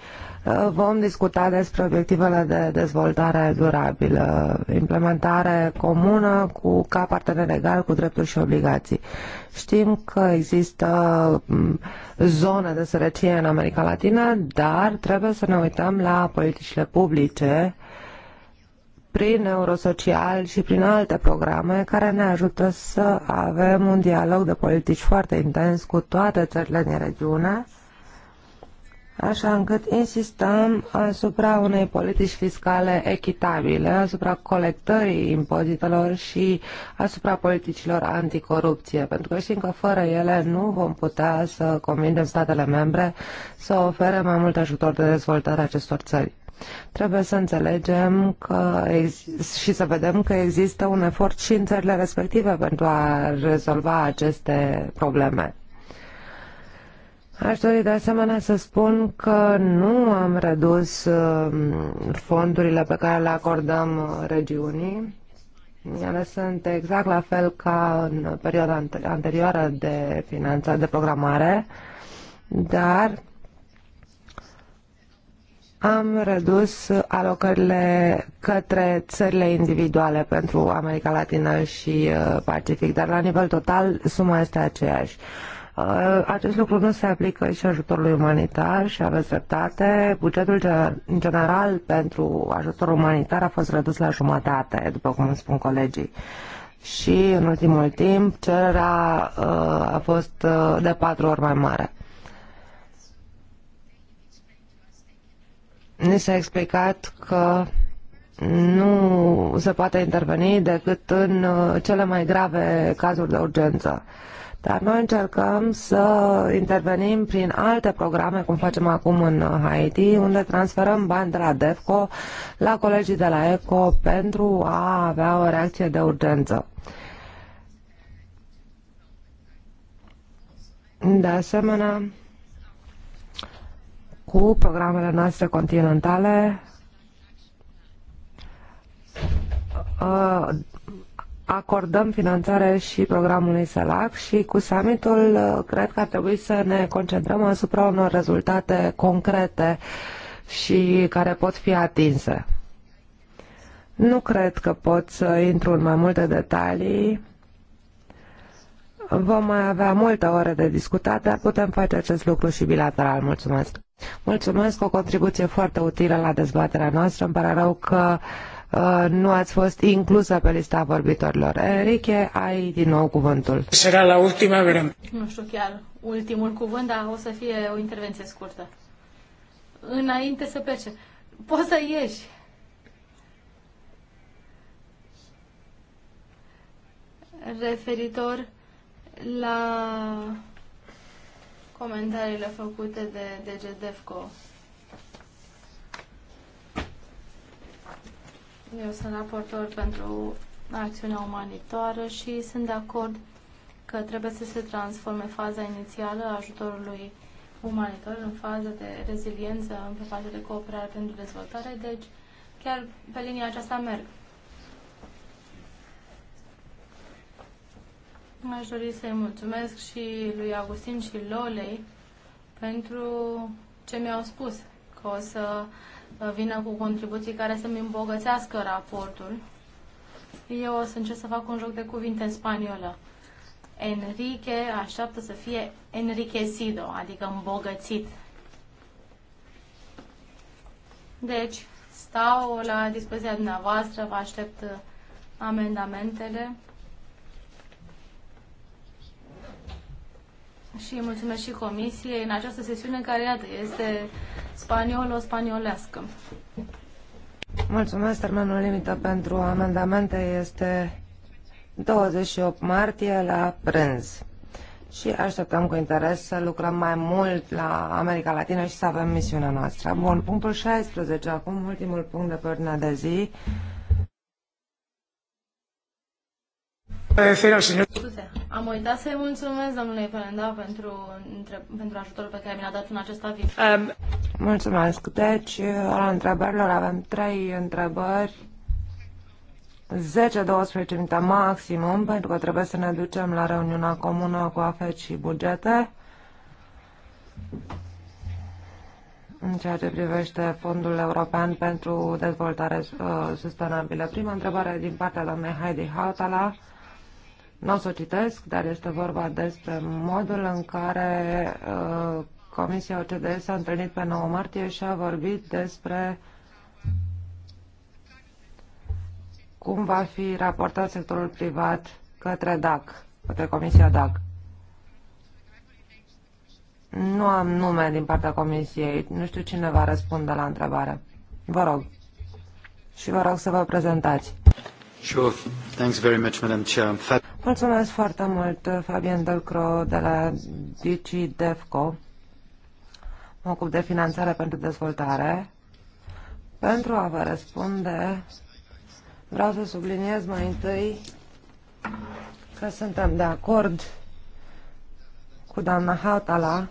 uh, vom discuta despre obiectivele de dezvoltare durabilă, implementare comună cu ca partener egal cu drepturi și obligații. Știm că există mm, zone de sărăcie în America Latină, dar trebuie să ne uităm la politicile publice prin Eurosocial și prin alte programe care ne ajută să avem un dialog de politici foarte intens cu toate țările din regiune, așa încât insistăm asupra unei politici fiscale echitabile, asupra colectării impozitelor și asupra politicilor anticorupție, pentru că știm că fără ele nu vom putea să convingem statele membre să ofere mai mult ajutor de dezvoltare acestor țări. Trebuie să înțelegem că și să vedem că există un efort și în țările respective pentru a rezolva aceste probleme. Aș dori de asemenea să spun că nu am redus um, fondurile pe care le acordăm regiunii. Ele sunt exact la fel ca în perioada anterioară de finanță, de programare, dar am redus alocările către țările individuale pentru America Latină și uh, Pacific, dar la nivel total suma este aceeași. Uh, acest lucru nu se aplică și ajutorului umanitar și aveți dreptate. Bugetul general pentru ajutor umanitar a fost redus la jumătate, după cum îmi spun colegii. Și în ultimul timp cererea uh, a fost de patru ori mai mare. Ni s-a explicat că nu se poate interveni decât în uh, cele mai grave cazuri de urgență. Dar noi încercăm să intervenim prin alte programe, cum facem acum în Haiti, unde transferăm bani de la DEFCO la colegii de la ECO pentru a avea o reacție de urgență. De asemenea, cu programele noastre continentale acordăm finanțare și programului SELAC și cu summitul cred că ar trebui să ne concentrăm asupra unor rezultate concrete și care pot fi atinse. Nu cred că pot să intru în mai multe detalii. Vom mai avea multe ore de discutat, dar putem face acest lucru și bilateral. Mulțumesc! Mulțumesc, o contribuție foarte utilă la dezbaterea noastră. Îmi pare rău că uh, nu ați fost inclusă pe lista vorbitorilor. Enrique, ai din nou cuvântul. Será la ultima vreme. Nu știu chiar ultimul cuvânt, dar o să fie o intervenție scurtă. Înainte să plece. Poți să ieși. Referitor la comentariile făcute de DGDEFCO. Eu sunt raportor pentru acțiunea umanitară și sunt de acord că trebuie să se transforme faza inițială a ajutorului umanitar în fază de reziliență, în fază de cooperare pentru dezvoltare, deci chiar pe linia aceasta merg. Aș dori să-i mulțumesc și lui Agustin și Lolei pentru ce mi-au spus, că o să uh, vină cu contribuții care să-mi îmbogățească raportul. Eu o să încerc să fac un joc de cuvinte în spaniolă. Enrique așteaptă să fie enriquecido, adică îmbogățit. Deci, stau la dispoziția dumneavoastră, vă aștept uh, amendamentele. și mulțumesc și comisiei în această sesiune care, iată, este spaniolo-spaniolească. Mulțumesc. Termenul limită pentru amendamente este 28 martie la prânz. Și așteptăm cu interes să lucrăm mai mult la America Latină și să avem misiunea noastră. Bun, punctul 16, acum ultimul punct de pe ordinea de zi. Am uitat să-i mulțumesc domnului Pelenda pentru, pentru ajutorul pe care mi l-a dat în acest aviz. Um, mulțumesc. Deci, la întrebărilor avem trei întrebări. 10-12 minute maximum, pentru că trebuie să ne ducem la reuniunea comună cu AFET și bugete. În ceea ce privește Fondul European pentru Dezvoltare uh, Sustenabilă. Prima întrebare din partea doamnei Heidi Hautala nu o să o citesc, dar este vorba despre modul în care uh, Comisia OCDE s-a întâlnit pe 9 martie și a vorbit despre cum va fi raportat sectorul privat către DAC, către Comisia DAC. Nu am nume din partea Comisiei, nu știu cine va răspunde la întrebare. Vă rog. Și vă rog să vă prezentați. Mulțumesc foarte mult, uh, Fabian Delcro de la DG DEFCO. Mă ocup de finanțare pentru dezvoltare. Pentru a vă răspunde, vreau să subliniez mai întâi că suntem de acord cu doamna Hautala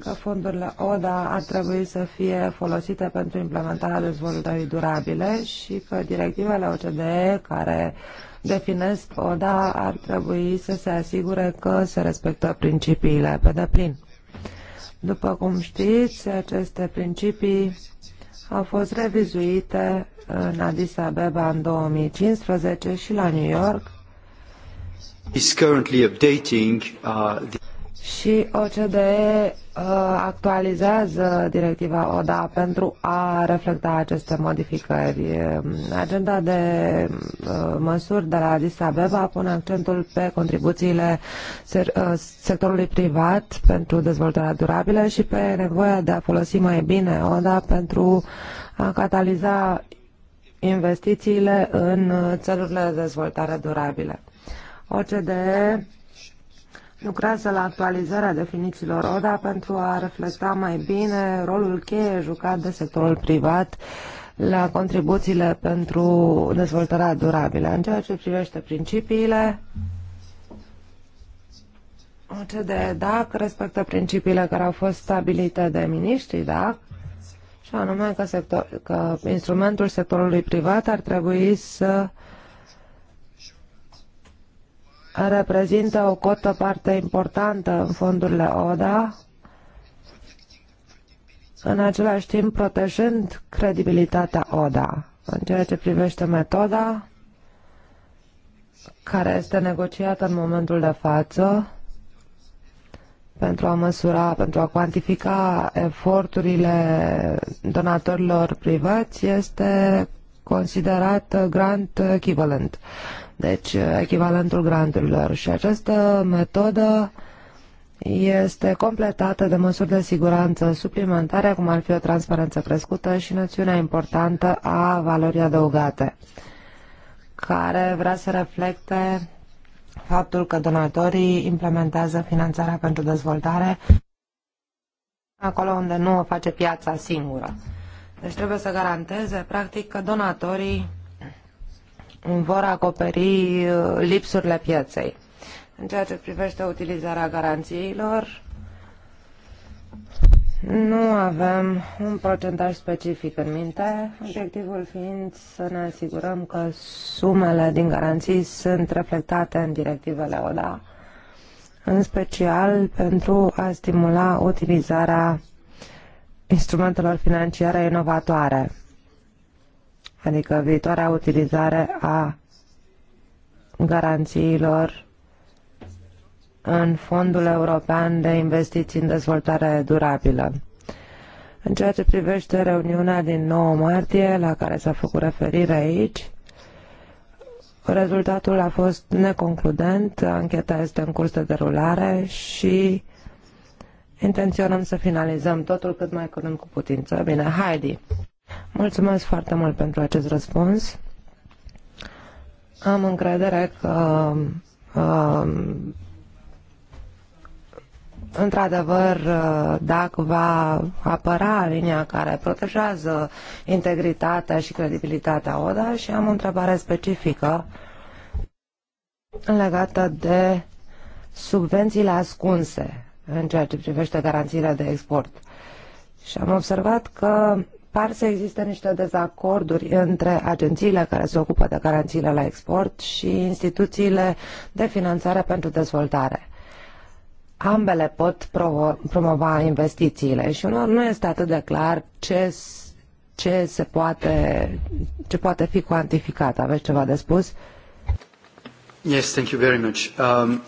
că fondurile ODA ar trebui să fie folosite pentru implementarea dezvoltării durabile și că directivele OCDE care definesc ODA ar trebui să se asigure că se respectă principiile pe deplin. După cum știți, aceste principii au fost revizuite în Addis Abeba în 2015 și la New York. Is currently updating, uh, the și OCDE uh, actualizează directiva ODA pentru a reflecta aceste modificări. Um, agenda de uh, măsuri de la Addis Abeba pune accentul pe contribuțiile uh, sectorului privat pentru dezvoltarea durabilă și pe nevoia de a folosi mai bine ODA pentru a cataliza investițiile în țelurile de dezvoltare durabilă. OCDE lucrează la actualizarea definițiilor ODA pentru a reflecta mai bine rolul cheie jucat de sectorul privat la contribuțiile pentru dezvoltarea durabilă. În ceea ce privește principiile, OCDE DAC respectă principiile care au fost stabilite de miniștrii DAC, și anume că, sector, că instrumentul sectorului privat ar trebui să uh, reprezintă o cotă parte importantă în fondurile ODA, în același timp protejând credibilitatea ODA în ceea ce privește metoda care este negociată în momentul de față pentru a măsura, pentru a cuantifica eforturile donatorilor privați este considerat grant equivalent deci uh, echivalentul granturilor. Și această metodă este completată de măsuri de siguranță suplimentare, cum ar fi o transparență crescută și noțiunea importantă a valorii adăugate, care vrea să reflecte faptul că donatorii implementează finanțarea pentru dezvoltare acolo unde nu o face piața singură. Deci trebuie să garanteze, practic, că donatorii vor acoperi uh, lipsurile pieței. În ceea ce privește utilizarea garanțiilor, nu avem un procentaj specific în minte, obiectivul fiind să ne asigurăm că sumele din garanții sunt reflectate în directivele ODA, în special pentru a stimula utilizarea instrumentelor financiare inovatoare adică viitoarea utilizare a garanțiilor în Fondul European de Investiții în Dezvoltare Durabilă. În ceea ce privește reuniunea din 9 martie, la care s-a făcut referire aici, rezultatul a fost neconcludent, ancheta este în curs de derulare și intenționăm să finalizăm totul cât mai curând cu putință. Bine, Heidi! Mulțumesc foarte mult pentru acest răspuns. Am încredere că um, într-adevăr, dacă va apăra linia care protejează integritatea și credibilitatea ODA și am o întrebare specifică legată de subvențiile ascunse în ceea ce privește garanțiile de export. Și am observat că par să existe niște dezacorduri între agențiile care se ocupă de garanțiile la export și instituțiile de finanțare pentru dezvoltare. Ambele pot promova investițiile și unor nu este atât de clar ce, ce, se poate, ce poate fi cuantificat. Aveți ceva de spus? Yes, thank you very much. Um...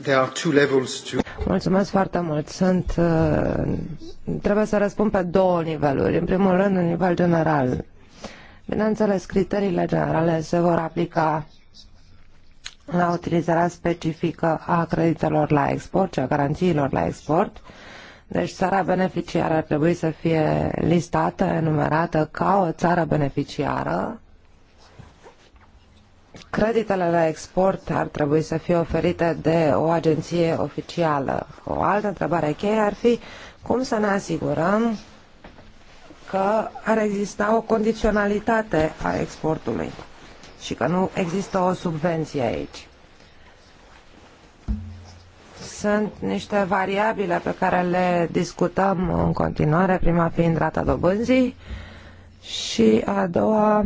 There are two levels to... Mulțumesc foarte mult. Sunt, uh, trebuie să răspund pe două niveluri. În primul rând, un nivel general. Bineînțeles, criteriile generale se vor aplica la utilizarea specifică a creditelor la export și a garanțiilor la export. Deci țara beneficiară ar trebui să fie listată, enumerată ca o țară beneficiară creditele la export ar trebui să fie oferite de o agenție oficială. O altă întrebare cheie ar fi cum să ne asigurăm că ar exista o condiționalitate a exportului și că nu există o subvenție aici. Sunt niște variabile pe care le discutăm în continuare, prima fiind rata dobânzii și a doua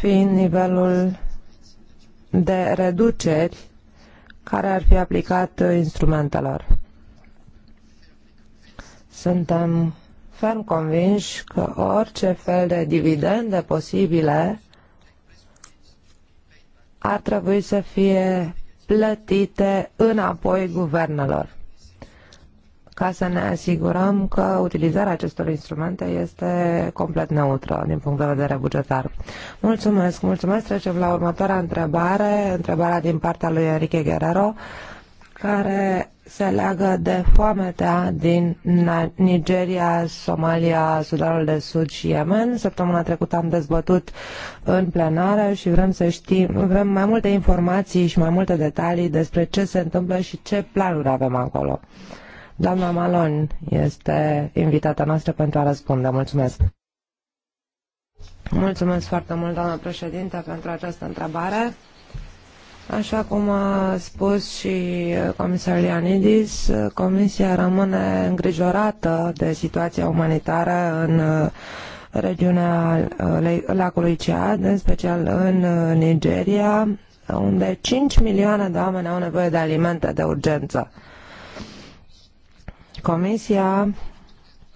fiind nivelul de reduceri care ar fi aplicat instrumentelor. Suntem ferm convinși că orice fel de dividende posibile ar trebui să fie plătite înapoi guvernelor ca să ne asigurăm că utilizarea acestor instrumente este complet neutră din punct de vedere bugetar. Mulțumesc, mulțumesc. Trecem la următoarea întrebare, întrebarea din partea lui Enrique Guerrero, care se leagă de foametea din Nigeria, Somalia, Sudanul de Sud și Yemen. Săptămâna trecută am dezbătut în plenară și vrem să știm, vrem mai multe informații și mai multe detalii despre ce se întâmplă și ce planuri avem acolo. Doamna Malon este invitata noastră pentru a răspunde. Mulțumesc! Mulțumesc foarte mult, doamnă președinte, pentru această întrebare. Așa cum a spus și comisarul Ianidis, Comisia rămâne îngrijorată de situația umanitară în uh, regiunea uh, lacului Ciad, în special în uh, Nigeria, unde 5 milioane de oameni au nevoie de alimente de urgență. Comisia,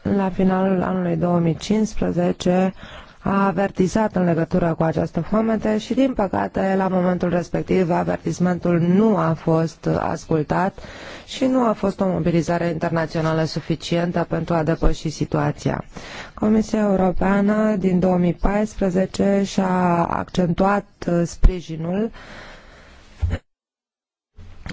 la finalul anului 2015, a avertizat în legătură cu această foamete și, din păcate, la momentul respectiv, avertismentul nu a fost ascultat și nu a fost o mobilizare internațională suficientă pentru a depăși situația. Comisia Europeană din 2014 și-a accentuat uh, sprijinul uh,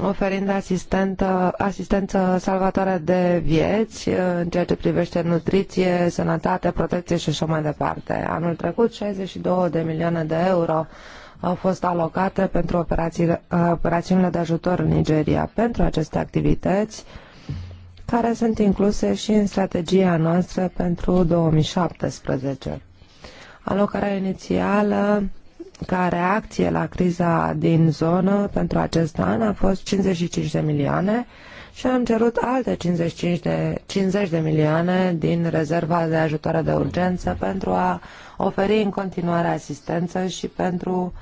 oferind asistentă, asistență salvatoare de vieți uh, în ceea ce privește nutriție, sănătate, protecție și așa mai departe. Anul trecut 62 de milioane de euro au fost alocate pentru uh, operațiunile de ajutor în Nigeria pentru aceste activități care sunt incluse și în strategia noastră pentru 2017. Alocarea inițială ca reacție la criza din zonă pentru acest an a fost 55 de milioane și am cerut alte 55 de, 50 de milioane din rezerva de ajutoare de urgență pentru a oferi în continuare asistență și pentru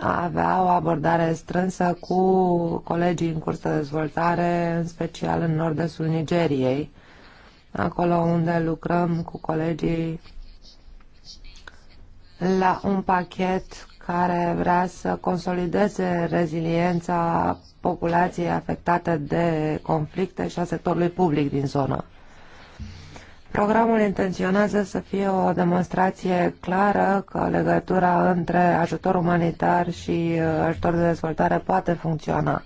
a avea o abordare strânsă cu colegii în curs de dezvoltare, în special în nord-estul Nigeriei, acolo unde lucrăm cu colegii la un pachet care vrea să consolideze reziliența populației afectate de conflicte și a sectorului public din zonă. Programul intenționează să fie o demonstrație clară că legătura între ajutor umanitar și uh, ajutor de dezvoltare poate funcționa.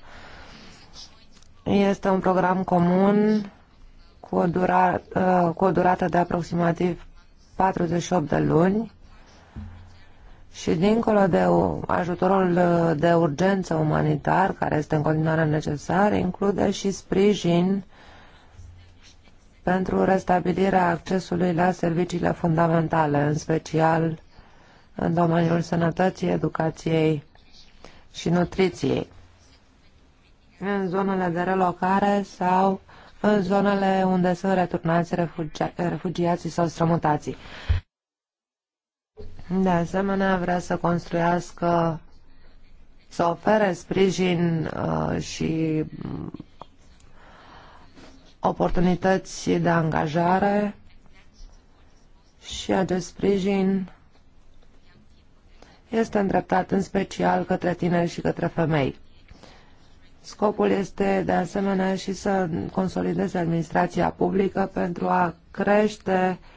Este un program comun cu o, dura, uh, cu o durată de aproximativ 48 de luni și dincolo de ajutorul uh, de urgență umanitar, care este în continuare necesar, include și sprijin pentru restabilirea accesului la serviciile fundamentale, în special în domeniul sănătății, educației și nutriției, în zonele de relocare sau în zonele unde sunt returnați refugia refugiații sau strămutații. De asemenea, vrea să construiască, să ofere sprijin uh, și mm, oportunități de angajare și acest sprijin este îndreptat în special către tineri și către femei. Scopul este de asemenea și să consolideze administrația publică pentru a crește uh,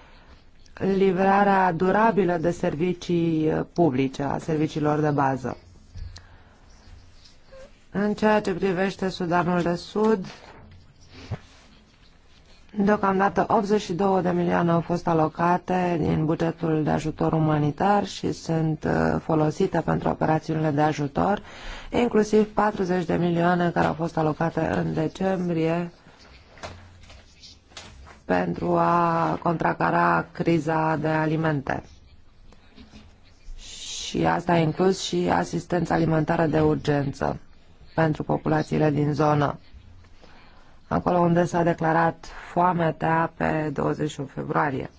livrarea durabilă de servicii publice, a serviciilor de bază. În ceea ce privește Sudanul de Sud, deocamdată 82 de milioane au fost alocate din bugetul de ajutor umanitar și sunt uh, folosite pentru operațiunile de ajutor, inclusiv 40 de milioane care au fost alocate în decembrie pentru a contracara criza de alimente. Și asta a inclus și asistența alimentară de urgență pentru populațiile din zonă, acolo unde s-a declarat foametea pe 21 februarie.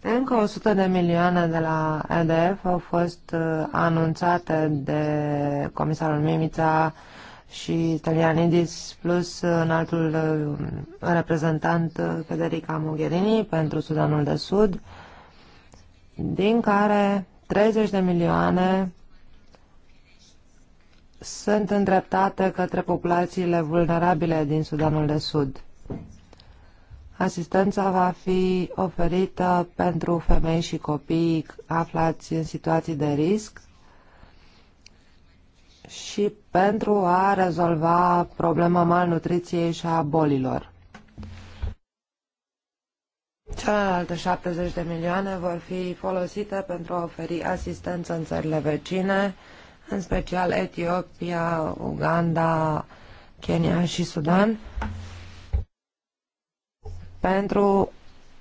Încă 100 de milioane de la EDF au fost uh, anunțate de comisarul Mimița și Italianidis plus uh, în altul uh, reprezentant uh, Federica Mogherini pentru Sudanul de Sud, din care 30 de milioane sunt îndreptate către populațiile vulnerabile din Sudanul de Sud. Asistența va fi oferită pentru femei și copii aflați în situații de risc și pentru a rezolva problema malnutriției și a bolilor. Celelalte 70 de milioane vor fi folosite pentru a oferi asistență în țările vecine, în special Etiopia, Uganda, Kenya și Sudan, pentru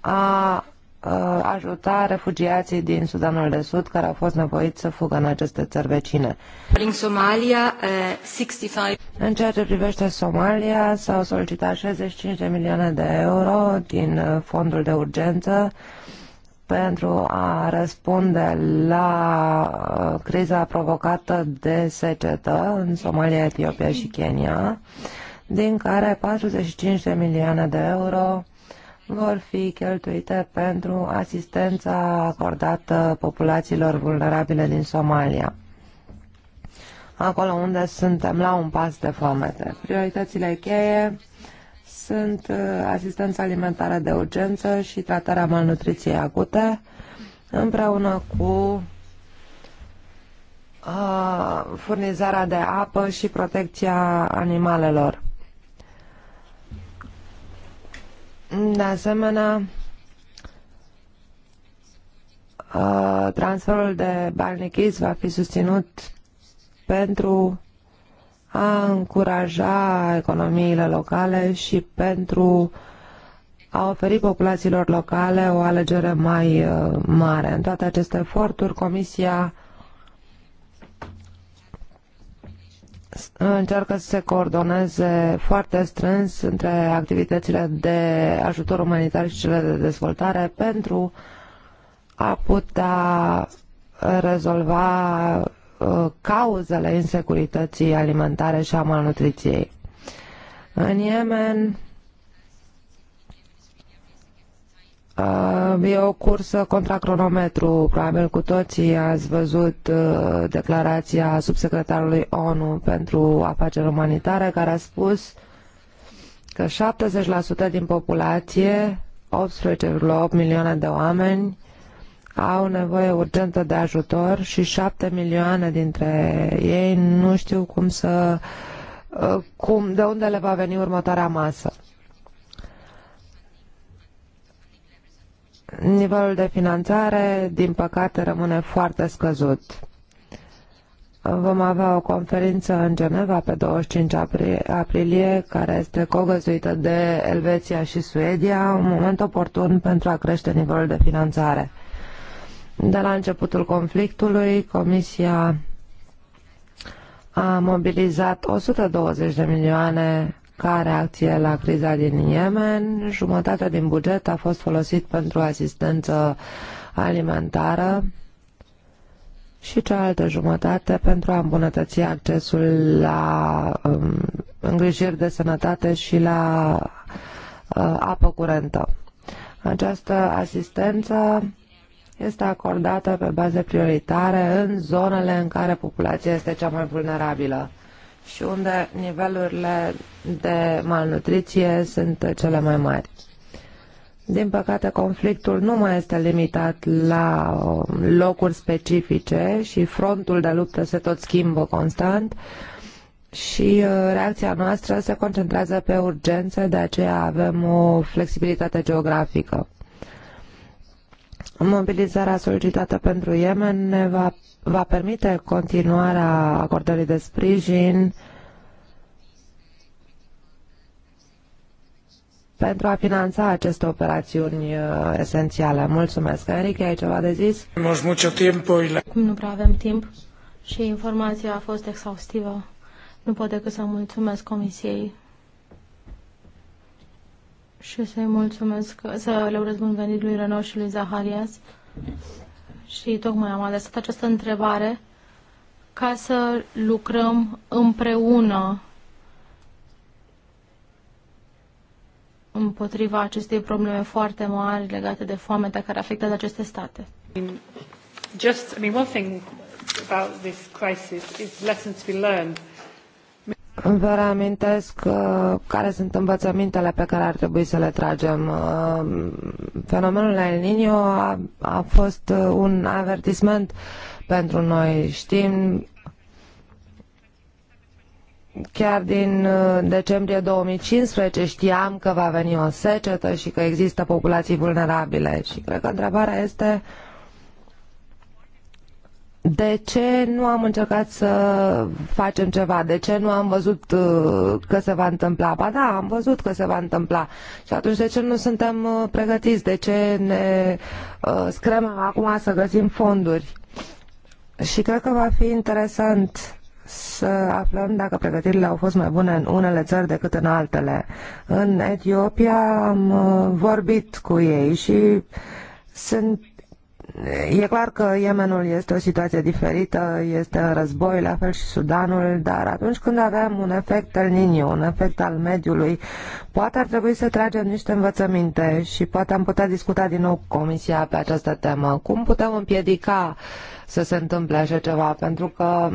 a Uh, ajuta refugiații din Sudanul de Sud care au fost nevoiți să fugă în aceste țări vecine. În Somalia, 65... Uh, în ceea ce privește Somalia, s-au solicitat 65 de milioane de euro din uh, fondul de urgență pentru a răspunde la criza provocată de secetă în Somalia, Etiopia și Kenya, din care 45 de milioane de euro vor fi cheltuite pentru asistența acordată populațiilor vulnerabile din Somalia acolo unde suntem la un pas de foamete. Prioritățile cheie sunt uh, asistența alimentară de urgență și tratarea malnutriției acute, împreună cu uh, furnizarea de apă și protecția animalelor. De asemenea, transferul de Barnichis va fi susținut pentru a încuraja economiile locale și pentru a oferi populațiilor locale o alegere mai mare. În toate aceste eforturi, Comisia încearcă să se coordoneze foarte strâns între activitățile de ajutor umanitar și cele de dezvoltare pentru a putea rezolva uh, cauzele insecurității alimentare și a malnutriției. În Yemen Uh, e o cursă contra cronometru. Probabil cu toții ați văzut uh, declarația subsecretarului ONU pentru afaceri umanitare care a spus că 70% din populație, 18,8 milioane de oameni, au nevoie urgentă de ajutor și 7 milioane dintre ei nu știu cum să uh, cum, de unde le va veni următoarea masă. nivelul de finanțare, din păcate, rămâne foarte scăzut. Vom avea o conferință în Geneva pe 25 aprilie, care este cogăzuită de Elveția și Suedia, un moment oportun pentru a crește nivelul de finanțare. De la începutul conflictului, Comisia a mobilizat 120 de milioane ca reacție la criza din Yemen. Jumătate din buget a fost folosit pentru asistență alimentară și cealaltă jumătate pentru a îmbunătăți accesul la um, îngrijiri de sănătate și la uh, apă curentă. Această asistență este acordată pe baze prioritare în zonele în care populația este cea mai vulnerabilă și unde nivelurile de malnutriție sunt cele mai mari. Din păcate, conflictul nu mai este limitat la um, locuri specifice și frontul de luptă se tot schimbă constant și uh, reacția noastră se concentrează pe urgențe, de aceea avem o flexibilitate geografică. Mobilizarea solicitată pentru Yemen ne va, va permite continuarea acordării de sprijin pentru a finanța aceste operațiuni uh, esențiale. Mulțumesc. Enrique, ai ceva de zis? Cum nu prea avem timp și informația a fost exhaustivă, nu pot decât să mulțumesc Comisiei și să-i mulțumesc, să le urez bun venit lui Renaud și lui Zaharias. Și tocmai am adresat această întrebare ca să lucrăm împreună împotriva acestei probleme foarte mari legate de foamea care afectează aceste state. Just, I mean, one thing about this crisis is lessons to be learned Vă reamintesc uh, care sunt învățămintele pe care ar trebui să le tragem. Uh, fenomenul El Niño a, a fost uh, un avertisment pentru noi. Știm chiar din uh, decembrie 2015 știam că va veni o secetă și că există populații vulnerabile. Și cred că întrebarea este uh, de ce nu am încercat să facem ceva? De ce nu am văzut uh, că se va întâmpla? Ba da, am văzut că se va întâmpla. Și atunci de ce nu suntem uh, pregătiți? De ce ne uh, scremăm acum să găsim fonduri? Și cred că va fi interesant să aflăm dacă pregătirile au fost mai bune în unele țări decât în altele. În Etiopia am vorbit cu ei și sunt E clar că Yemenul este o situație diferită, este în război, la fel și Sudanul, dar atunci când avem un efect al Nino, un efect al mediului, poate ar trebui să tragem niște învățăminte și poate am putea discuta din nou cu Comisia pe această temă. Cum putem împiedica să se întâmple așa ceva? Pentru că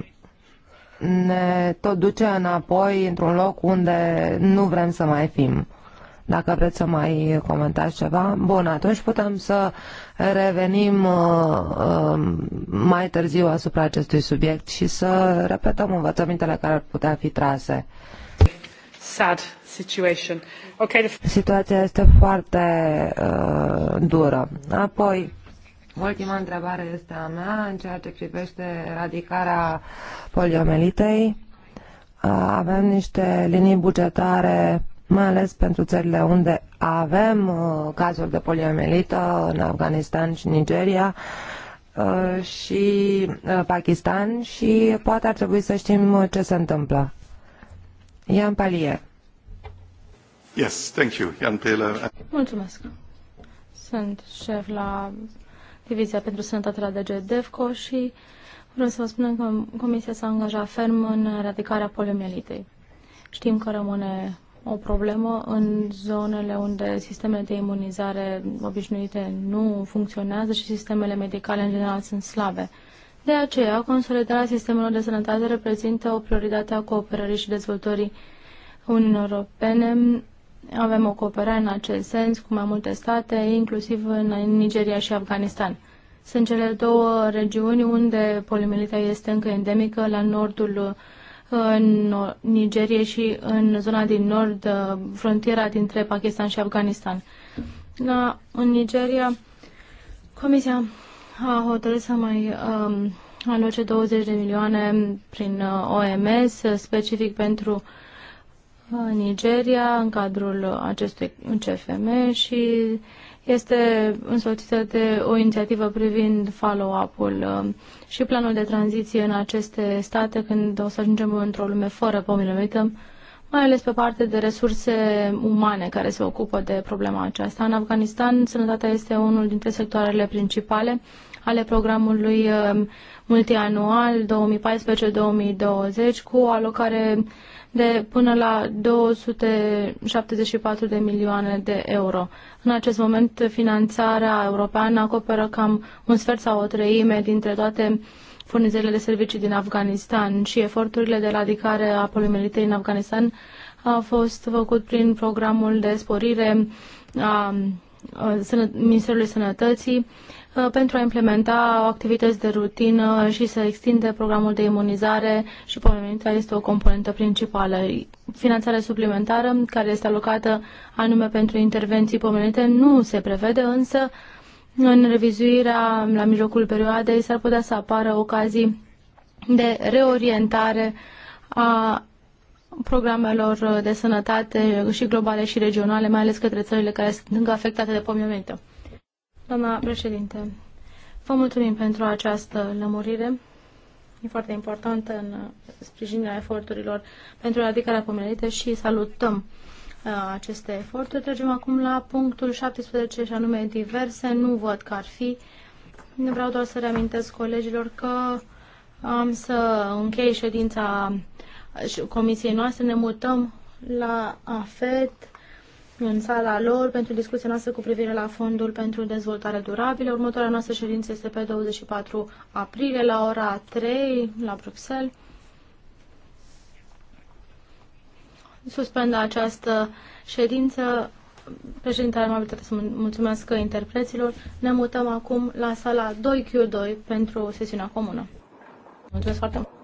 ne tot duce înapoi într-un loc unde nu vrem să mai fim. Dacă vreți să mai comentați ceva, bun, atunci putem să revenim uh, uh, mai târziu asupra acestui subiect și să repetăm învățămintele care ar putea fi trase. Sad situation. Okay. Situația este foarte uh, dură. Apoi, ultima întrebare este a mea în ceea ce privește eradicarea poliomelitei. Uh, avem niște linii bugetare mai ales pentru țările unde avem uh, cazuri de poliomielită, în Afganistan și Nigeria uh, și uh, Pakistan și poate ar trebui să știm uh, ce se întâmplă. Ian Palie. Yes, thank you, Ian Mulțumesc. Sunt șef la Divizia pentru Sănătate la DG DEFCO și vreau să vă spun că Comisia s-a angajat ferm în eradicarea poliomielitei. Știm că rămâne o problemă în zonele unde sistemele de imunizare obișnuite nu funcționează și sistemele medicale în general sunt slabe. De aceea, consolidarea sistemelor de sănătate reprezintă o prioritate a cooperării și dezvoltării Uniunii Europene. Avem o cooperare în acest sens cu mai multe state, inclusiv în Nigeria și Afganistan. Sunt cele două regiuni unde poliomielita este încă endemică la nordul uh, în Nigerie și în zona din nord, uh, frontiera dintre Pakistan și Afganistan. La, în Nigeria, Comisia a hotărât să mai um, aloce 20 de milioane prin uh, OMS, specific pentru uh, Nigeria, în cadrul acestui CFM și este însoțită de o inițiativă privind follow-up-ul um, și planul de tranziție în aceste state când o să ajungem într-o lume fără pomină mică, mai ales pe parte de resurse umane care se ocupă de problema aceasta. În Afganistan, sănătatea este unul dintre sectoarele principale ale programului um, multianual 2014-2020 cu o alocare de până la 274 de milioane de euro. În acest moment, finanțarea europeană acoperă cam un sfert sau o treime dintre toate furnizările de servicii din Afganistan și eforturile de radicare a poliomielinitei în Afganistan a fost făcut prin programul de sporire a Ministerului Sănătății Uh, pentru a implementa activități de rutină și să extinde programul de imunizare și pomenirea este o componentă principală. Finanțarea suplimentară care este alocată anume pentru intervenții pomenite nu se prevede, însă în revizuirea la mijlocul perioadei s-ar putea să apară ocazii de reorientare a programelor de sănătate și globale și regionale, mai ales către țările care sunt încă afectate de pomenită. Doamna președinte, vă mulțumim pentru această lămurire. E foarte importantă în sprijinirea eforturilor pentru eradicarea pomenite și salutăm uh, aceste eforturi. Trecem acum la punctul 17 și anume diverse. Nu văd că ar fi. Vreau doar să reamintesc colegilor că am să închei ședința comisiei noastre. Ne mutăm la AFET în sala lor pentru discuția noastră cu privire la Fondul pentru Dezvoltare Durabilă. Următoarea noastră ședință este pe 24 aprilie la ora 3 la Bruxelles. Suspendă această ședință. Președintele am obligat să mulțumesc interpreților. Ne mutăm acum la sala 2Q2 pentru sesiunea comună. Mulțumesc foarte mult!